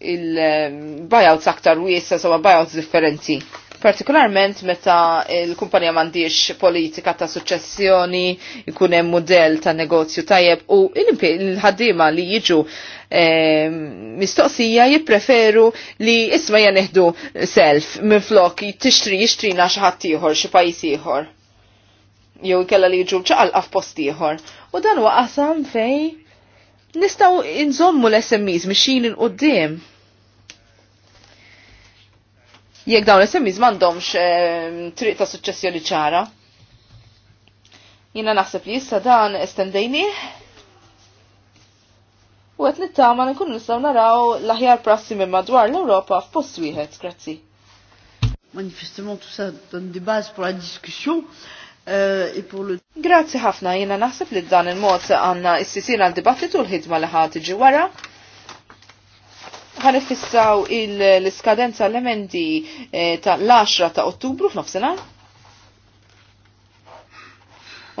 il-buyouts ehm, aktar wiesa, sawa buyouts differenti partikolarment meta il-kumpanija mandiex politika ta' successjoni, ikun hemm ta' negozju tajjeb u l-ħaddiema li jiġu ehm, mistoqsija jippreferu li isma jeneħdu self minn flok tixtri jixtrina xi ħadd ieħor xi pajjiż ieħor jew kella li jiġu ċaqalqa f'post ieħor. U dan huwa qasam fej nistgħu inżommu l-SMEs mixin il qudiem Jekk dawn l-SMEs m'għandhomx ehm, triq ta' suċċessjoni ċara. Jiena naħseb li issa dan estendejni. u għet nittama nkun nistaw naraw l-aħjar prassi minn madwar l-Europa f'post wieħed, grazzi. Manifestement, tout ça donne des bases pour la discussion. Eh, Grazzi ħafna jina naħseb li dan il-mod għanna s għal dibattitu l-ħidma li ħati iġi wara. ifissaw l-iskadenza l-emendi eh, ta' l-10 ta' ottubru f'nofsinhar.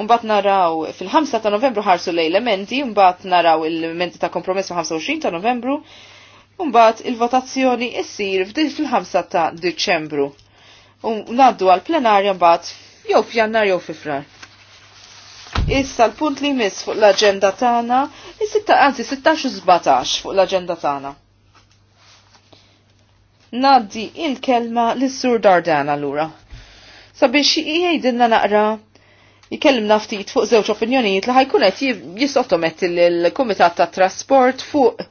Unbat naraw fil-5 ta' novembru ħarsu lej l-emendi, unbat naraw il-emendi ta' kompromess fil-25 ta' novembru, unbat il-votazzjoni issir fil-5 ta' deċembru. Unnaddu għal plenarja mbagħad jew f'jannar jew fifrar. Issa l-punt li jmiss fuq l-agenda tagħna, anzi 16 u 17 fuq l-agenda tagħna. Naddi il-kelma lis-Sur Dardana lura. Sabiex jgħidilna naqra jikellimna naftit fuq żewġ opinjonijiet li ħajkun qed jisottomet il-Kumitat tat Trasport fuq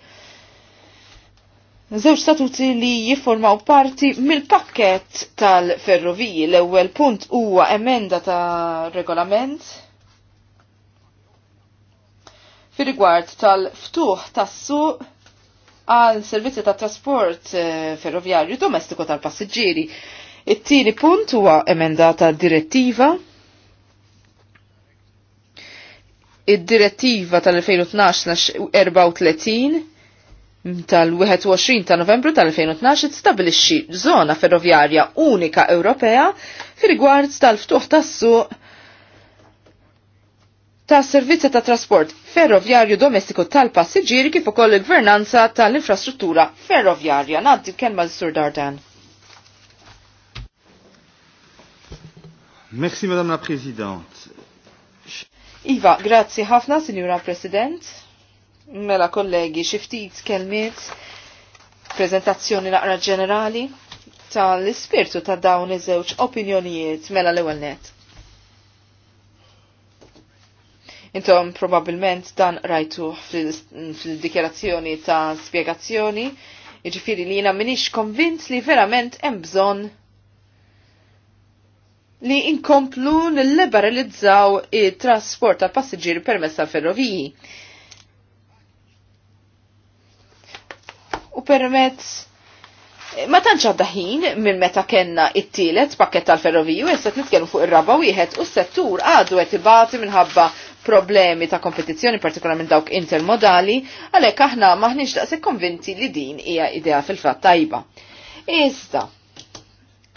Żewġ statuti li jiffurmaw parti mill-pakket tal-ferroviji. L-ewwel punt huwa emenda ta' regolament fir rigward tal-ftuħ tassu għal servizzi ta' trasport eh, ferroviarju domestiku tal-passiġġieri. It-tieni punt huwa emenda ta' direttiva id-direttiva tal-2012-34 tal-21 ta' novembru tal-2012 stabilixxi żona ferroviarja unika Ewropea fi rigward tal-ftuħ tas-suq ta' servizzi ta' trasport ferroviarju domestiku tal-passiġġieri kif ukoll il-gvernanza tal-infrastruttura ferroviarja. Nagħti kelma l-Sur Dardan. Merci Madame la Présidente. Iva, grazzi ħafna, Signora President. Mela kollegi, xiftit kelmiet, prezentazzjoni naqra ġenerali tal-ispirtu ta' dawn iż-żewġ opinjonijiet mela l-ewwel net. Intom probabilment dan rajtu fil-dikjerazzjoni ta' spiegazzjoni, iġifiri li jina minix konvint li verament hemm bżonn li inkomplu nil-liberalizzaw il-trasport tal passiġġieri permess tal-ferroviji permezz Ma tantx għadda ħin minn meta kenna it-tielet pakket tal-ferroviju issa nitkellmu fuq ir-raba wieħed u s-settur għadu qed ibati minħabba problemi ta' kompetizzjoni partikolarment dawk intermodali, għalhekk aħna maħniex daqshekk konvinti li din hija idea fil-fatt tajba. Iżda,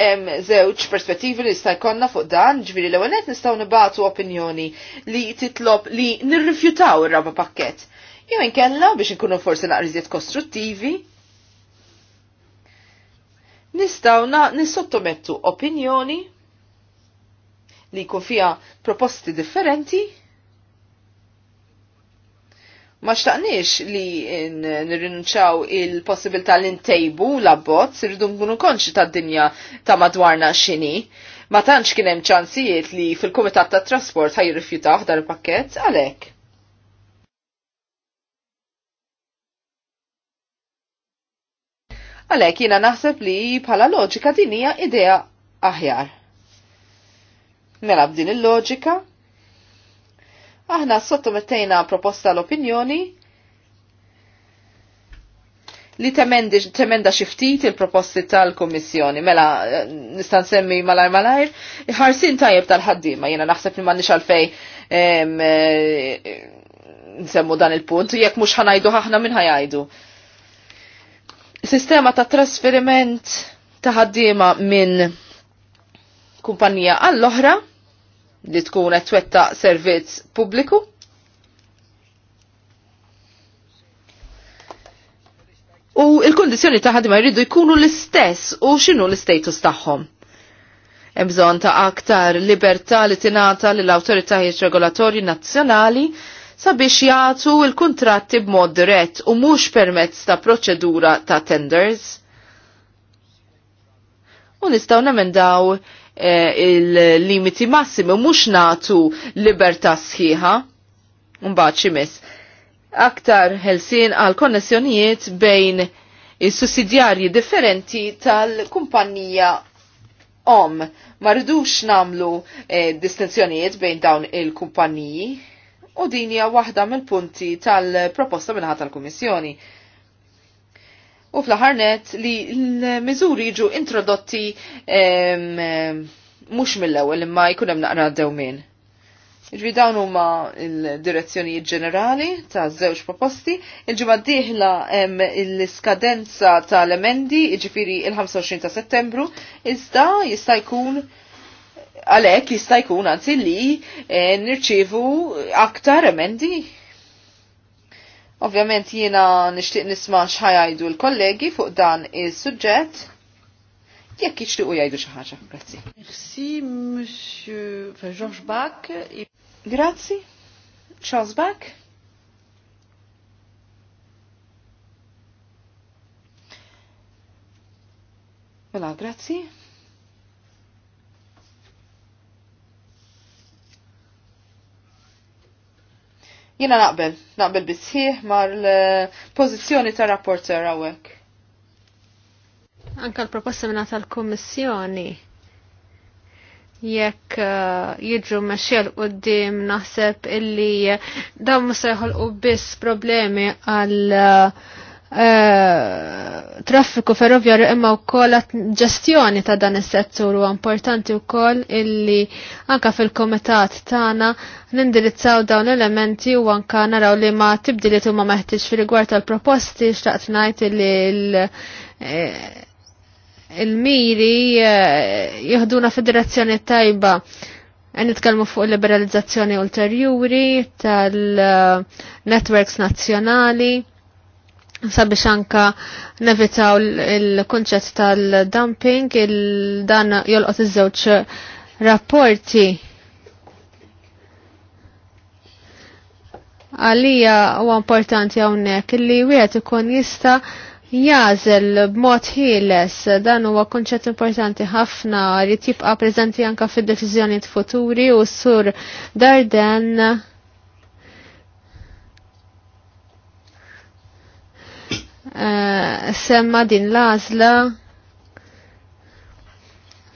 hemm żewġ perspettivi li jista' jkollna fuq dan, ġifieri l-ewwel qed nistgħu nibatu opinjoni li titlob li nirrifjutaw ir-raba pakkett. Jew inkella biex inkunu forsi naqriżiet kostruttivi, nistaw nissottomettu opinjoni li jkun fija proposti differenti ma xtaqniex li nirrinunċaw il-possibilità li ntejbu l-abbozz, irridu nkunu konċi ta' dinja ta' madwarna xini. Ma tantx kien hemm ċansijiet li fil-Kumitat tat Trasport ħaj jirrifjutaw dan il-pakkett għalhekk. Għalhekk jiena naħseb li bħala loġika din hija idea aħjar. Mela b'din il-loġika, aħna sottomettejna proposta l-opinjoni li temendi, temenda xiftit il-proposti tal-Komissjoni. Mela, nistan semmi malajr malajr, ħarsin tajjeb tal-ħaddima, jena naħseb li manni xalfej eh, nsemmu dan il-punt, jekk mux ħanajdu ħahna minn ħajajdu sistema ta' trasferiment ta' ħaddiema minn kumpanija għall-oħra li tkun qed twetta servizz pubbliku. U il-kondizjoni ta' ħaddiema jridu jkunu l-istess u x'inhu l-istatus tagħhom. Hemm bżonn ta' aktar libertà li tingħata lill awtoritajiet regolatorji nazzjonali sabiex jagħtu l-kuntratti b'mod dirett u mhux permezz ta' proċedura ta' tenders. U nistgħu nemendaw eh, il-limiti massimi u mhux nagħtu libertà sħiħa. Mbagħad xi aktar ħelsien għal konnessjonijiet bejn is-sussidjarji differenti tal-kumpanija om. Ma rridux namlu eh, distinzjonijiet bejn dawn il-kumpaniji u din hija waħda mill-punti tal-proposta minħat tal-Kummissjoni. U fl-aħħar li l-miżuri jiġu introdotti mhux mill-ewwel imma jkun hemm naqra dewmien. Ġvi dawn huma l-direzzjonijiet ġenerali ta' żewġ proposti. Il-ġimgħa d-dieħla hemm l-iskadenza tal-emendi, jiġifieri il-25 ta' Settembru, iżda jista' jkun għalek jista' jkun anzi li eh, nirċivu aktar emendi. Ovvjament jiena nixtieq nisma' x'ħajdu l-kollegi fuq dan is-suġġett. Jekk jixtiequ jgħidu xi ħaġa. Grazzi. Merci, Monsieur Georges Bach. Grazzi. Charles Bach. Mela, grazzi. Jina naqbel, naqbel bisħiħ mar l-pozizjoni ta' rapporter għawek. Anka l-proposta minna tal komissjoni jekk uh, jidru meċċel u d-dim naħseb illi uh, dawn musajħol u biss problemi għal uh, Eh, traffiku ferroviarju imma wkoll ġestjoni ta' dan is-settur huwa importanti wkoll illi anka fil-komitat tagħna nindirizzaw dawn l-elementi u anka naraw li ma tibdiliet ma meħtieġ fil-rigward tal-proposti xtaqt ngħid li eh, il-miri eh, jihduna fid-direzzjoni tajba e nitkellmu fuq liberalizzazzjoni ulterjuri tal-networks nazzjonali sabiex anka nevitaw il-konċett tal-dumping, il-dan jolqot iż-żewġ rapporti. Għalija huwa importanti hawnhekk li wieħed ikun jista' jażel b'mod ħieles dan huwa kunċett importanti ħafna li tibqa' preżenti anke fid-deċiżjonijiet futuri u sur Darden Eh, semma din l-għażla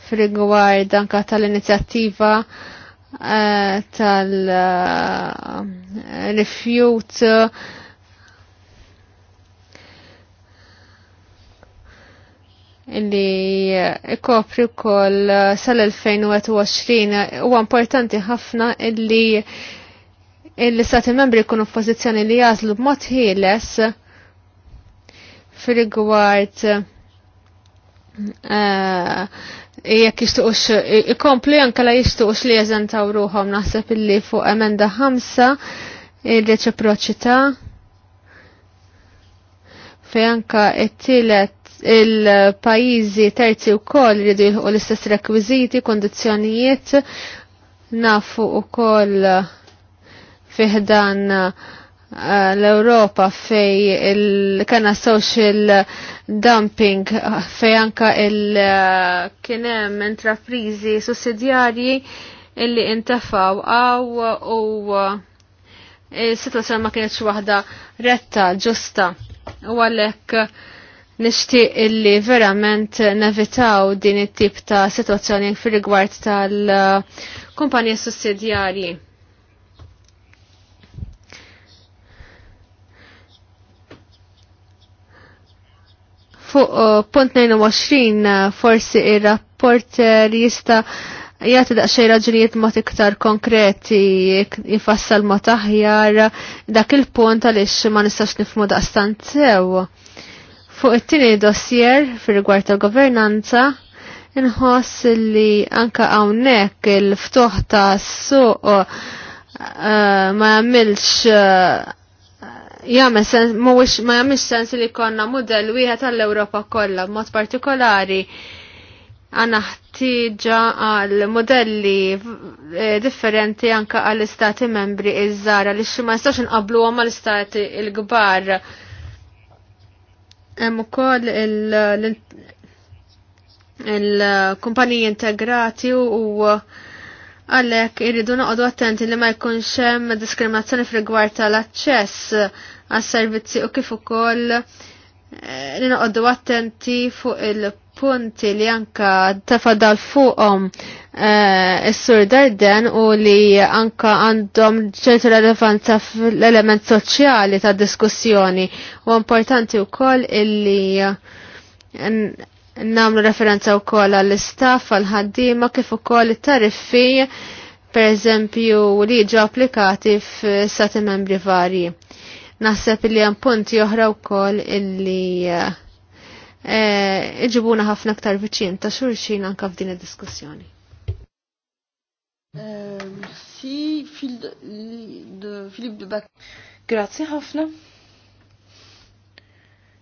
fil-rigward anka tal-inizjattiva eh, tal eh, rifjut illi ikopri kol sal-2021 huwa importanti ħafna illi l istati membri jkunu pozizjoni li jażlu b'mod ħieles fil-rigward eh, jekk jistuqx ikomplu anke la jistuqx li jeżentaw ruhom naħseb illi fuq emenda ħamsa il-reċiproċità fej anka it il-pajizi terzi u koll rridu jilħu l-istess rekwiziti, kondizjonijiet, nafu u koll fiħdan l-Europa fej il-kena social dumping fej anka il-kienem uh, intraprizi sussidjarji illi intafaw għaw u uh, il-situazzjoni ma kienieċ waħda retta, ġusta u għalek nishtiq illi verament navitaw din it-tip ta' situazzjoni fil-rigward tal-kumpanija uh, sussidjarji. Fuq uh, punt 29 uh, forsi ir-rapporter uh, jista' jgħati daqxej raġunijiet ma tiktar konkreti jifassal ma taħjar dak il-punt għalix ma nistax nifmu daqstant sew. Fuq it-tini dossier fir rigward tal-governanza inħoss li anka hawnhekk il-ftuħ ta' suq ma jagħmilx ma sens mhuwiex ma jagħmilx sens li konna mudell wieħed għall-Ewropa kollha b'mod partikolari għandna ħtieġa għal modelli eh, differenti anke għall-istati membri iż-żara li xi ma jistax inqabluhom għall-istati il kbar Hemm ukoll il-kumpaniji integrati u Għalhekk irridu noqogħdu attenti li ma jkunx hemm diskriminazzjoni f'rigward tal-aċċess għas-servizzi u kif ukoll eh, li noqogħdu attenti fuq il-punti li anka tafadal fuqhom eh, is-sur Darden u li anka għandhom ċertu relevanza fl-element soċjali tad diskussjoni u importanti wkoll illi namlu referenza u kol għall-istaff, għall-ħaddima, kif u kol tariffi, per eżempju, li ġo applikati f-sati membri varji. Naħseb li għan punti oħra u kol illi eh, iġibuna ħafna ktar viċin ta' xurxin anka f'din id-diskussjoni. Eh, si, Filip de Grazie ħafna.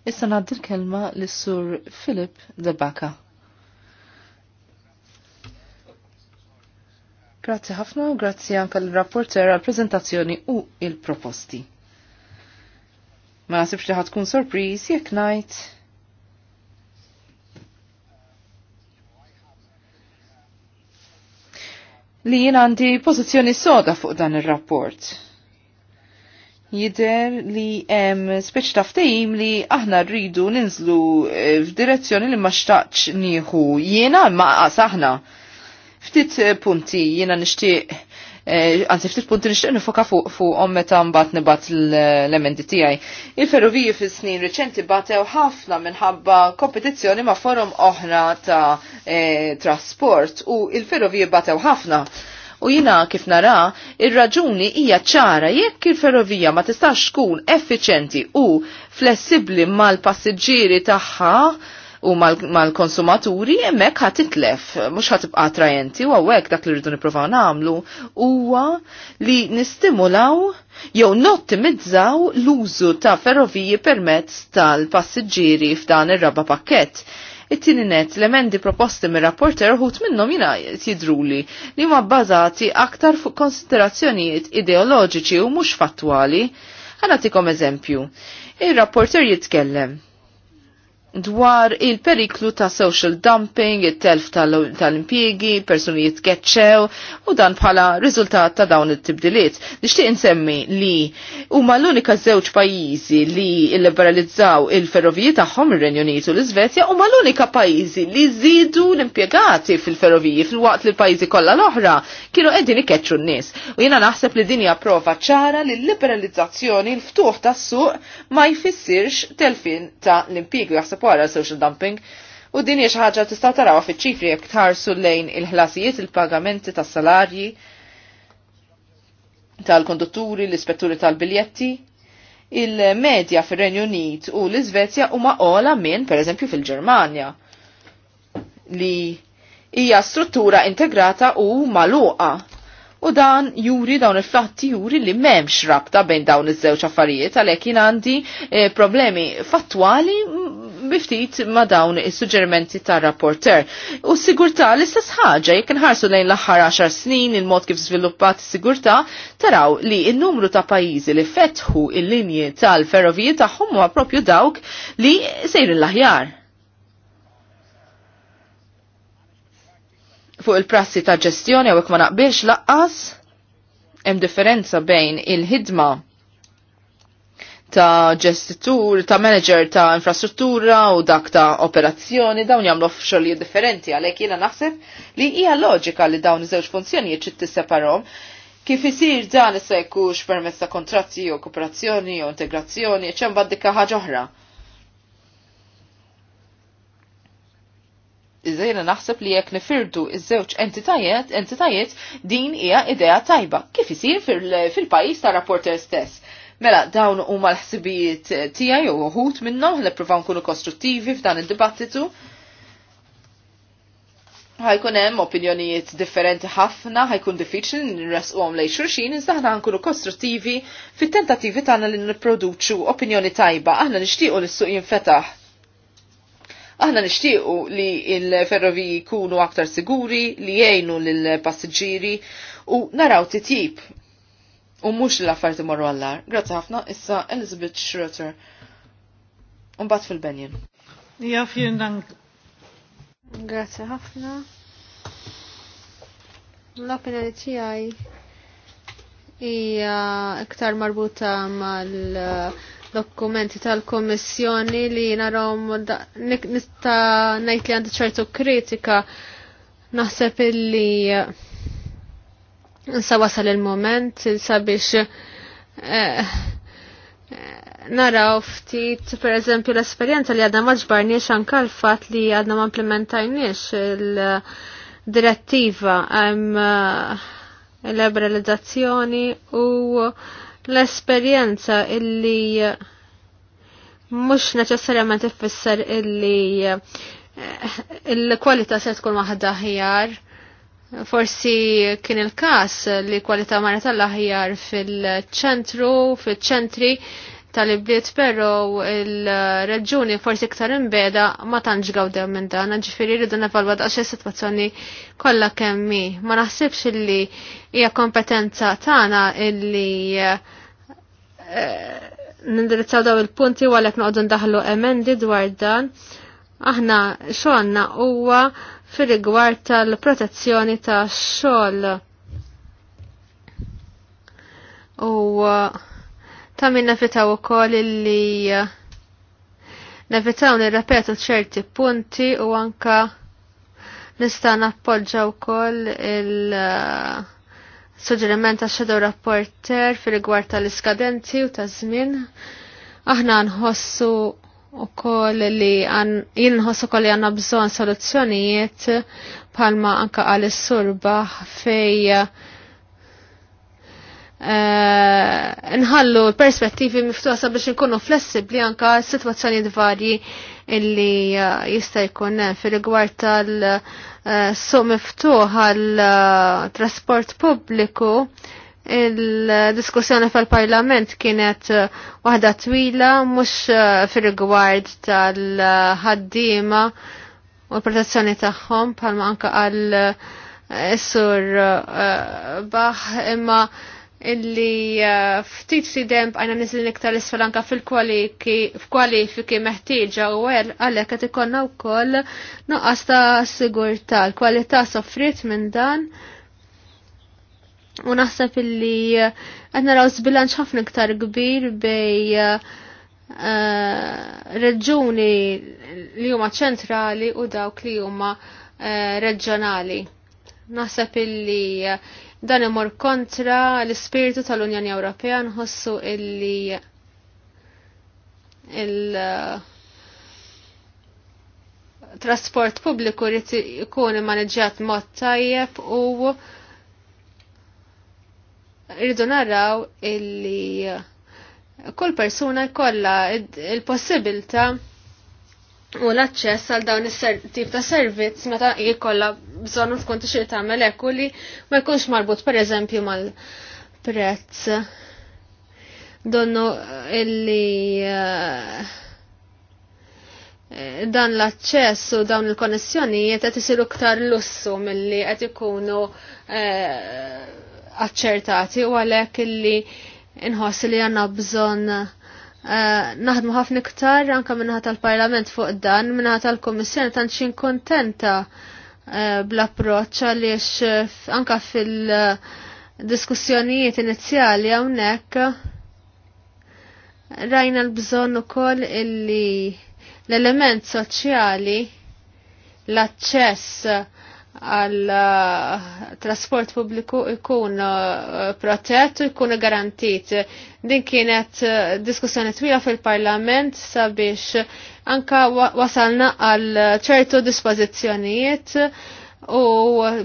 Issa naddi l-kelma l-sur Filip de Baka. Grazzi ħafna, grazzi anka l-rapporter għal-prezentazzjoni u il-proposti. Ma nasibx li ħatkun sorpriz jekk ngħid li jien għandi pożizzjoni soda fuq dan ir-rapport jider li hemm speċ taftajim li aħna rridu ninżlu eh, f'direzzjoni li ma xtaqx nieħu jiena ma aħna. Ftit eh, punti jiena nixtieq għanzi eh, ftit punti nixtieq nifoka fuq fuqhom meta mbagħad nibgħat l-emendi tiegħi. Il-ferroviji fis-snin reċenti batew ħafna minħabba kompetizzjoni ma' forum oħra ta' trasport u il-ferroviji batew ħafna U jina kif nara, ir-raġuni hija ċara jekk il-ferrovija ma tistax tkun effiċenti u flessibli mal-passiġġieri tagħha u mal-konsumaturi mal emmek ħat titlef, mux ħat tibqa trajenti u għawek dak li rridu niprofaw namlu huwa li nistimulaw jew nottimizzaw l-użu ta' ferroviji permezz tal-passiġġieri f'dan ir-raba pakkett. It-tieni net l-emendi proposti mir rapporter uħut minnhom jina jidruli li huma bbażati aktar fuq konsiderazzjonijiet ideoloġiċi u mhux fattwali. Għanatikom eżempju. Ir-rapporter jitkellem dwar il-periklu ta' social dumping, il-telf tal-impiegi, personi jitkeċċew u dan bħala riżultat ta' dawn it-tibdiliet. Nixtieq insemmi li huma l-unika żewġ pajjiżi li liberalizzaw il-ferroviji tagħhom ir-Renju Unitu u l-Iżvezja huma l-unika pajjiżi li żidu l-impjegati fil-ferroviji fil-waqt li l-pajjiżi kollha l-oħra kienu qegħdin ikeċċu n-nies. U jiena naħseb li din hija prova ċara li l-liberalizzazzjoni l-ftuħ tas-suq ma jfissirx telfin ta' l-impjiegi naħseb wara social dumping u din hija xi ħaġa tistgħu tarawha fiċ-ċifri jekk tħarsu lejn il-ħlasijiet il-pagamenti tas-salarji tal-kondutturi, l-ispetturi tal-biljetti, il-medja fir renju Unit u l-Iżvezja huma ola minn pereżempju fil-Ġermanja li hija struttura integrata u maluqa. U dan juri dawn il fatti juri li memx rabta bejn dawn iż-żewġ affarijiet għalhekk jien għandi eh, problemi fattwali miftit ma dawn is-suġġerimenti tar rapporter. U s-sigurtà l-istess ħaġa jekk inħarsu lejn l-aħħar 10 snin il-mod kif żviluppat is-sigurtà taraw li n-numru ta' pajjiżi li fetħu il-linji tal-ferroviji tagħhom huwa propju dawk li sejrin l-aħjar. Fuq il-prassi ta' ġestjoni għawek ma naqbilx laqqas hemm differenza bejn il-ħidma ta' ġestitur, ta' manager ta' infrastruttura u dak ta' operazzjoni, dawn jagħmlu f'xogħlijiet differenti għalhekk jiena naħseb li hija loġika li dawn iż-żewġ funzjonijiet ċitt tisseparhom Kif isir dan issa jkunx permezz ta' kontratti jew kooperazzjoni jew integrazzjoni, ċem dikka ħaġa oħra. Iżajna naħseb li jekk nifirdu iż-żewġ entitajiet, entitajiet din hija idea tajba. Kif isir fil-pajjiż ta' rapporter stess. Mela, dawn huma l-ħsibijiet tijaj u uħut minnhom li provaw nkunu kostruttivi f'dan id-dibattitu. Għajkun hemm opinjonijiet differenti ħafna, ħajkun diffiċli u lejn xulxin, iżda aħna nkunu kostruttivi fit-tentattivi tagħna li nipproduċu opinjoni tajba, aħna nixtiequ li s suq jinfetaħ aħna nixtiequ li il-ferroviji jkunu aktar siguri, li jgħinu lill passiġġieri u naraw titjib U mux l-affarijiet imorru għallar. Grazzi ħafna, issa Elizabeth Schroeter. Unbat fil-Benjen. Ja, vielen Dank. Grazzi ħafna. L-opinjoni tiegħi ija iktar marbuta ma l dokumenti tal-Kommissjoni li narom nista najt li għandi ċertu kritika naħseb illi Nsa wasal il-moment sabiex eh, naraw ftit per eżempju l-esperjenza li għadna maġbarniex anka l-fat li għadna ma implementajniex il-direttiva għem il eh, liberalizzazzjoni u l-esperjenza illi mux neċessarjament ifisser illi eh, il-kwalità se tkun waħda ħjar Forsi kien il-kas li kwalità mara tal-aħjar fil-ċentru, fil-ċentri tal-ibliet, pero il-reġuni forsi iktar imbeda ma tantx gawdew minn dan, ġifieri rridu nevalwa daqsxejn sitwazzjoni kollha kemmi. Ma naħsibx illi hija kompetenza tagħna illi eh, nindirizzaw daw il-punti u għalhekk noqogħdu ndaħlu emendi dwar dan. Aħna xogħolna huwa fil-rigward tal-protezzjoni ta' xogħol u uh, ta' min nefitaw ukoll li uh, nefitaw nirrepetu ċerti punti u anka nista' nappoġġa wkoll il- uh, suġġeriment ta' shadow rapporter fil-rigward tal-iskadenti u taż żmien aħna nħossu u koll li jinħos u koll li għanna bżon soluzzjonijiet palma anka għal surba fej eh, nħallu l-perspettivi miftuħa biex nkunu flessibli anka situazzjoni varji illi eh, jista' jkun fil-rigward tal-su eh, miftuħ għal trasport pubbliku Il-diskussjoni fil-parlament kienet uh, waħda twila mhux uh, fir-rigward tal ħaddima u l-protezzjoni tagħhom bħalma anke għal uh, sur baħ imma illi ftit sidem għajna nizli niktar isfalanka anka fil-kwalifiki meħtieġa u għel għalek għet ikonna u koll nuqqas ta' sigurta l-kwalità soffrit minn dan U naħseb illi qed eh, naraw zbilanċ ħafna iktar kbir bej eh, reġuni li huma ċentrali u dawk li huma eh, reġjonali. Naħseb illi dan imur kontra l-ispirtu tal-Unjoni Ewropea nħossu illi il trasport pubbliku jrid ikun immaneġġjat mod tajjeb u rridu naraw illi kull persuna jkollha il-possibilità u l-aċċess għal dawn is-tip ta' servizz meta jkollha bżonn tkun tixtieq tagħmel hekk li ma jkunx marbut pereżempju mal-prezz. Donnu illi eh, dan l-aċċess u dawn il-konnessjonijiet qed isiru aktar lussu milli qed ikunu eh, aċċertati u għalhekk illi inħoss li għandna bżonn eh, naħdmu ħafna iktar anke minnaħat tal-Parlament fuq dan, minnaħat tal-Kummissjoni tant xin kontenta eh, bl-approċċ għaliex eh, anke fil-diskussjonijiet inizjali hawnhekk rajna l-bżonn ukoll illi l-element soċjali l-aċċess għal eh, trasport pubbliku ikun eh, protett u jkun garantit. Din kienet eh, diskussjoni twila fil-Parlament sabiex anka wasalna għal ċertu dispozizjonijiet u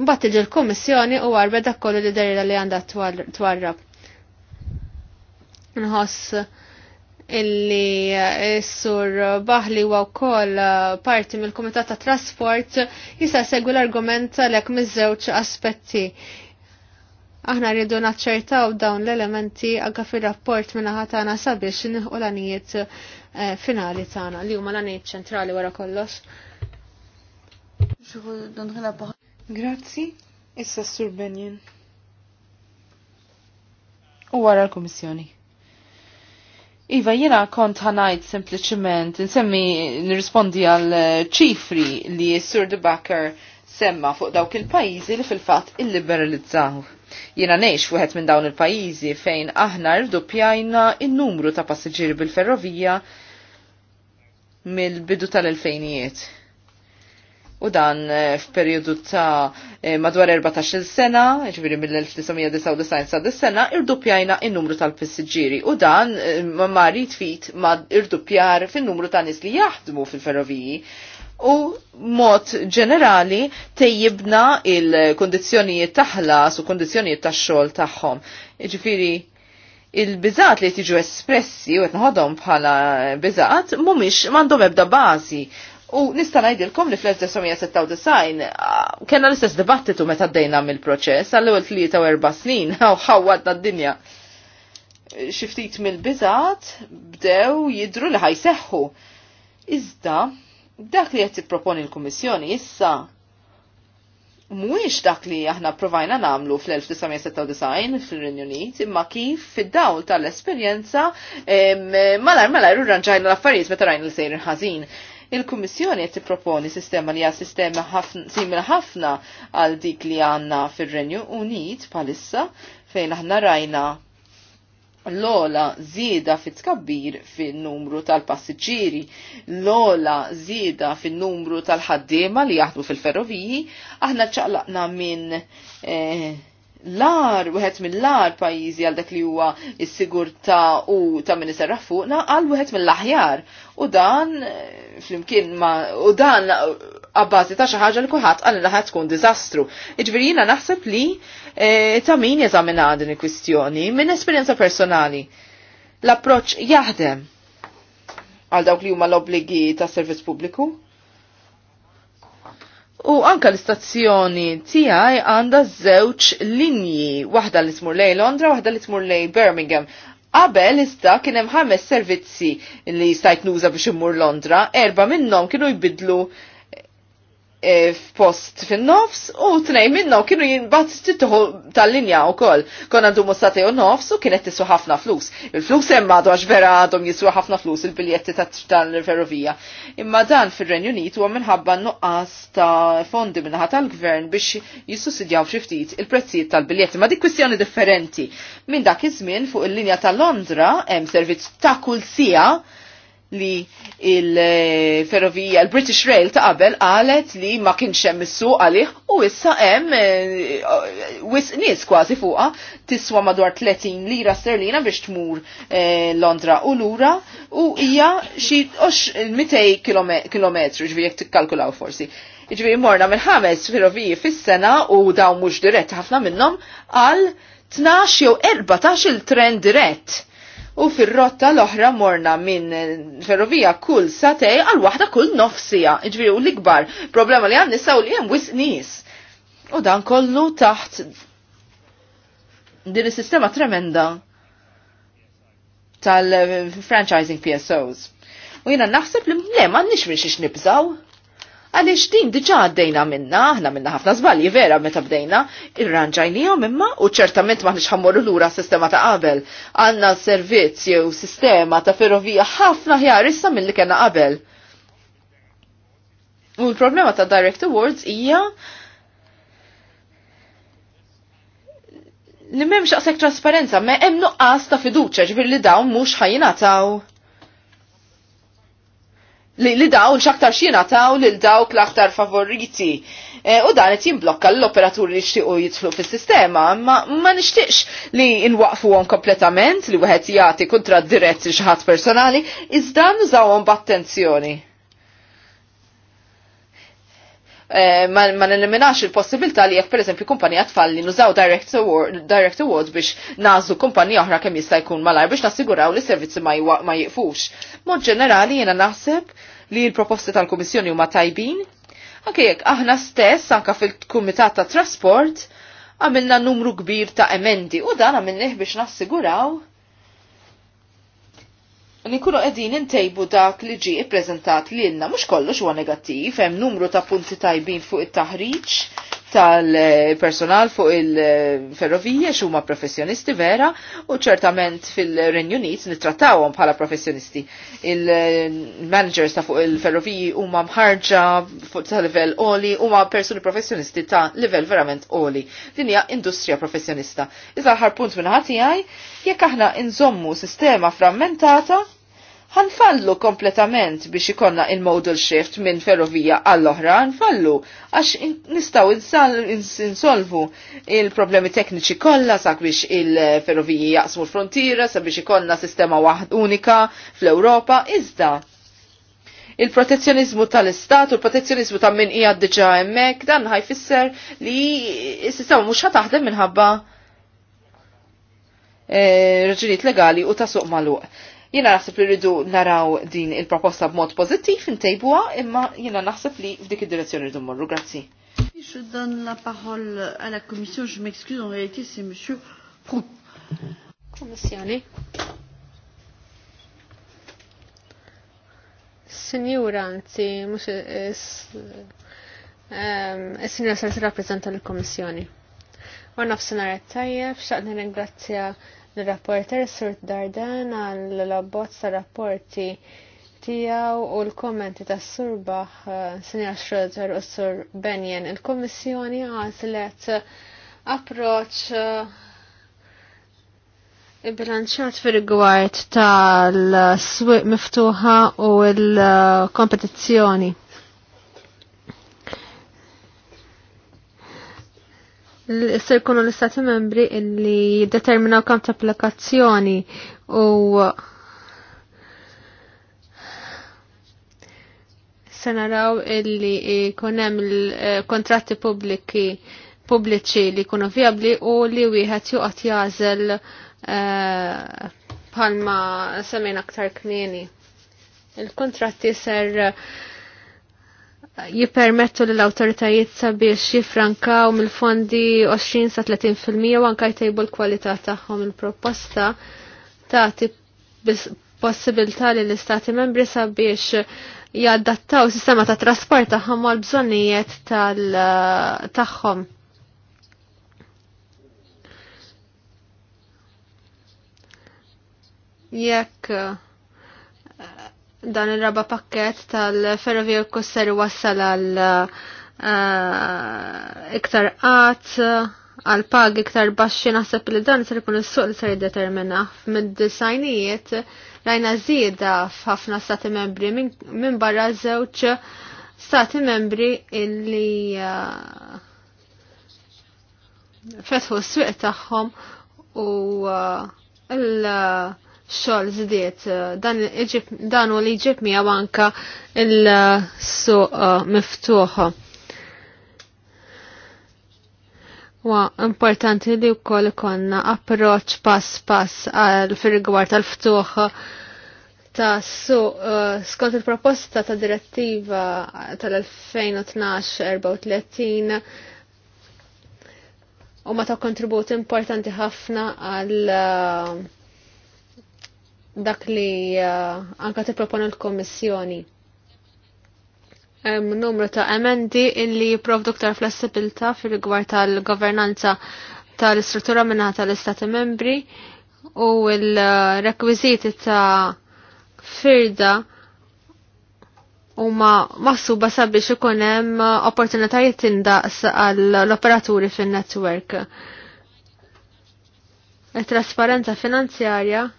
mbagħad tiġi l u għarbe dak kollu li derila li għandha twarra. Nħoss illi s-sur eh, Baħli u wkoll eh, parti mill-Kumitat ta' Trasport jista' segwi l-argument għalek mizzewċ aspetti. Aħna rridu naċċertaw dawn l-elementi anke fir-rapport minna tagħna sabiex nieħu l-anijiet eh, finali tagħna li huma l-anijiet ċentrali wara kollox. Grazzi, issa s-sur Benjen. U wara l-Kummissjoni. Iva, jena kont ħanajt sempliciment, nsemmi nirrispondi għal eh, ċifri li Sur de Bakker semma fuq dawk il-pajizi li fil-fat il-liberalizzaw. Jena neċ fuħet minn dawn il-pajizi fejn aħna rdoppjajna il-numru ta' passiġiri bil-ferrovija mill-bidu 2000 u dan eh, f'perjodu ta' eh, madwar 14 sena, ġviri mill-1999 sa' dis-sena, irdupjajna il-numru tal-passiġġieri u dan eh, ma' fit ma' irdupjar fin-numru ta' nis li jaħdmu fil-ferroviji u mod ġenerali tejjibna il-kondizjonijiet taħlas u kondizjonijiet tax-xogħol tagħhom. Ġifiri, il-bizat li tiġu espressi u etnħodhom bħala bizat mumiex mandom ebda bazi U nista' ngħidilkom li fl-1996 ah, kellna l-istess dibattitu meta għaddejna mill-proċess għall-ewwel tlieta u erba' snin ħawwadna d-dinja. Xi ftit mill biżat bdew jidru li ħajseħħu. Iżda dak li qed tipproponi l-Kummissjoni issa mhuwiex dak li aħna provajna namlu fl-1996 fil-Renju Unit, imma kif fid-dawl tal-esperjenza malar malar ranġajna l-affarijiet meta rajna l sejrin ħażin. Il-Kummissjoni qed tipproponi sistema li hija sistema simil ħafna għal dik li għandna fir-Renju Unit bħalissa fejn aħna rajna l-ola zida fit tkabbir fin numru tal-passiġġieri, l-ola zida fin numru tal-ħaddiema li jaħdmu fil-ferroviji, aħna ċaqlaqna minn eh, l-ar, wieħed mill-ar pajjiżi għal dak li huwa s-sigurtà u ta' min iserraħ fuqna għal wieħed mill-aħjar. U dan flimkien ma u dan għabbażi ta' xi ħaġa li kuħat, għal li tkun diżastru. Iġifieri naħseb li e, ta' min jeżamina din il-kwistjoni minn esperjenza personali. L-approċċ jaħdem għal dawk li huma l-obbligi tas servizz pubbliku U anka l-istazzjoni tiegħi għandha żewġ linji, waħda li tmur lej Londra, waħda li tmur lej Birmingham. Qabel iżda kien hemm ħames servizzi li stajt nuża biex immur Londra, erba' minnhom kienu jbidlu E, f'post fin-nofs u tnej minnhom kienu t tittuħu tal-linja wkoll. Konna ndumu satej u nofs u kienet t-su ħafna flus. Il-flus hemm għadu għax vera għadhom jiswa ħafna flus il-biljetti tal-ferrovija. Imma dan fir-Renju Unit huwa minħabba nuqqas ta' fondi minnaħa tal-gvern biex jissussidjaw xi ftit il-prezzijiet tal-biljetti. Ma dik kwistjoni differenti. Minn dak iż-żmien fuq il-linja tal-Londra hemm servizz ta' kull sija li il-ferrovija, il-British Rail ta' qabel qalet li ma kienx hemm is-suq għalih u issa hemm eh, wis nies kważi fuqha tiswa madwar 30 lira sterlina biex tmur eh, Londra u lura u hija xi 200 km ġifieri jekk tikkalkulaw forsi. Ġifieri morna minn ħames ferroviji fis-sena u dawn mhux dirett ħafna minnhom għal 12 jew 14 il-tren dirett u fir-rotta l-oħra morna minn eh, ferrovija kull satej għal waħda kull nofsija, iġviri u l-ikbar problema li għan saw li għem wis nis. U dan kollu taħt din is-sistema tremenda tal-franchising PSOs. U jina naħseb li mlema nix minx nibżaw. Għaliex din diġà għaddejna minna, aħna minna ħafna żbalji vera meta bdejna, irranġajnijhom imma u ċertament maħniex ħammorru lura s-sistema ta' qabel. Għandna servizz jew sistema ta' ferrovija ħafna ħjar issa li kena qabel. U l-problema ta' Direct Awards hija li memx aqsek trasparenza, me hemm nuqqas ta' fiduċa ġbir li dawn mhux ħajinataw li, li dawn xaktar xina taw li dawk l-aktar favoriti. E, u dan qed jimblokka l-operaturi li xtiqu jidħlu fis-sistema, ma, ma nixtieqx li nwaqfuhom kompletament li wieħed jagħti kontra dirett xi ħadd personali, iżda nużawhom b'attenzjoni. Eh, ma neliminax il-possibilità li jekk pereżempju kumpanija tfalli nużaw direct, direct awards biex nażu kumpanija oħra kemm jista' jkun malar biex nassiguraw li servizzi ma jiqfux. Mod ġenerali jiena naħseb li l-proposti tal-Kummissjoni huma tajbin, anke jekk aħna stess anka fil-Kumitat ta' Trasport għamilna numru kbir ta' emendi u dan għamilnih biex nassiguraw Nikunu qegħdin intejbu dak li ġi ippreżentat lilna mhux kollox huwa negattiv, hemm numru ta' punti tajbin fuq it-taħriġ tal-personal fuq il-ferrovija xuma professjonisti vera u ċertament fil-Renju Unit nittrattawhom bħala professjonisti. Il-managers ta' fuq il-ferroviji huma mħarġa fuq ta' livell oli huma persuni professjonisti ta' livell verament oli. Din hija industrija professjonista. Iżda ħar punt minn ħati jekk aħna nżommu sistema frammentata ħanfallu kompletament biex ikonna il-modal shift minn ferrovija għall-oħra, ħanfallu għax nistaw insolvu il-problemi tekniċi kollha sabiex il-ferroviji jaqsmu l-frontiera, sabiex ikonna sistema waħd unika fl-Ewropa, iżda il-protezzjonizmu tal-istat u l-protezzjonizmu ta' min hija diġà hemmhekk dan ħajfisser li s-sistema mhux ħataħdem minħabba eh, raġunijiet legali u ta' suq maluq. Jena naħseb li rridu naraw din il-proposta b'mod pozittiv, intejbuha, imma jena naħseb li f'dik id-direzzjoni rridu morru. Grazzi. Je donne la parole à la commission, je m'excuse, en réalité c'est monsieur Prou. Kommissjoni. Sinjura, anzi, mux is-sinjura um, s rappresenta la komissjoni U nafsinar tajjeb, xaqni ringrazzja l-rapporter Surt Dardan għal l-abbozz rapporti tijaw u l-kommenti ta' surbaħ eh, Sinja Schroeder u Sur Benjen. Il-Kommissjoni għazlet approċ eh, Bilanċat fir rigward tal-swiq miftuħa u l-kompetizzjoni. Sir jkunu l-istati membri illi determinaw kam applikazzjoni u se naraw illi kunem il kontratti pubbliki pubbliċi li jkunu viabli u li wieħed juqgħod jażel bħalma eh, uh, aktar kmieni. Il-kontratti ser uh, jippermettu l awtoritajiet sabiex jifrankaw mill-fondi 20 sa 30% u anka jtejbu l-kwalità tagħhom il-proposta tagħti possibilità li l-istati membri sabiex jaddattaw sistema ta' trasport tagħhom għal bżonnijiet eh, tagħhom. Jekk eh, dan il-raba pakket tal-ferrovija kusser wassal għal eh, iktar qat għal pag iktar baxxi naħseb li dan ser ikun is-suq li ser jiddetermina. Mid-disajnijiet rajna żieda f'ħafna stati membri minn barra żewġ stati membri illi eh, fetħu s-swieq tagħhom u eh, l- uh, xol zidiet dan u li ġib mi għawanka il-suq uh, miftuħ. Wa importanti li koll konna approċ pass pass għal fir-rigward tal-ftuħ ta' suq uh, skont il-proposta ta' direttiva tal-2012-34 u ma ta' kontribut importanti ħafna għal uh, dak li eh, anka tipproponu l komissjoni Hemm numru ta' emendi illi jipprovdu ktar flessibilta fir-rigward tal-governanza tal-istruttura minna tal-Istati membri u l-rekwiżiti ta' firda huma maħsuba sabiex ikun hemm opportunitajiet indaqs għall-operaturi fin-netwerk. it e trasparenza finanzjarja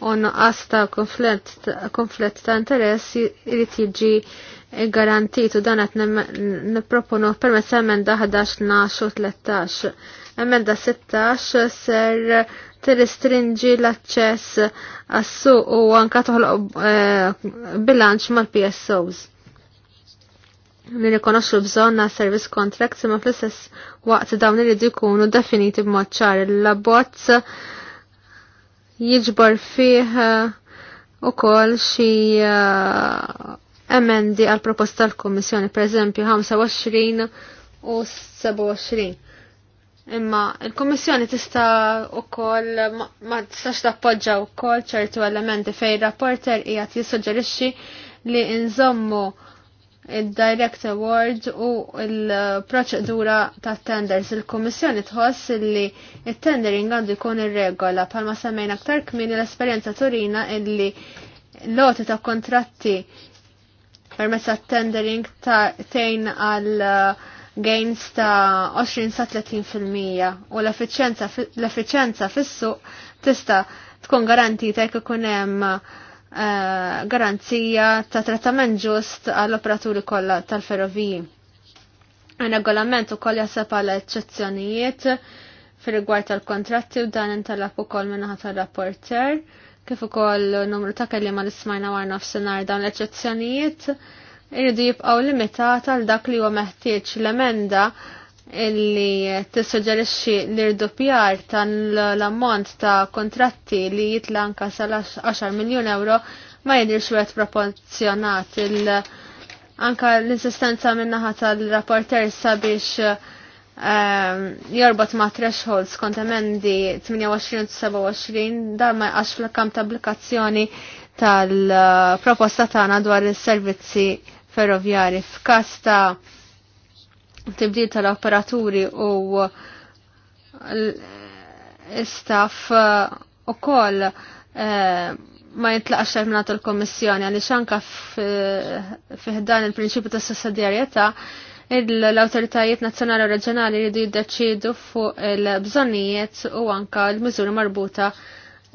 u nuqqas ta' konflett ta' interess jrid jiġi garantit u dan qed nipproponu permezz emenda 11, 12 u 13. Emenda 16 ser tirrestringi l-aċċess għas-suq u anka toħloq eh, bilanċ mal-PSOs. Li rikonoxxu bżonn għas service contracts imma fl-istess waqt dawn irid jkunu definiti b'mod ċar l-abbozz jiġbor fih u uh, kol xie uh, emendi għal proposta tal-Komissjoni, per eżempju 25 u 27. Imma il-Komissjoni tista' ukoll ma tistax tappoġġa wkoll ċertu elementi fejn rapporter qiegħed jissuġġerixxi li nżommu il-Direct Award u il-proċedura ta' tenders. il komissjoni tħoss li il-tendering għandu jkun ir-regola palma semmejna aktar kmin l-esperjenza turina illi loti ta' kontratti permezz tendering ta' tejn għal uh, gains ta' 20 sa 30% u l-effiċenza fis-suq tista' tkun garantita jekk ikun hemm uh, Eh, garanzija ta' trattament ġust għall-operaturi kollha tal-ferroviji. Regolament ukoll jaħseb għal eċċezzjonijiet fir-rigward tal-kontratti u dan intalab ukoll minnaħa tal-rapporter kif ukoll numru ta' kelliema li smajna war nofsinhar dawn l-eċċezzjonijiet irridu jibqgħu limitata għal dak li huwa meħtieġ l-emenda illi tissuġġerixxi l-irdupjar tal-ammont ta' kontratti li jitla anka sal-10 miljun euro ma jidirx wet proporzjonat il anka l-insistenza minnaħa tal-rapporter sabiex ehm, jorbot ma' thresholds kont emendi 28-27 da' ma' għax fl-kam ta' applikazzjoni tal-proposta tagħna dwar is-servizzi ferroviari f'kas ta' tibdil tal-operaturi u l-istaff uh, u koll uh, ma jitlaqx terminat il-Komissjoni għalli xanka fiħdan il-prinċipju ta' sussidjarjetà l-autoritajiet nazzjonali u reġjonali jridu jiddeċidu fuq il-bżonnijiet u anka l-miżuri marbuta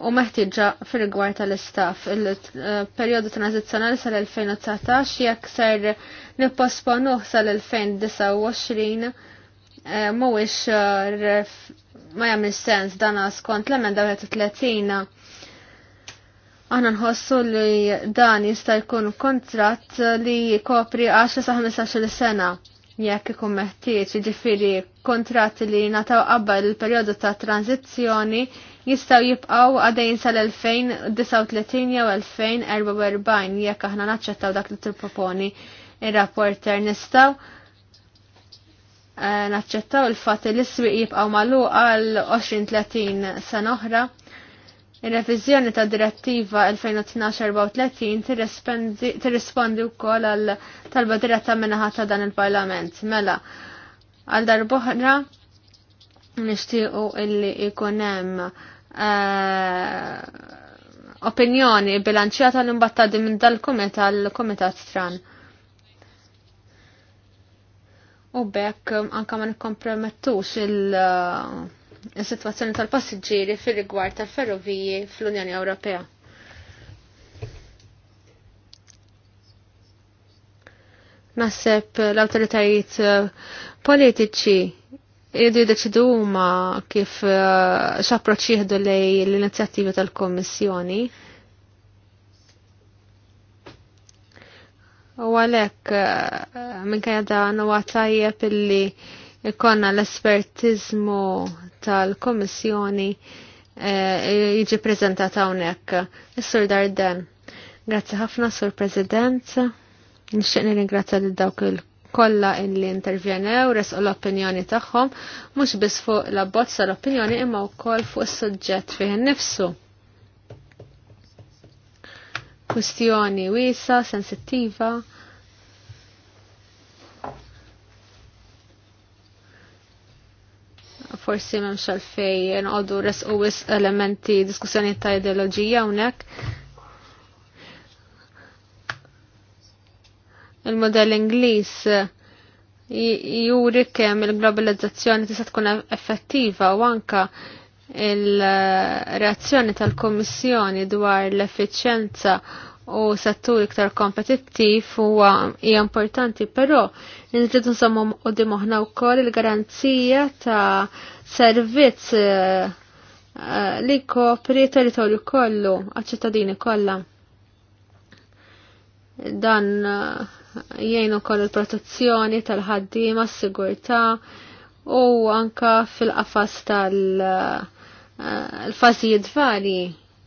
u meħtieġa fil-rigward tal-istaff. Il-perjodu tranzizzjonali sal-2019 jekk ser nipposponuh sal-2029 eh, mhuwiex eh, ma jagħmel sens dan skont l-emenda 30 Aħna nħossu li dan jista' jkun kontratt li jkopri 10 sa 15-il sena jekk ikun meħtieġ, ġifiri kontratti li nataw qabel il-perjodu ta' tranzizzjoni jistaw jibqaw għadajn sal-2039 jew 2044 jekk aħna naċċettaw dak li tipproponi ir-rapporter nistaw eh, naċċettaw il-fatt li s-swiq jibqaw malu għal 20-30 sena oħra Ir-reviżjoni ta' direttiva 2012-34 tirrispondi wkoll għal talba diretta minnaħa ta' dan il-Parlament. Mela, għal darbohra nixtiequ illi ikun hemm eh, opinjoni bilanċjata l-imbattadi minn dal-kumitat l-kumitat tran. U bekk anka ma nikkompromettux il- uh, is-sitwazzjoni tal-passiġġieri fir-rigward tal-ferroviji fl-Unjoni Ewropea. Naħseb l-awtoritajiet eh, politiċi jiddu jiddeċidu huma kif eh, x'approċċ jieħdu lej l-inizjattivi tal komissjoni U għalhekk eh, minkejja dan huwa tajjeb illi ikonna l-espertizmu tal-Komissjoni eh, jiġi prezentat hawnhekk. Is-Sur Darden. Grazzi ħafna, Sur President. Nixtieq nirringrazzja lil dawk il kollha li intervjenew resqu l-opinjoni tagħhom mhux biss fuq l-abbozz l opinjoni imma wkoll fuq is-suġġett fih innifsu. Kustjoni wiesa, sensittiva forsi memx għalfej res u wis elementi diskussjoni ta' ideoloġija unek. Il-modell Ingliż juri kemm il-globalizzazzjoni tista' tkun effettiva u anka il-reazzjoni tal-Kommissjoni dwar l-effiċjenza u settur iktar kompetittiv huwa hija importanti, però nirrid nsemmu qudiem aħna wkoll il-garanzija ta' servizz eh, eh, li kopri territorju kollu għaċ-ċittadini kollha. Dan eh, jgħinu koll il-protezzjoni tal-ħaddiema, s-sigurtà u anka fil-qafas tal-fażijiet varji.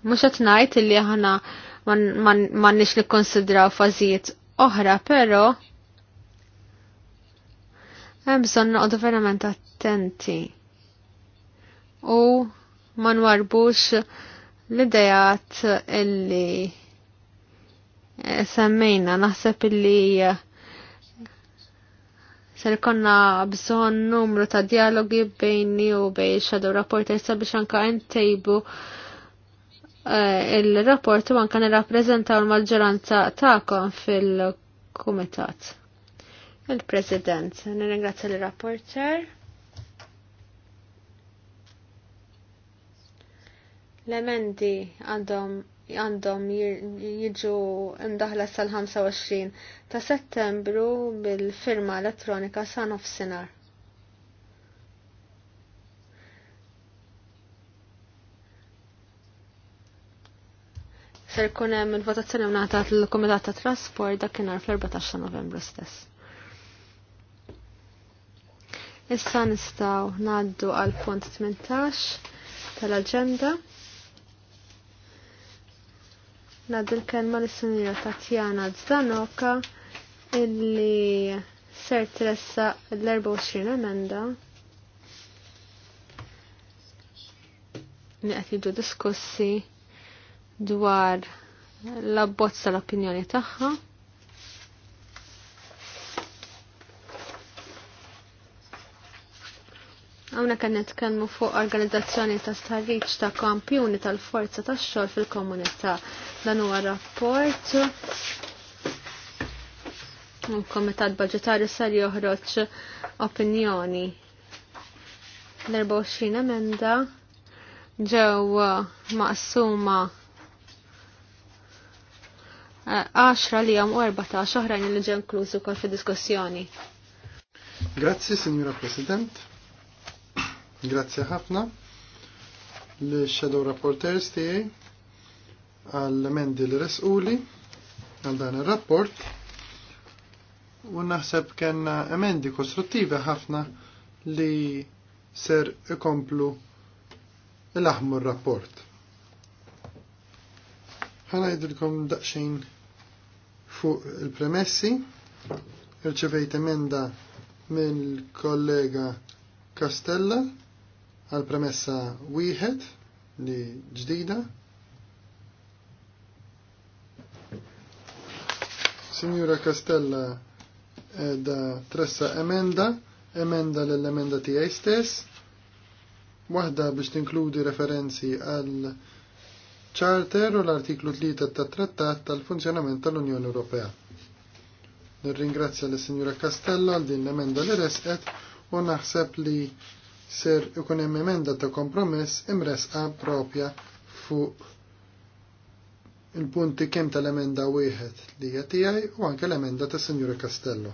Mhux qed ngħid illi aħna m'għandniex nikkonsidraw fażijiet oħra, però hemm bżonn noqogħdu verament attenti u ma nwarbux l-idejat illi e, semmejna naħseb illi e, ser konna bżon numru ta' dialogi bejni u bejn shadow rapporter sabiex anka ntejbu Eh, il-rapport kan il-rapprezentaw l-maġġoranza tagħkom fil-kumitat. Il-President, nirringrazzja l-rapporter. L-emendi għandhom għandhom jiġu imdaħla sal-25 ta' settembru bil-firma elettronika sa' Sinar. Ser kunem hemm il-votazzjoni mnata l-Kumitat ta' Trasport dakinhar fl-14 Novembru stess. Issa nistgħu ngħaddu għal punt 18 tal-aġenda. Ngħaddu l-kelma l sinjura Tatjana Zdanoka illi ser tressa l-24 emenda Nieqed qed jiġu diskussi dwar l bozza l-opinjoni tagħha. Għawna kan nitkellmu fuq organizzazzjoni ta' starriċ ta' kampjuni tal-forza ta' xogħol fil-komunità dan huwa rapport. komitat Budġetarju sar joħroġ opinjoni l-24 emenda ġew maqsuma 10 li għam u 14 oħrajn li ġen klusu kol fi diskussjoni. Grazzi, Signora President. Grazzi ħafna li shadow rapporters tiegħi għall-emendi li resquli għal dan ir-rapport u naħseb kena emendi kostruttivi ħafna li ser ikomplu l-aħmu rapport. Ħanajdilkom daqxin fuq il-premessi, irċevejt emenda mill-kollega Castella għal-premessa wieħed li ġdida. Signora Castella da tressa emenda, emenda l-emenda tiegħi stess, waħda biex tinkludi referenzi għal Charter u l-artiklu 3 tat-Trattat tal-Funzjonament tal-Unjoni Ewropea. Nirringrazzja l sinjura Castello għal din l-emenda li resqet u naħseb li ser ikun hemm emenda ta' kompromess imresqa propja fuq il-punti kemm tal-emenda wieħed li hija tiegħi u anke l-emenda ta' Sinjura Castello.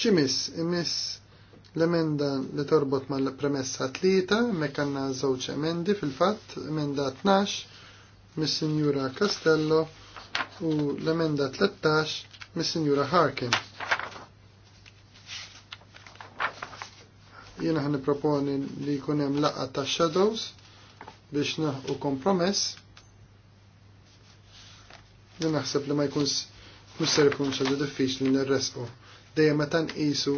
Xi miss, imiss L-emenda li torbot mal premessa tlieta, mekanna żewġ emendi fil-fatt, emenda 12 mis-Sinjura Castello u l-emenda 13 mis-Sinjura Harkin. Jiena ħan proponi li jkun hemm laqgħa ta' shadows biex naħqu kompromess. Jien naħseb li ma jkunx mhux ser ikun xi diffiċli nirresqu dejjem meta nqisu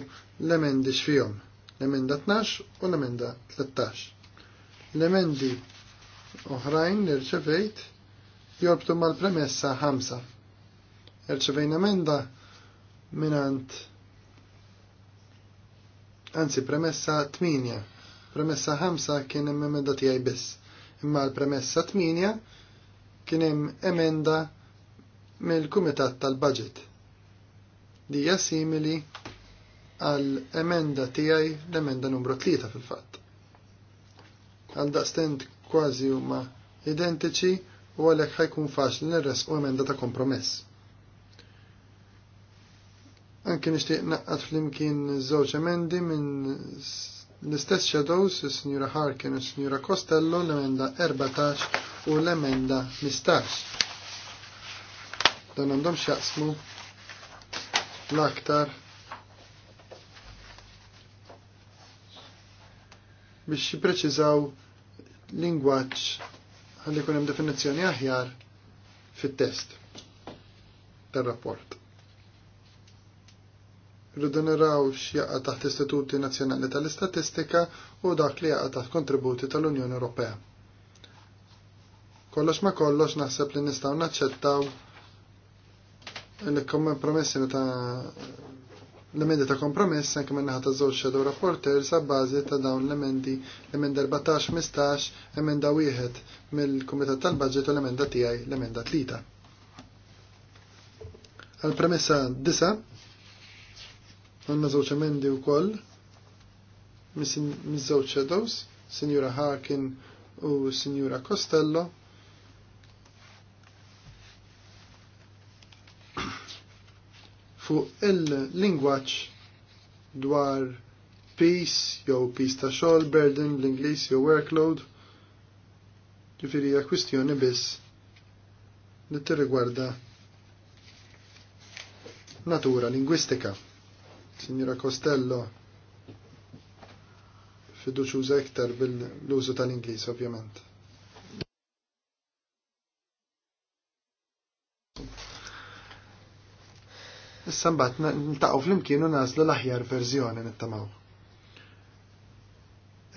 l-emendi x'fihom, l-emenda 12 u l-emenda 13. L-emendi oħrajn li rċevejt jorbtu mal-premessa 5. Rċevejn emenda minant anzi premessa 8. Premessa 5 kien hemm emenda tiegħi biss. Imma l-premessa 8 kien hemm emenda mill-Kumitat tal-Budget li hija simili għal emenda tiegħi l-emenda numru 3 fil-fatt. Għal daqstent kważi huma identiċi u għalhekk ħajkun faċli nirresqu emenda ta' kompromess. Anke nixtieq naqqad flimkien żewġ emendi minn l-istess shadows, is-Sinjura Harkin u s-Sinjura Costello, l-emenda 14 u l-emenda 15. Dan għandhom xjaqsmu l-aktar biex jipreċizaw lingwaġġ għalli kunem definizjoni aħjar fit-test tal-rapport. Rridu naraw x'jaqa' taħt Istituti Nazzjonali tal-Istatistika u dak li jaqa' taħt kontributi tal-Unjoni Ewropea. Kollox ma kollox naħseb li nistgħu naċċettaw il-kompromessi ta' l-emendi ta' kompromessa anke minn ta' żewġ shadow rapporters sa' bażi ta' dawn l-emendi l-emenda 14, 15, emenda wieħed mill-Kumitat tal-Baġġet u l-emenda tiegħi l-emenda tlita. Għal-premessa disa' għandna żewġ emendi wkoll miż-żewġ shadows, Sinjura Harkin u Sinjura Costello fuq il-lingwaġġ dwar peace jew peace ta' xol, burden l inglis jew workload. ġifiri hija kwistjoni biss li tirrigwarda natura lingwistika. Signora Costello fiduċuża iktar bil-użu tal-Ingliż ovvjament. issa mbagħad niltaqgħu flimkien u nażlu l-aħjar verżjoni nittamaw.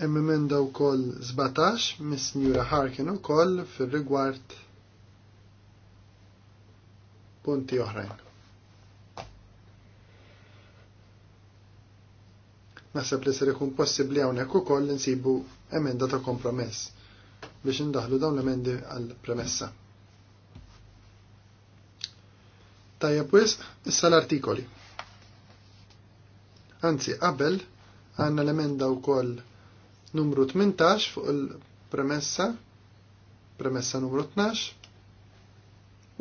minn emenda wkoll 17 mis Njura Harkin ukoll fir-rigward punti oħrajn. Naħseb li ser ikun possibbli hawnhekk ukoll insibu emenda ta' kompromess biex indaħlu dawn l-emendi għall-premessa. Tajja wis, issa l-artikoli. Anzi, qabel għanna l-emenda u koll numru 18 fuq il-premessa, premessa numru 12,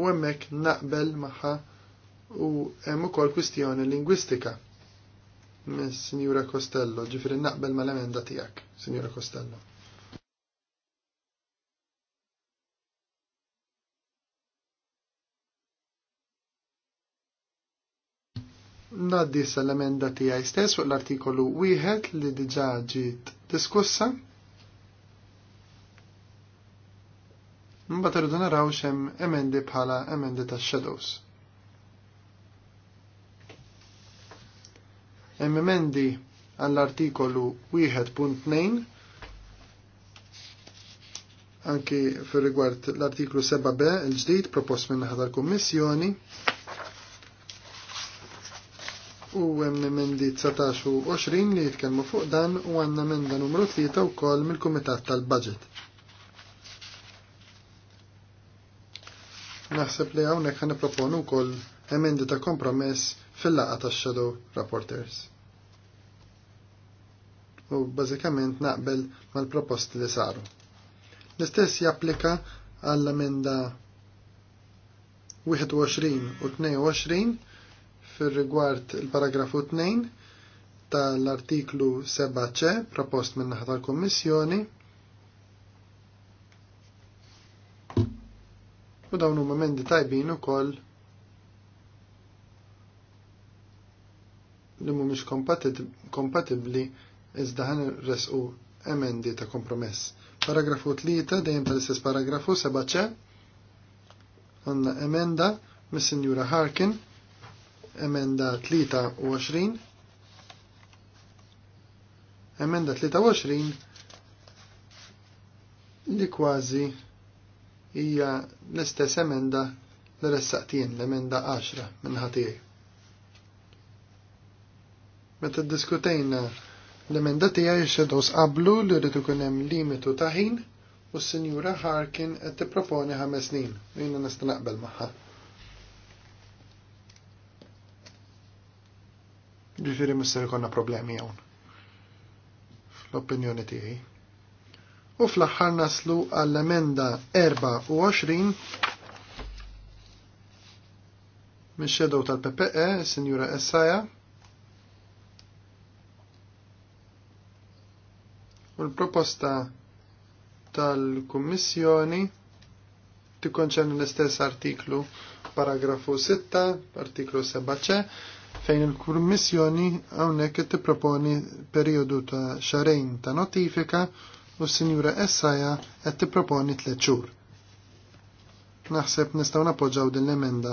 u emmek naqbel maħħa u hemm ukoll kwistjoni lingwistika. Miss Signora Costello, ġifri naqbel mal-emenda tiegħek, Signora Costello. Naddi l-emenda tiegħi stess fuq l-artikolu wieħed li diġa' ġiet diskussa. Mbagħad irridu naraw xem emendi bħala emendi tax-shadows. Hemm emendi għall-artikolu 1.2 anki fir rigward l-artiklu 7b il-ġdid propost minn naħa tal-Kummissjoni u hemm emendi 19 u 20 li jitkellmu fuq dan u għandna emenda numru 3 wkoll mill-Kumitat tal-Budget. Naħseb li hawnhekk ħan nipproponu wkoll emendi ta' kompromess fil laqgħa tax-Shadow Rapporters u bażikament naqbel mal-proposti li saru. L-istess japplika għall-emenda 21 u 22 fil-rigward il-paragrafu 2 tal-artiklu 7c propost minn naħa tal-Kommissjoni. U dawn huma mendi tajbin ukoll li mhumiex kompatibbli iżda ħan resqu emendi ta' kompromess. Paragrafu 3 dejjem tal-istess paragrafu 7c għandna emenda mis-Sinjura Harkin emenda 23 emenda 23 li kważi hija l-istess emenda l ressaqtien l-emenda 10 minnħatijaj. Meta diskutejna l-emenda tiegħi xedos qablu li rridu ikun hemm limitu ta' ħin u s-Sinjura Harkin qed tipproponi ħames snin u jiena nista' naqbel magħha. Ġifiri mister konna problemi hawn. Fl-opinjoni tiegħi. U fl-aħħar naslu għall-emenda 24 minn xedow tal-PPE, Sinjura Essaja. U l-proposta tal-Kummissjoni tikkonċerni l-istess artiklu paragrafu 6, artiklu 7 c, fejn il-Kummissjoni hawnhekk qed tipproponi perjodu ta' xarejn ta' notifika u s-Sinjura Essaja qed tipproponi tliet xhur. Naħseb nistgħu napoġġaw din l-emenda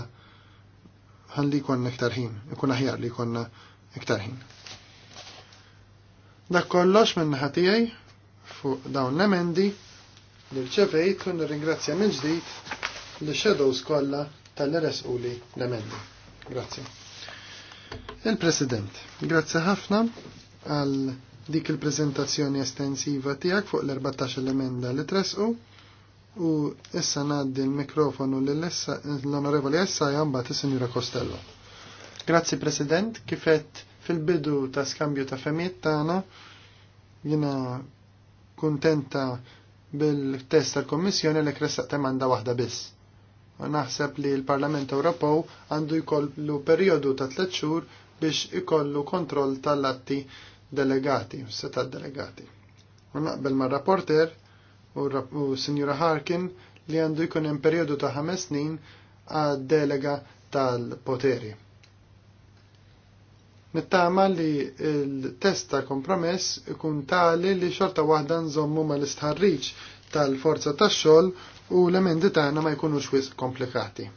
ħalli jkollna iktar ħin, ikun aħjar li jkollna iktar ħin. Dak kollox minn ħatijaj fuq dawn l-emendi li rċevejt u nirringrazzja minn ġdid li shadows kollha tal-resquli l-emendi. Grazie. Il-President, grazzi ħafna għal dik il-prezentazzjoni estensiva tiegħek fuq l-14 l-emenda li tresqu u issa ngħaddi l-mikrofonu l-Onorevoli Essa jambat e is Signora Costello. Grazzi President, kifet fil-bidu ta' skambju ta' femiet tagħna jina kuntenta bil-test tal-Kommissjoni li kressaq temanda waħda biss naħseb li l-Parlament Ewropew għandu jkollu perjodu ta' tliet xhur biex ikollu kontroll tal-atti delegati, seta' delegati. U naqbel ma' rapporter u Sinjura Harkin li għandu jkun hemm perjodu ta' ħames snin għad delega tal-poteri. Nittama li il-test ta' kompromess ikun tali li xorta waħda nżommu mal istħarriġ tal-forza tax-xogħol u l-emendi tagħna ma jkunux wisq komplikati.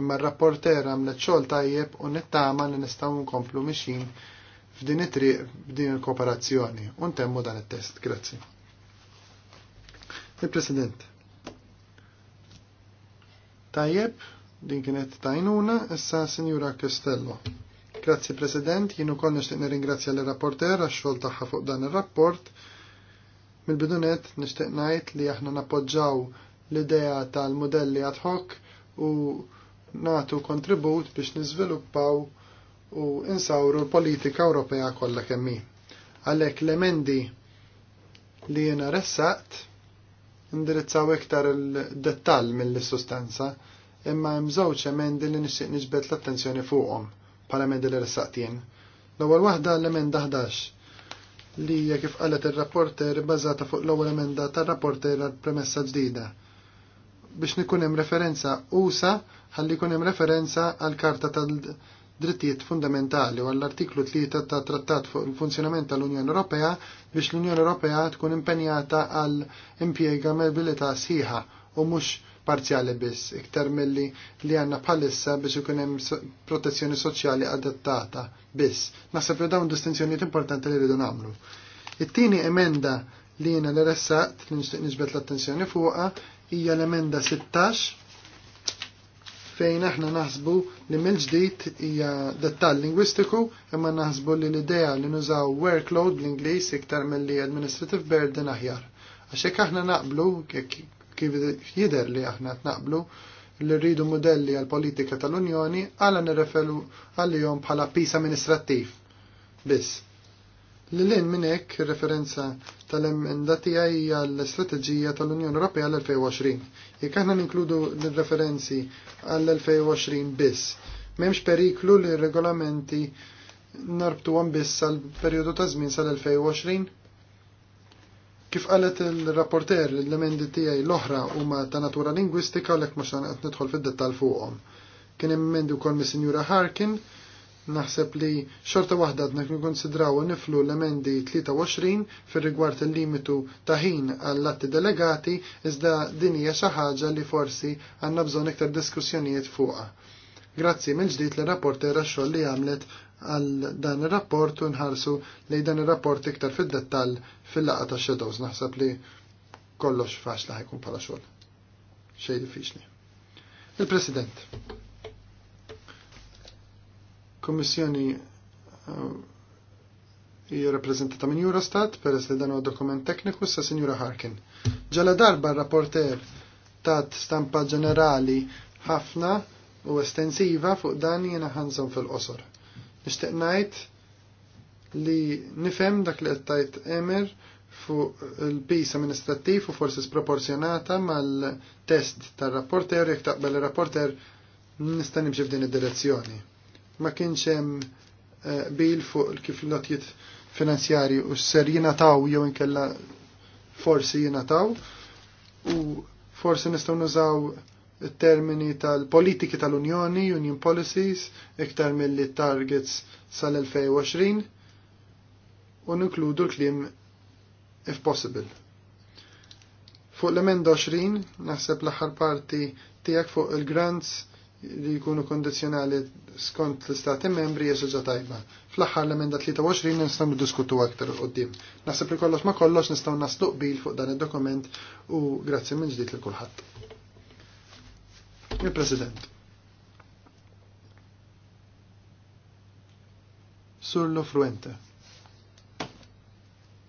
Imma r-rapporter għamlet xogħol tajjeb u nittama li nistgħu nkomplu mixin f'din it-triq b'din il-kooperazzjoni u temmu dan it-test. Grazzi. Il-President. Tajjeb, din kienet tajnuna, issa Sinjura Castello. Grazzi President, jienu kol nishtiq nirringrazzja l rapporter għax xogħol tagħha fuq dan ir-rapport. Mill-bidunet nixtieq ngħid li aħna nappoġġaw l-idea tal-modelli ad hoc u natu kontribut biex niżviluppaw u insawru l-politika Ewropea kollha kemmi. Għalhekk l-emendi li jiena ressaqt indirizzaw iktar il-dettall mill-sustanza imma hemm żewġ emendi li nixtieq niġbed l-attenzjoni fuqhom bħala emendi li ressaqtien. L-ewwel waħda l-emenda 11 li hija kif qalet ir-rapporter bbażata fuq l-ewwel emenda tar-rapporter għall premessa ġdida biex nikun hemm referenza usa ħalli jkun hemm referenza għal karta tal-drittijiet fundamentali u għall-artiklu 3 ta' trattat fuq il-funzjonament tal-Unjoni Ewropea biex l-Unjoni Ewropea tkun impenjata għal impjega mobilità sħiħa u mhux parzjali biss, iktar milli li għanna bħalissa biex ikun hemm protezzjoni soċjali adattata biss. Naħseb li dawn distinzjonijiet importanti li rridu nagħmlu. It-tieni emenda li jiena li ressaqt li nixbet l-attenzjoni fuqha hija l-emenda 16 fejn aħna naħsbu li mill-ġdid hija dettall lingwistiku imma naħsbu li l-idea li nużaw workload bl-Ingliż iktar milli administrative burden aħjar. Għax hekk aħna naqblu kif jidher li aħna naqblu li rridu modelli għal politika tal-Unjoni għala nirreferu għal-jom bħala pis amministrattiv biss Li l-in minnek referenza tal-emenda tiegħi hija l tal-Unjoni Europea l-2020. Jek aħna ninkludu l-referenzi għall-2020 biss, m'hemmx periklu li regolamenti narbtu għan biss sal-periodu ta' żmien sal-2020? Kif qalet il-rapporter l-emendi tiegħi l-oħra huma ta' natura lingwistika u lek ma xan qed fid-dettall fuqhom. Kien hemm emendi wkoll mis-Sinjura Harkin naħseb li xorta waħda għadna konsidraw niflu l-emendi 23 fir rigward il-limitu taħin għall-atti delegati iżda din hija xi ħaġa li forsi għandna bżonn iktar diskussjonijiet fuqha. Grazzi mill-ġdid li rapportera għax-xogħol li għamlet għal dan ir-rapport u nħarsu li dan ir-rapport iktar fid-dettall fil-laqgħa tax shadows naħseb li kollox faċli ħajkun bħala xogħol. Xejn diffiċli. Il-President. Kommissjoni eh, hija rappreżentata minn Eurostat peress li dan huwa dokument tekniku sa Sinjura Harkin. Ġala darba r-rapporter tat stampa ġenerali ħafna u estensiva fuq dan jiena ħanżon fil-qosor. Nixtieq ngħid li nifhem dak li qed tajt Emer fuq il-pis amministrattiv u forsi sproporzjonata mal-test tar-rapporter jekk taqbel ir-rapporter nista' nimxi f'din id-direzzjoni ma kienx hemm eh, bil fuq kif l notjiet finanzjari u s-ser jinataw jew inkella forsi jinataw u forsi nistgħu nużaw termini tal-politiki tal-Unjoni, Union Policies, iktar mill-li targets sal-2020 u ninkludu l-klim if possible. Fuq l-emenda 20, naħseb l-aħħar parti tiegħek fuq il-grants li jkunu kondizjonali skont l-istati membri jesuġa tajba. fl axar l-emenda 23 nistaw diskutu aktar dim Nasib li kollox ma kollox nistaw nasluq bil fuq dan il-dokument u grazzi minn ġdid l kulħadd. Il-President. Surlo Fruente.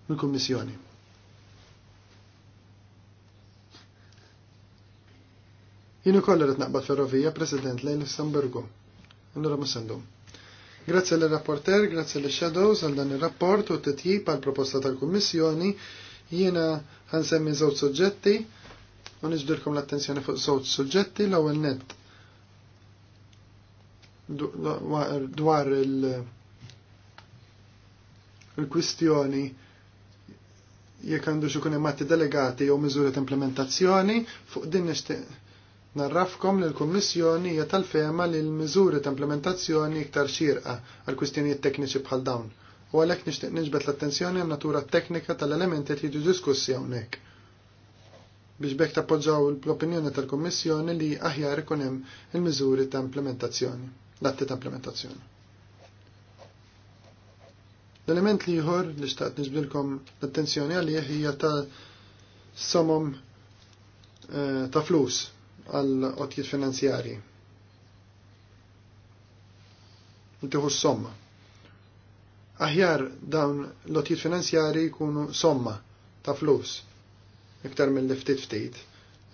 Il-Kommissjoni. Jien ukoll rrit naqbad ferrovija President lejn Lussemburgu. Allora ma sendum. Grazzi l-rapporter, grazzi alle shadows għal dan ir-rapport u t-tjib għal proposta tal-Kummissjoni. Jiena ħansemmi żewġ suġġetti u niġbdilkom l-attenzjoni fuq żewġ suġġetti l-ewwel nett dwar il-kwistjoni jekk għandu xukun kunemati delegati jew miżuri ta' implementazzjoni fuq din nixtieq Narrafkom li l-Kummissjoni hija tal-fema li l-miżuri ta' implementazzjoni iktar xirqa għal kwistjonijiet tekniċi bħal dawn, u għalhekk nixtieq niġbed l-attenzjoni għal natura teknika tal-elementi li jiġu diskussi hawnhekk. Biex bekk tappoġġaw l-opinjoni tal-Kummissjoni li aħjar ikun hemm il-miżuri ta' implementazzjoni, l-atti ta' implementazzjoni. L-element li jħor li xtaqt nġbilkom l-attenzjoni għalih hija ta' somom eh, ta' flus għal qotjiet finanzjarji. Ntiħu s-somma. Aħjar dawn l-qotjiet finanzjarji jkunu somma ta' flus, iktar mill ftit ftit.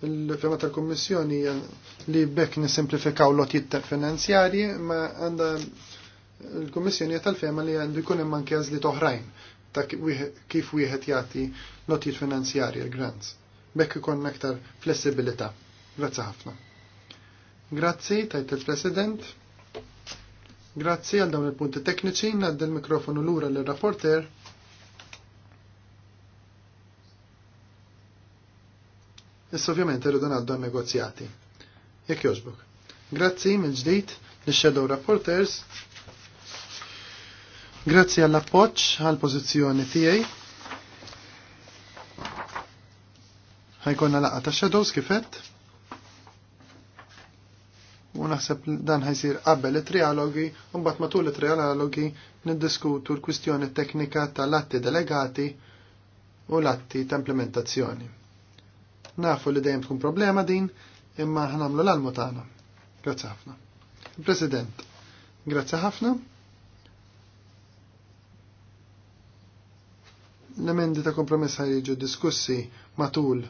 Il-fema tal-Kommissjoni li bekk nisimplifikaw l-qotjiet finanzjarji ma għanda l-Kommissjoni tal-fema li għandu jkun hemm anke li toħrajn ta' kif wieħed jagħti l-qotjiet finanzjarji, l-grants. Bekk ikun aktar flessibilita' Grazzi ħafna. Grazzi, tajt president Grazzi għal dawn il-punti tekniċi, nadda l-mikrofonu l-ura l-rapporter. Issa ovvjament irridu għaddu negozjati. Jekk joġbuk. Grazzi mill-ġdid l shadow rapporters. Grazzi għall appoġġ għall pozizjoni tiegħi. Ħajkonna laqqa ta' shadows kifett u naħseb dan ħajsir qabel it-trialogi u mbagħad matul it-trialogi niddiskutu l-kwistjoni teknika tal-atti delegati u l-atti ta' implementazzjoni. Nafu li dejjem tkun problema din imma ħnamlu l-almu tagħna. Grazzi ħafna. President, grazzi ħafna. L-emendi ta' kompromess ħajġu diskussi matul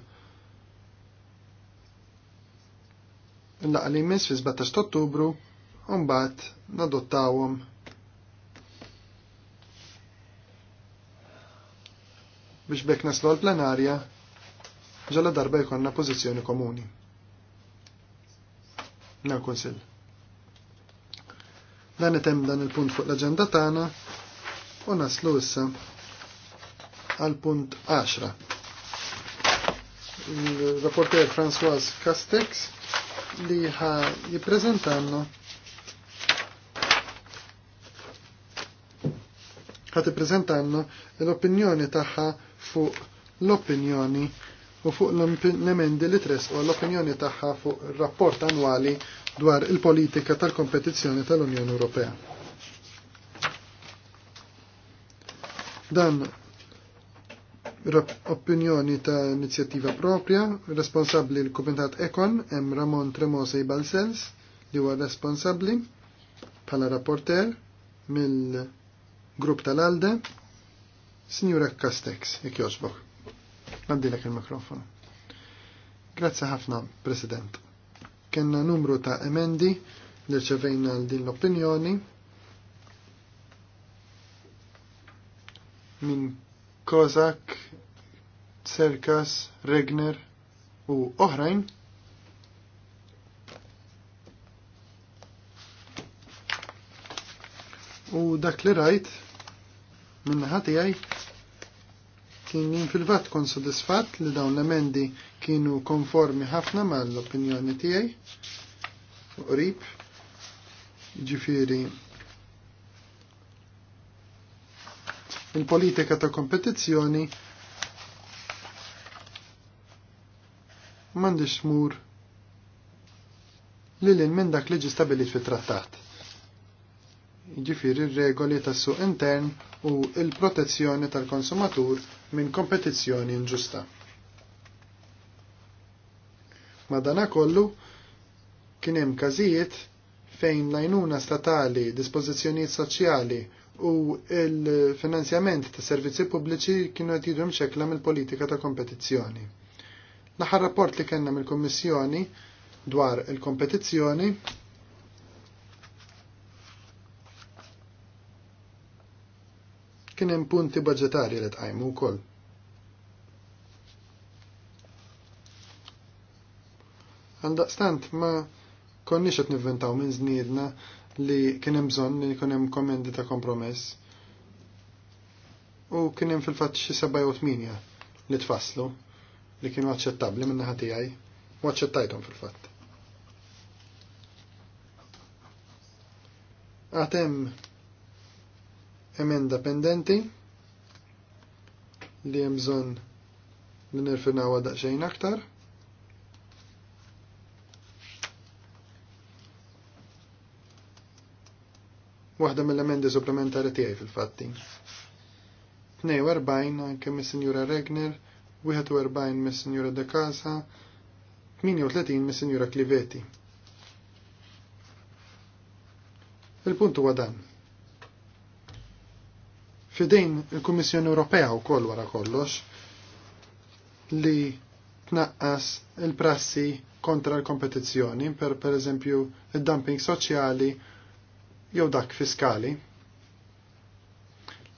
il-laqa li jmiss fi 17 ottubru u mbagħad nadottawhom biex bek naslu għal-plenarja ġalla darba jkonna pożizzjoni komuni. Nel konsil. Dan item dan il-punt fuq l-aġenda tagħna u naslu issa għal punt 10. Il-rapporter François Castex li ħa jippreżentanna ħat ippreżentanna l-opinjoni tagħha fuq l-opinjoni u fuq l-emendi li tres u l-opinjoni tagħha fuq ir-rapport annwali dwar il-politika tal-kompetizzjoni tal-Unjoni Ewropea. Dan opinjoni ta' inizjattiva propja, responsabli l-Kumitat Ekon, hemm Ramon Tremosa Ibalsels, li huwa responsabli bħala rapporter mill-grupp tal-Alde, Signora Castex, jek joġbok. Għaddilek il-mikrofonu. Grazzi ħafna, President. Kenna numru ta' emendi li ċevejna din l-opinjoni Min. Kozak, Serkas, Regner u oħrajn U dak li rajt, minna ħati għaj, kien jien fil-vat kon sodisfat li dawn l-emendi kienu konformi ħafna ma l-opinjoni tijaj, u qrib, ġifiri il-politika ta' kompetizzjoni m'għandix mur li lil minn dak li stabilit fit-trattat. Ġifiri regoli tas suq intern u il-protezzjoni tal-konsumatur minn kompetizzjoni inġusta. dana kollu kien hemm każijiet fejn najnuna statali, dispożizzjonijiet soċjali u il-finanzjament ta' servizzi pubbliċi kienu qed jidhom xekla mill-politika ta' kompetizzjoni. L-aħħar rapport li kellna mill-Kummissjoni dwar il-kompetizzjoni kien hemm punti budġetarji li tqajmu wkoll. Għaldaqstant ma konniex qed nivventaw minn żniedna li kien hemm bżonn li jkun hemm komendi ta' kompromess. U kien hemm fil-fatt xi seba' jew tminja li tfasslu li kienu aċċettabbli minn naħa tiegħi u aċċettajthom fil-fatt. Għatem emenda pendenti li hemm bżonn li nirfinaw daqsxejn aktar. waħda mill-emendi supplementari tiegħi fil-fatti. 42 anke mis-Sinjura Regner, 41 mis-Sinjura De Casa, 38 mis-Sinjura Clivetti. Il-punt huwa dan. Fidejn il-Kummissjoni Ewropea wkoll wara kollox li tnaqqas il-prassi kontra l-kompetizzjoni per pereżempju id-dumping soċjali jew dak fiskali.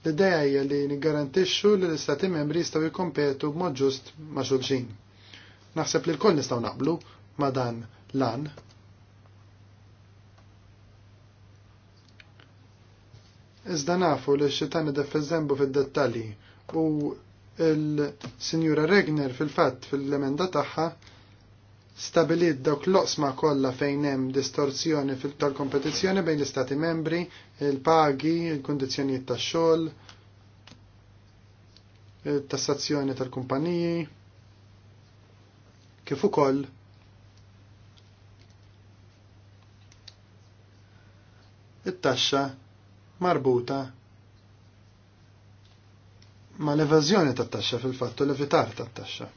L-ideja hija li niggarantixxu li l-istati membri jistgħu jikkompetu b'mod ġust ma' xulxin. Naħseb li l nistgħu naqblu ma' dan lan. Iżda nafu li x-xitani defezzembu fid-dettalji u l-Sinjura Regner fil-fatt fil-emenda tagħha stabilit dawk l-oqsma kollha fejn hemm distorzjoni tal-kompetizzjoni bejn l-Istati membri, il-pagi, il-kundizzjonijiet tax-xogħol, tassazzjoni tal-kumpaniji, kif ukoll it-taxxa marbuta ma l-evażjoni tat-taxxa fil fatt u l-evitar tat-taxxa.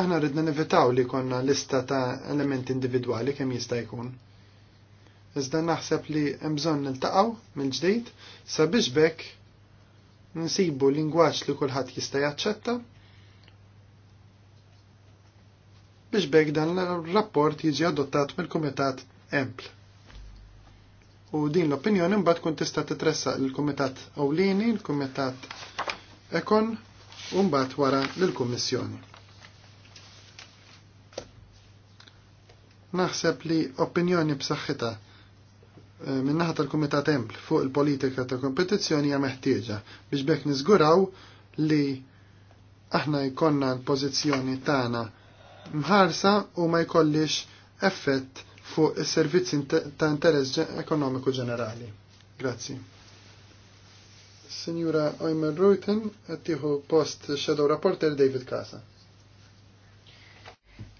Aħna ridna nivitaw li konna lista ta' elementi individwali kemm jista' jkun. Iżda naħseb li hemm bżonn niltaqgħu mill-ġdid sabiex bekk nsibu lingwaġġ li kulħadd jista' jaċċetta biex bekk dan l-rapport jiġi adottat mill-Kumitat Empl. U din l-opinjoni mbagħad tkun tista' titressaq lill kumitat Ewlieni, il-Kumitat Ekon u mbagħad wara lill-Kummissjoni. naħseb li opinjoni b'saħħitha eh, minnaħa tal-Kumitat Templ fuq il-politika ta' kompetizzjoni hija meħtieġa biex bekk niżguraw li aħna jkollna l-pożizzjoni tagħna mħarsa u ma jkollix effett fuq is-servizzi ta' interess ekonomiku ġenerali. Grazzi. Signora Oymer Ruiten, għattiħu post Shadow Rapporter David Casa.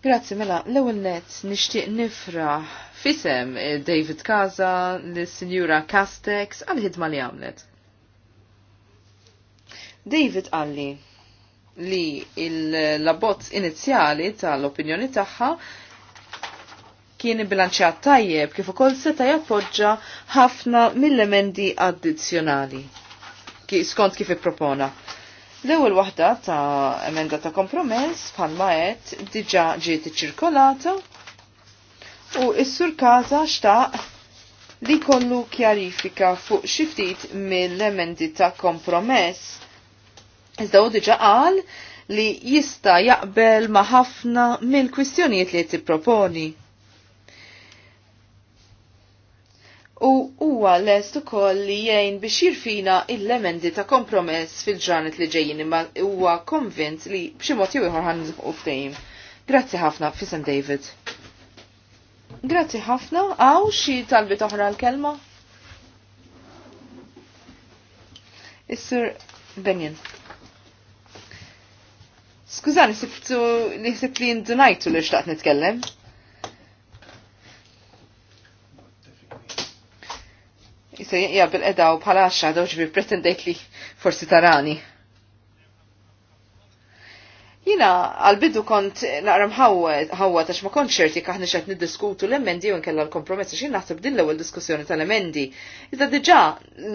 Grazzi, mela, l ewwel net nixtieq nifra fisem eh, David Kaza, l-Sinjura Castex, għal-ħidma li għamlet. David għalli li l-abbozz inizjali tal-opinjoni tagħha kien bilanċjat tajjeb kif ukoll seta' jappoġġa ħafna mill-emendi addizzjonali skont kif ippropona. L-ewwel waħda ta' emenda ta' kompromess bħalma qed diġà ġiet iċ-ċirkolata u s-sur Kaza xtaq li kollu kjarifika fuq xiftit mill-emendi ta' kompromess. Iżda u diġa qal li jista jaqbel ma' ħafna mill-kwistjonijiet li tipproponi. u huwa lest ukoll li jgħin biex jirfina il-lemendi ta' kompromess fil-ġranet li ġejjin imma huwa konvint li b'xi mod jew ieħor ħanżu ftehim. Grazzi ħafna fisem David. Grazzi ħafna, għaw xi talbi oħra l-kelma? Is-Sur Benjen. Skużani, sibtu li sibt li jindunajtu li xtaqt nitkellem. Jisa jgħja bil-edha u bħala għaxa doġbi pretendejt li forsi tarani. Jina għal-bidu kont naqra mħawwa tax ma konċerti kaħni xed niddiskutu l-emendi u nkella l-kompromess xin naħseb din l-ewwel diskussjoni tal-emendi. Iżda diġa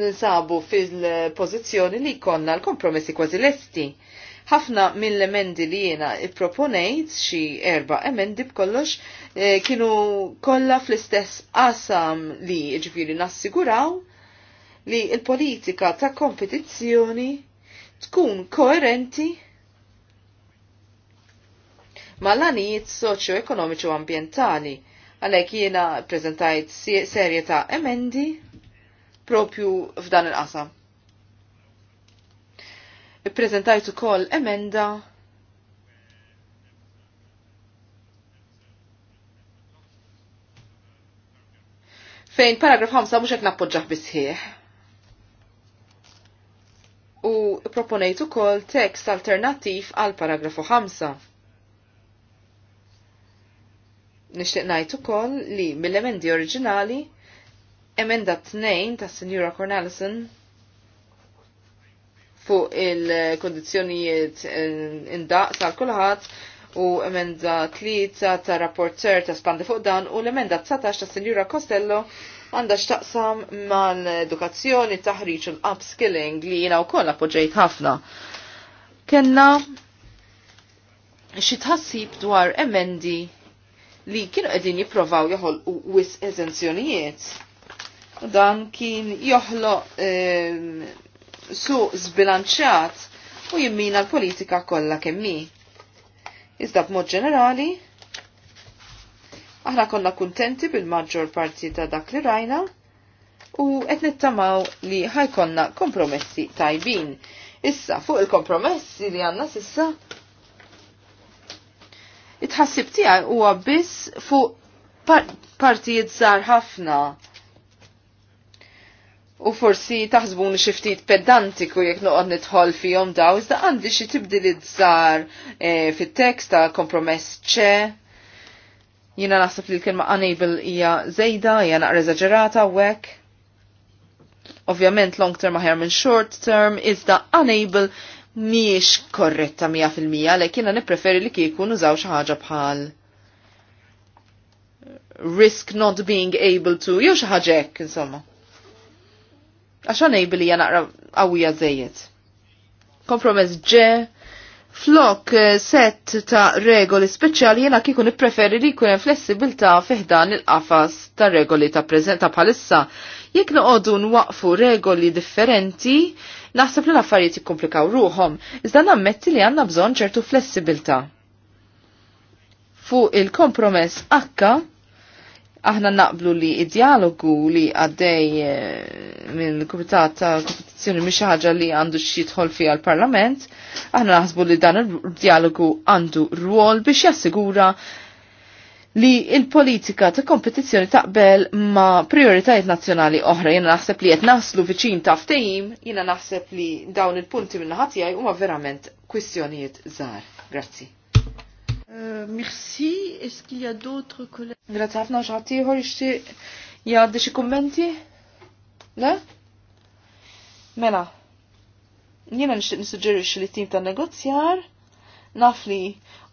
nsabu fil-pożizzjoni li konna l-kompromessi kważi lesti ħafna mill-emendi li jiena ipproponejt xi erba emendi b'kollox e, kienu kollha fl-istess qasam li jiġifieri nassiguraw li l-politika ta' kompetizzjoni tkun koerenti mal-għanijiet soċjo-ekonomiċi u ambientali għalek jiena prezentajt serje ta' emendi propju f'dan il-qasam. Ippreżentajt ukoll emenda fejn paragraf 5 mhux qed nappoġġah bisħieħ. U proponejt ukoll tekst alternattiv għal paragrafu 5. Nixtieq ngħid ukoll li mill-emendi oriġinali emenda 2 tas Sinjura Cornelison fuq il-kondizjonijiet indaq sal kulħadd u emenda 3 ta' rapporter ta' spandi fuq dan u l-emenda 19 ta' Senjura Costello għandha x'taqsam mal-edukazzjoni, taħriġ u l-upskilling li jiena wkoll appoġġejt ħafna. Kenna xi tħassib dwar emendi li kienu qegħdin jipprovaw u wis eżenzjonijiet. Dan kien joħloq ehm, suq zbilanċjat u jimmina l-politika kollha kemmi. Iżda b'mod ġenerali, aħna konna kuntenti bil-maġġor parti ta' dak li rajna u qed nittamaw li ħajkonna kompromessi tajbin. Issa, fuq il-kompromessi li għanna sissa, it-ħassib tiegħi huwa għabbis fuq par partijiet zar ħafna U forsi taħsbuni xi ftit pedantiku jekk noqod nidħol fihom daw, iżda għandi xi tibdiliet żgħar e, fit-tekst ta' kompromess ċe. Jiena naħseb li l-kelma unable hija żejda, hija naqra eżaġerata hekk. Ovvjament long term aħjar minn short term, iżda unable miex korretta 100% għalhekk jiena nippreferi li kieku nużaw xi ħaġa bħal risk not being able to, jew xi ħaġa hekk insomma għaxa nejbi li naqra għawija zejiet. Kompromess ġe, flok eh, set ta' regoli speċjali jena kikun preferi li kunem flessibilta fiħdan il-qafas ta' regoli ta' prezenta bħalissa. Jek noqodu nwaqfu regoli differenti, naħseb li l-affarijiet jikkomplikaw ruħom, iżda nammetti li għanna bżon ċertu flessibilta. Fuq il-kompromess akka aħna naqblu li id-dialogu li għaddej eh, mill-Kumitat ta' Kompetizzjoni mhix ħaġa li għandu xitħol fiha l-Parlament, aħna naħsbu li dan id-dialogu għandu rwol biex jassigura li il-politika ta' kompetizzjoni taqbel ma' prioritajiet nazzjonali oħra. Jena naħseb li qed naslu viċin ta' ftejim, jena naħseb li dawn il-punti minna ħatijaj ma' verament kwistjonijiet żgħar. Grazzi. Euh, merci, est-ce qu'il y a d'autres collègues? Grazie ħafna xaħtiħor, ixti jgħaddi xie kommenti? Le? Mela, jiena nixtieq nissuġġerixxi li tim ta' negozjar naf li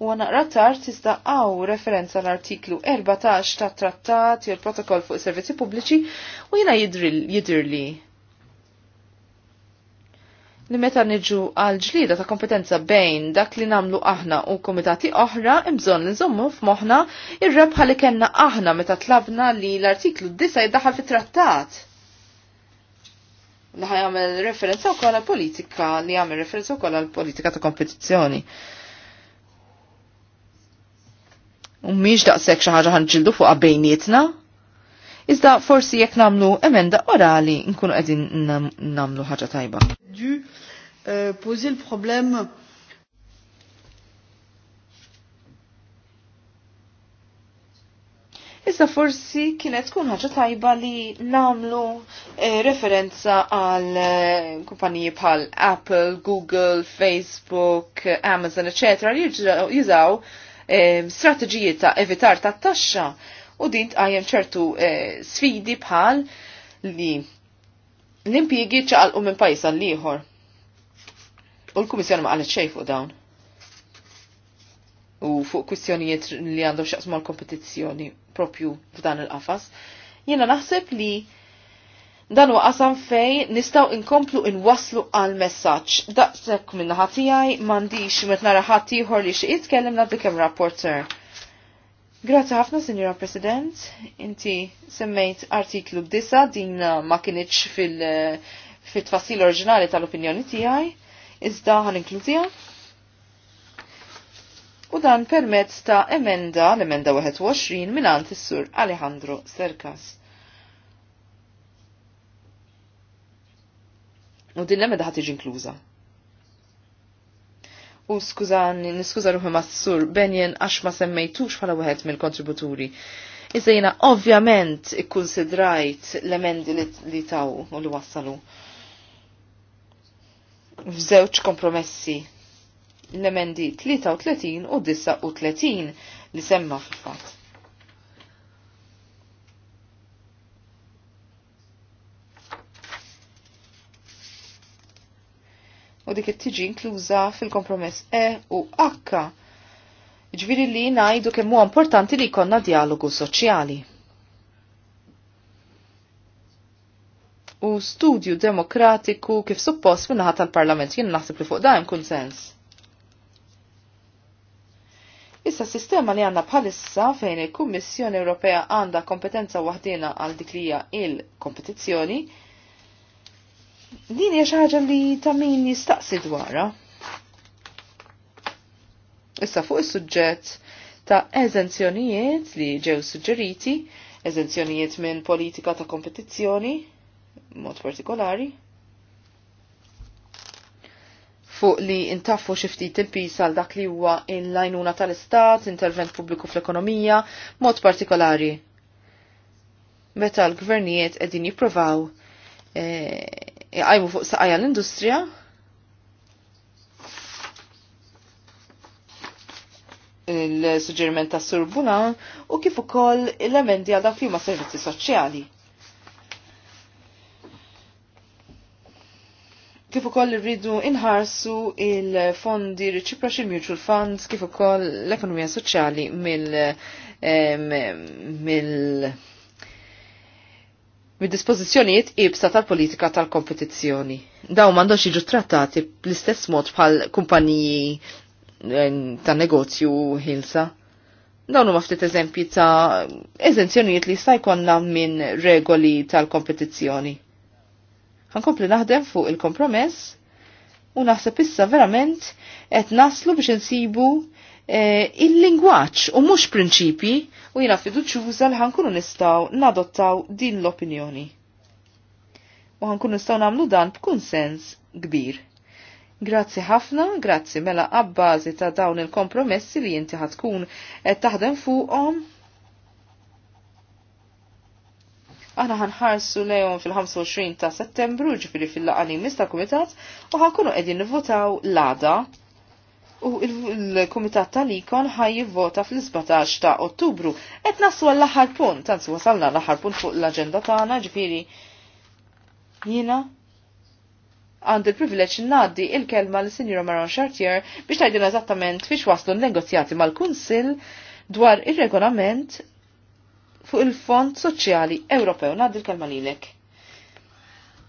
u naqra tard tista' għaw referenza l-artiklu 14 ta' trattat jew protokoll fuq servizzi pubbliċi u jiena jidrli li meta niġu għal ġlida ta' kompetenza bejn dak li namlu aħna u komitati oħra imżon li nżommu f'moħna ir-rebħa li kena aħna meta tlabna li l-artiklu 9 jiddaħal fi trattat Li ħajamel referenza wkoll għal politika li jagħmel referenza wkoll għal politika ta' kompetizzjoni. U miex daqshekk xi ħaġa ħanġildu fuq bejnietna, Iżda forsi jekk namlu emenda orali nkunu qegħdin namlu ħaġa tajba. Du euh, poser l-problem Issa forsi kienet tkun ħaġa tajba li namlu eh, referenza għal eh, kumpaniji bħal Apple, Google, Facebook, Amazon, etc. li jizaw eh, strategijiet ta' evitar ta' taxxa u din tqajjem ċertu eh, sfidi bħal li l-impjigi ċaqalqu minn pajis għal ieħor. U l-Kummissjoni ma qalet xejn fuq dawn. U fuq kwistjonijiet li għandhom xaqsmu l-kompetizzjoni propju f'dan il-qafas. Jiena naħseb li dan huwa qasam fej nistgħu inkomplu inwaslu għal messaġġ. Daqshekk minn ħatijaj m'għandix meta nara ħadd ieħor li xi jitkellem nagħti kemm rapporter. Grazzi ħafna, Sinjora President. Inti semmejt artiklu b'disa, din ma kienieċ fil-tfassil oriġinali tal-opinjoni tiegħi, iżda ħan inkludija. U dan permezz ta' emenda l-emenda 21 minant is-sur Alejandro Serkas. U din l-emenda ħat inkluża. U skużani, niskuża ruħi ma' s-sur Benjen għax ma' semmejtux bħala wieħed mill-kontributuri. Iżda jiena ovvjament ikkunsidrajt l-emendi li taw u li wassalu. F'żewġ kompromessi l-emendi 33 u 39 li semma fil-fatt. u dik it tiġi inkluża fil-kompromess E u H. Ġviri li najdu kemm huwa importanti li jkollna dialogu soċjali. U studju demokratiku kif suppost minnaħa tal-Parlament jien naħseb li fuq dajem kunsens. Issa sistema li għanna bħalissa fejn il-Kummissjoni Ewropea għanda kompetenza waħdina għal dik li hija il-kompetizzjoni, il kompetizzjoni Din hija xi ħaġa li ta' min jistaqsi dwarha. Issa fuq is-suġġett ta' eżenzjonijiet li ġew suġġeriti, eżenzjonijiet minn politika ta' kompetizzjoni, mod partikolari, fuq li intaffu xiftit il-pis għal dak li huwa l lajnuna tal-istat, intervent pubbliku fl-ekonomija, mod partikolari. Meta l-gvernijiet edin jipprovaw eh, jgħajmu fuq saqajja l-industrija. il-suġġeriment ta' surbuna u kif ukoll l-emendi għal dawk ma' servizzi soċjali. Kif ukoll irridu inħarsu il-fondi reciproci mutual funds kif ukoll l-ekonomija soċjali mill-, mill mid-dispożizzjonijiet ibsa tal-politika tal-kompetizzjoni. Daw m'għandhomx jiġu trattati bl-istess mod bħal kumpaniji eh, ta' negozju ħilsa. Dawn huma ftit eżempji ta' eżenzjonijiet li jista' jkollna minn regoli tal-kompetizzjoni. Ħankompli naħdem fuq il-kompromess u naħseb issa verament qed naslu biex insibu Eh, il-lingwaċ u mhux prinċipji u jiena fiduċjuża li ħankunu nistgħu nadottaw din l-opinjoni. U ħankunu nistgħu nagħmlu dan sens kbir. Grazzi ħafna, grazzi mela għabbażi ta' dawn il-kompromessi li jinti ħatkun qed taħdem fuqhom. Aħna ħanħarsu lejhom fil-25 ta' Settembru ġifieri fil-laqani mis ta' kumitat u ħankunu qegħdin nivvotaw l-għada u il-Kumitat tal-Ikon ħaj jivvota fl-17 ta' Ottubru. Et naslu għall aħħar punt, tanzi wasalna l-aħħar punt fuq l-agenda tagħna, ġifieri jiena għand il-privileġġ ngħaddi il-kelma l sinjura Maron Chartier biex tajdu eżattament fiex waslu n-negozjati mal-Kunsill dwar ir-regolament fuq il-Fond Soċjali Ewropew. Naddi il-kelma lilek.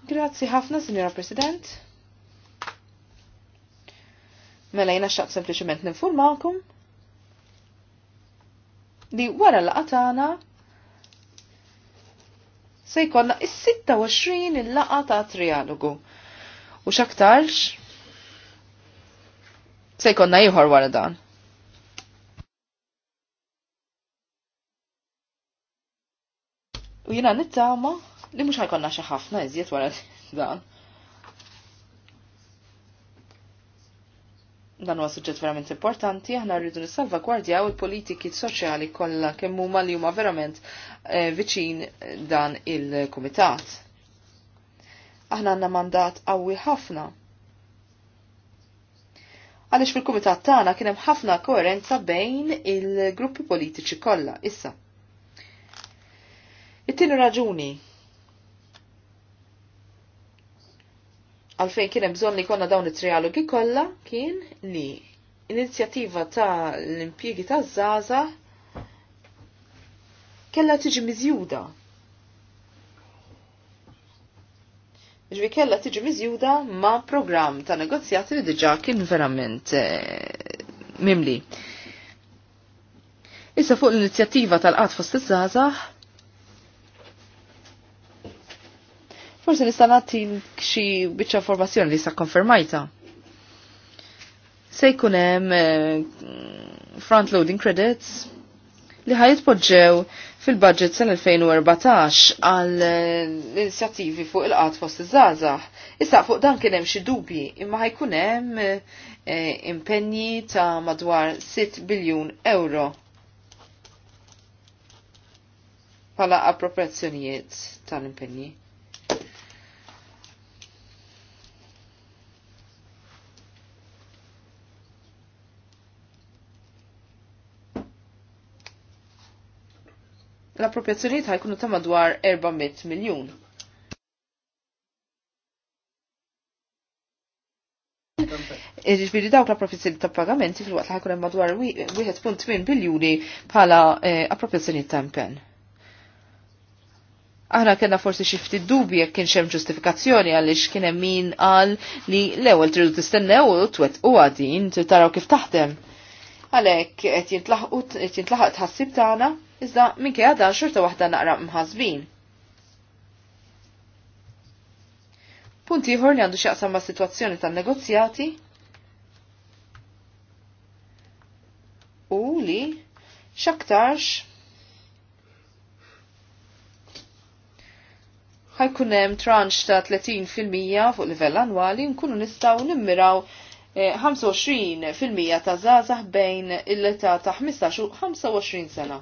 Grazzi ħafna, Sinjora President. Mela jina xaq sempliciment ninformakum li wara l-qatana se jkollna is-26 il-laqa ta' trialogu. U x'aktarx se jkollna ieħor wara dan. U jina nittama li mhux għajkonna xi ħafna iżjed wara dan. dan huwa suġġett verament importanti, aħna rridu nissalvagwardjaw il-politiki soċjali kollha kemm huma li huma verament eh, viċin dan il-kumitat. Aħna għandna mandat qawwi ħafna. Għaliex fil-kumitat tagħna kien hemm ħafna koerenza bejn il-gruppi politiċi kollha issa. It-tieni raġuni għalfejn kien hemm bżonn li konna dawn it-trialogi kollha kien li l-inizjattiva ta' l-impjiegi ta' Zaza kella tiġi miżjuda. Ġvi kella tiġi miżjuda ma' programm ta' negozjati li diġa kien verament eh, mimli. Issa fuq l-inizjattiva tal-qatfos t-zazax, Forse nista' nagħtin xi biċċa informazzjoni li sa konfermajta. Se jkun hemm eh, front loading credits li ħajitpoġġew fil-budget sen 2014 għal l-inizjattivi eh, fuq il-qat fost iż-żgħażagħ. Issa fuq dan kien hemm xi dubji, imma ħajkun hemm e, impenji ta' madwar 6 biljun euro pala appropriazzjonijiet tal-impenji. l-appropriazzjonijiet ħajkunu ta' madwar 400 miljun. Iġbiri dawk l-appropriazzjoni ta' pagamenti fil-waqt ħajkun hemm madwar 1.8 biljuni bħala eh, appropriazzjoni ta' impenn. Aħna kena forsi xifti dubi jekk kienx hemm ġustifikazzjoni għaliex kien hemm min qal li l-ewwel tridu t-istennew u t-wet u għadin taraw kif taħdem għalhekk qed jintlaħaq tħassib tagħna iżda minkejja għadan xorta waħda naqra mħasbin. Punti ieħor li għandu x'jaqsam ma' sitwazzjoni tan-negozjati u li x'aktarx ħajkun hemm tranċ ta' 30% fuq livell annwali nkunu nistgħu nimmiraw Eh, 25% ta' zazah bejn il-età ta' 15 u 25 sena.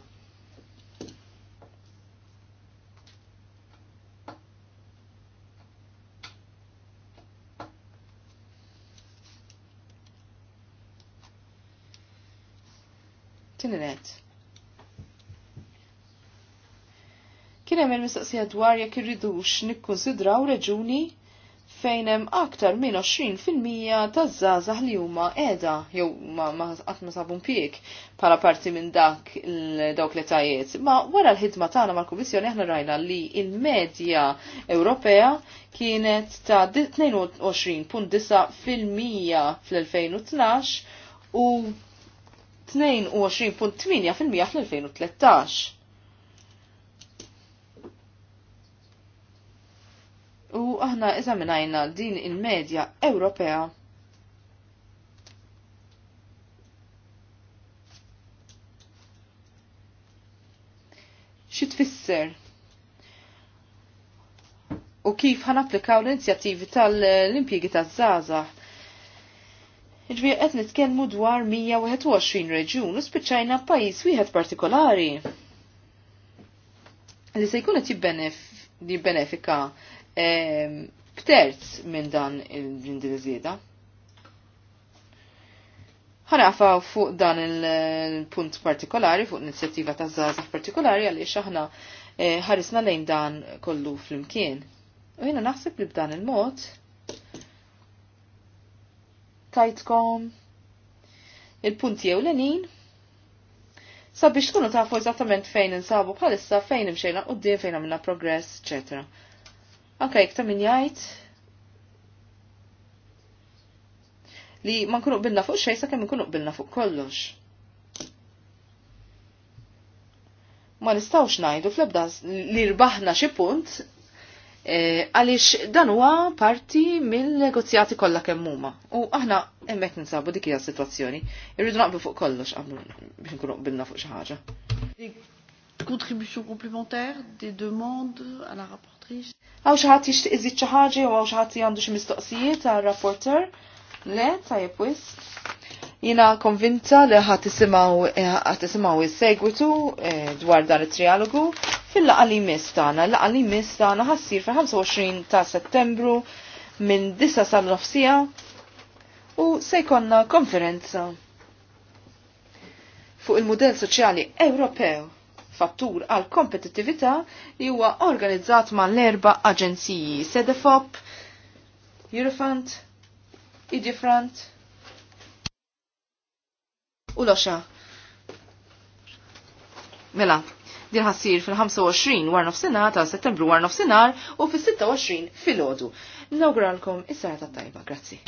Tinnet. Kien hemm il-mistaqsija dwar jekk irridux nikkonsidraw reġuni fejn hemm aktar minn 20% taż-żgħażagħ li huma qiegħda jew qatt ma sabu pjek bħala parti minn dak dawk li tajiet. Ma wara l-ħidma tagħna mal-Kummissjoni aħna rajna li l-medja Ewropea kienet ta' 22.9 fil-mija fl-2012 u 22.8 fil-mija fl-2013 u aħna eżaminajna din il-medja Ewropea. Xi tfisser? U kif ħan applikaw l-inizjattivi tal impjiegi taż-żgħażagħ? Ġviri qed nitkellmu dwar 121 reġjun u spiċċajna pajjiż wieħed partikolari li se jkun qed jibbenefika Pterz minn dan il-żieda. Ħanafa fuq dan il-punt partikolari, fuq l inizjattiva ta' zazax partikolari għaliex aħna eh, ħarisna lejn dan kollu fl-imkien. U jena naħseb li b'dan il-mod tajtkom il punt jew l-enin sabiex tkunu tafu eżattament fejn insabu bħalissa fejn imxejna u d fejn għamilna progress, eccetera. Ok, kta' min jgħid li ma nkunu bilna fuq xejn sakemm nkunu bilna fuq kollox. Ma nistawx ngħidu fl-ebda li rbaħna xi punt E, għalix dan huwa parti mill-negozjati kollha kemm huma. U aħna hemmhekk ninsabu dik hija s-sitwazzjoni. Irridu naqblu fuq kollox qablu biex nkunu qbilna fuq xi ħaġa. Contribution complémentaire, des demandes à la rapport. Għaw xaħat jishtiq iżid xi u jew għaw xaħat għandu xi mistoqsijiet għal rapporter? Le, tajjeb wis. Jina konvinta li għat eh, isimgħu is-segwitu eh, dwar dan it-trialogu fil laqali li Laqali tagħna. għassir li tagħna ħassir fil-25 ta' Settembru minn disa sal nofsija u se jkollna konferenza fuq il-mudell soċjali Ewropew fattur għal kompetitività li huwa organizzat ma' l-erba aġenziji Sedefop, Eurofund, Idifrant u Loxa. Mela, din ħassir fil-25 war nofsinhar ta' Settembru war nofsinhar u fis-26 filgħodu. Nawgralkom is sarata tajba grazzi.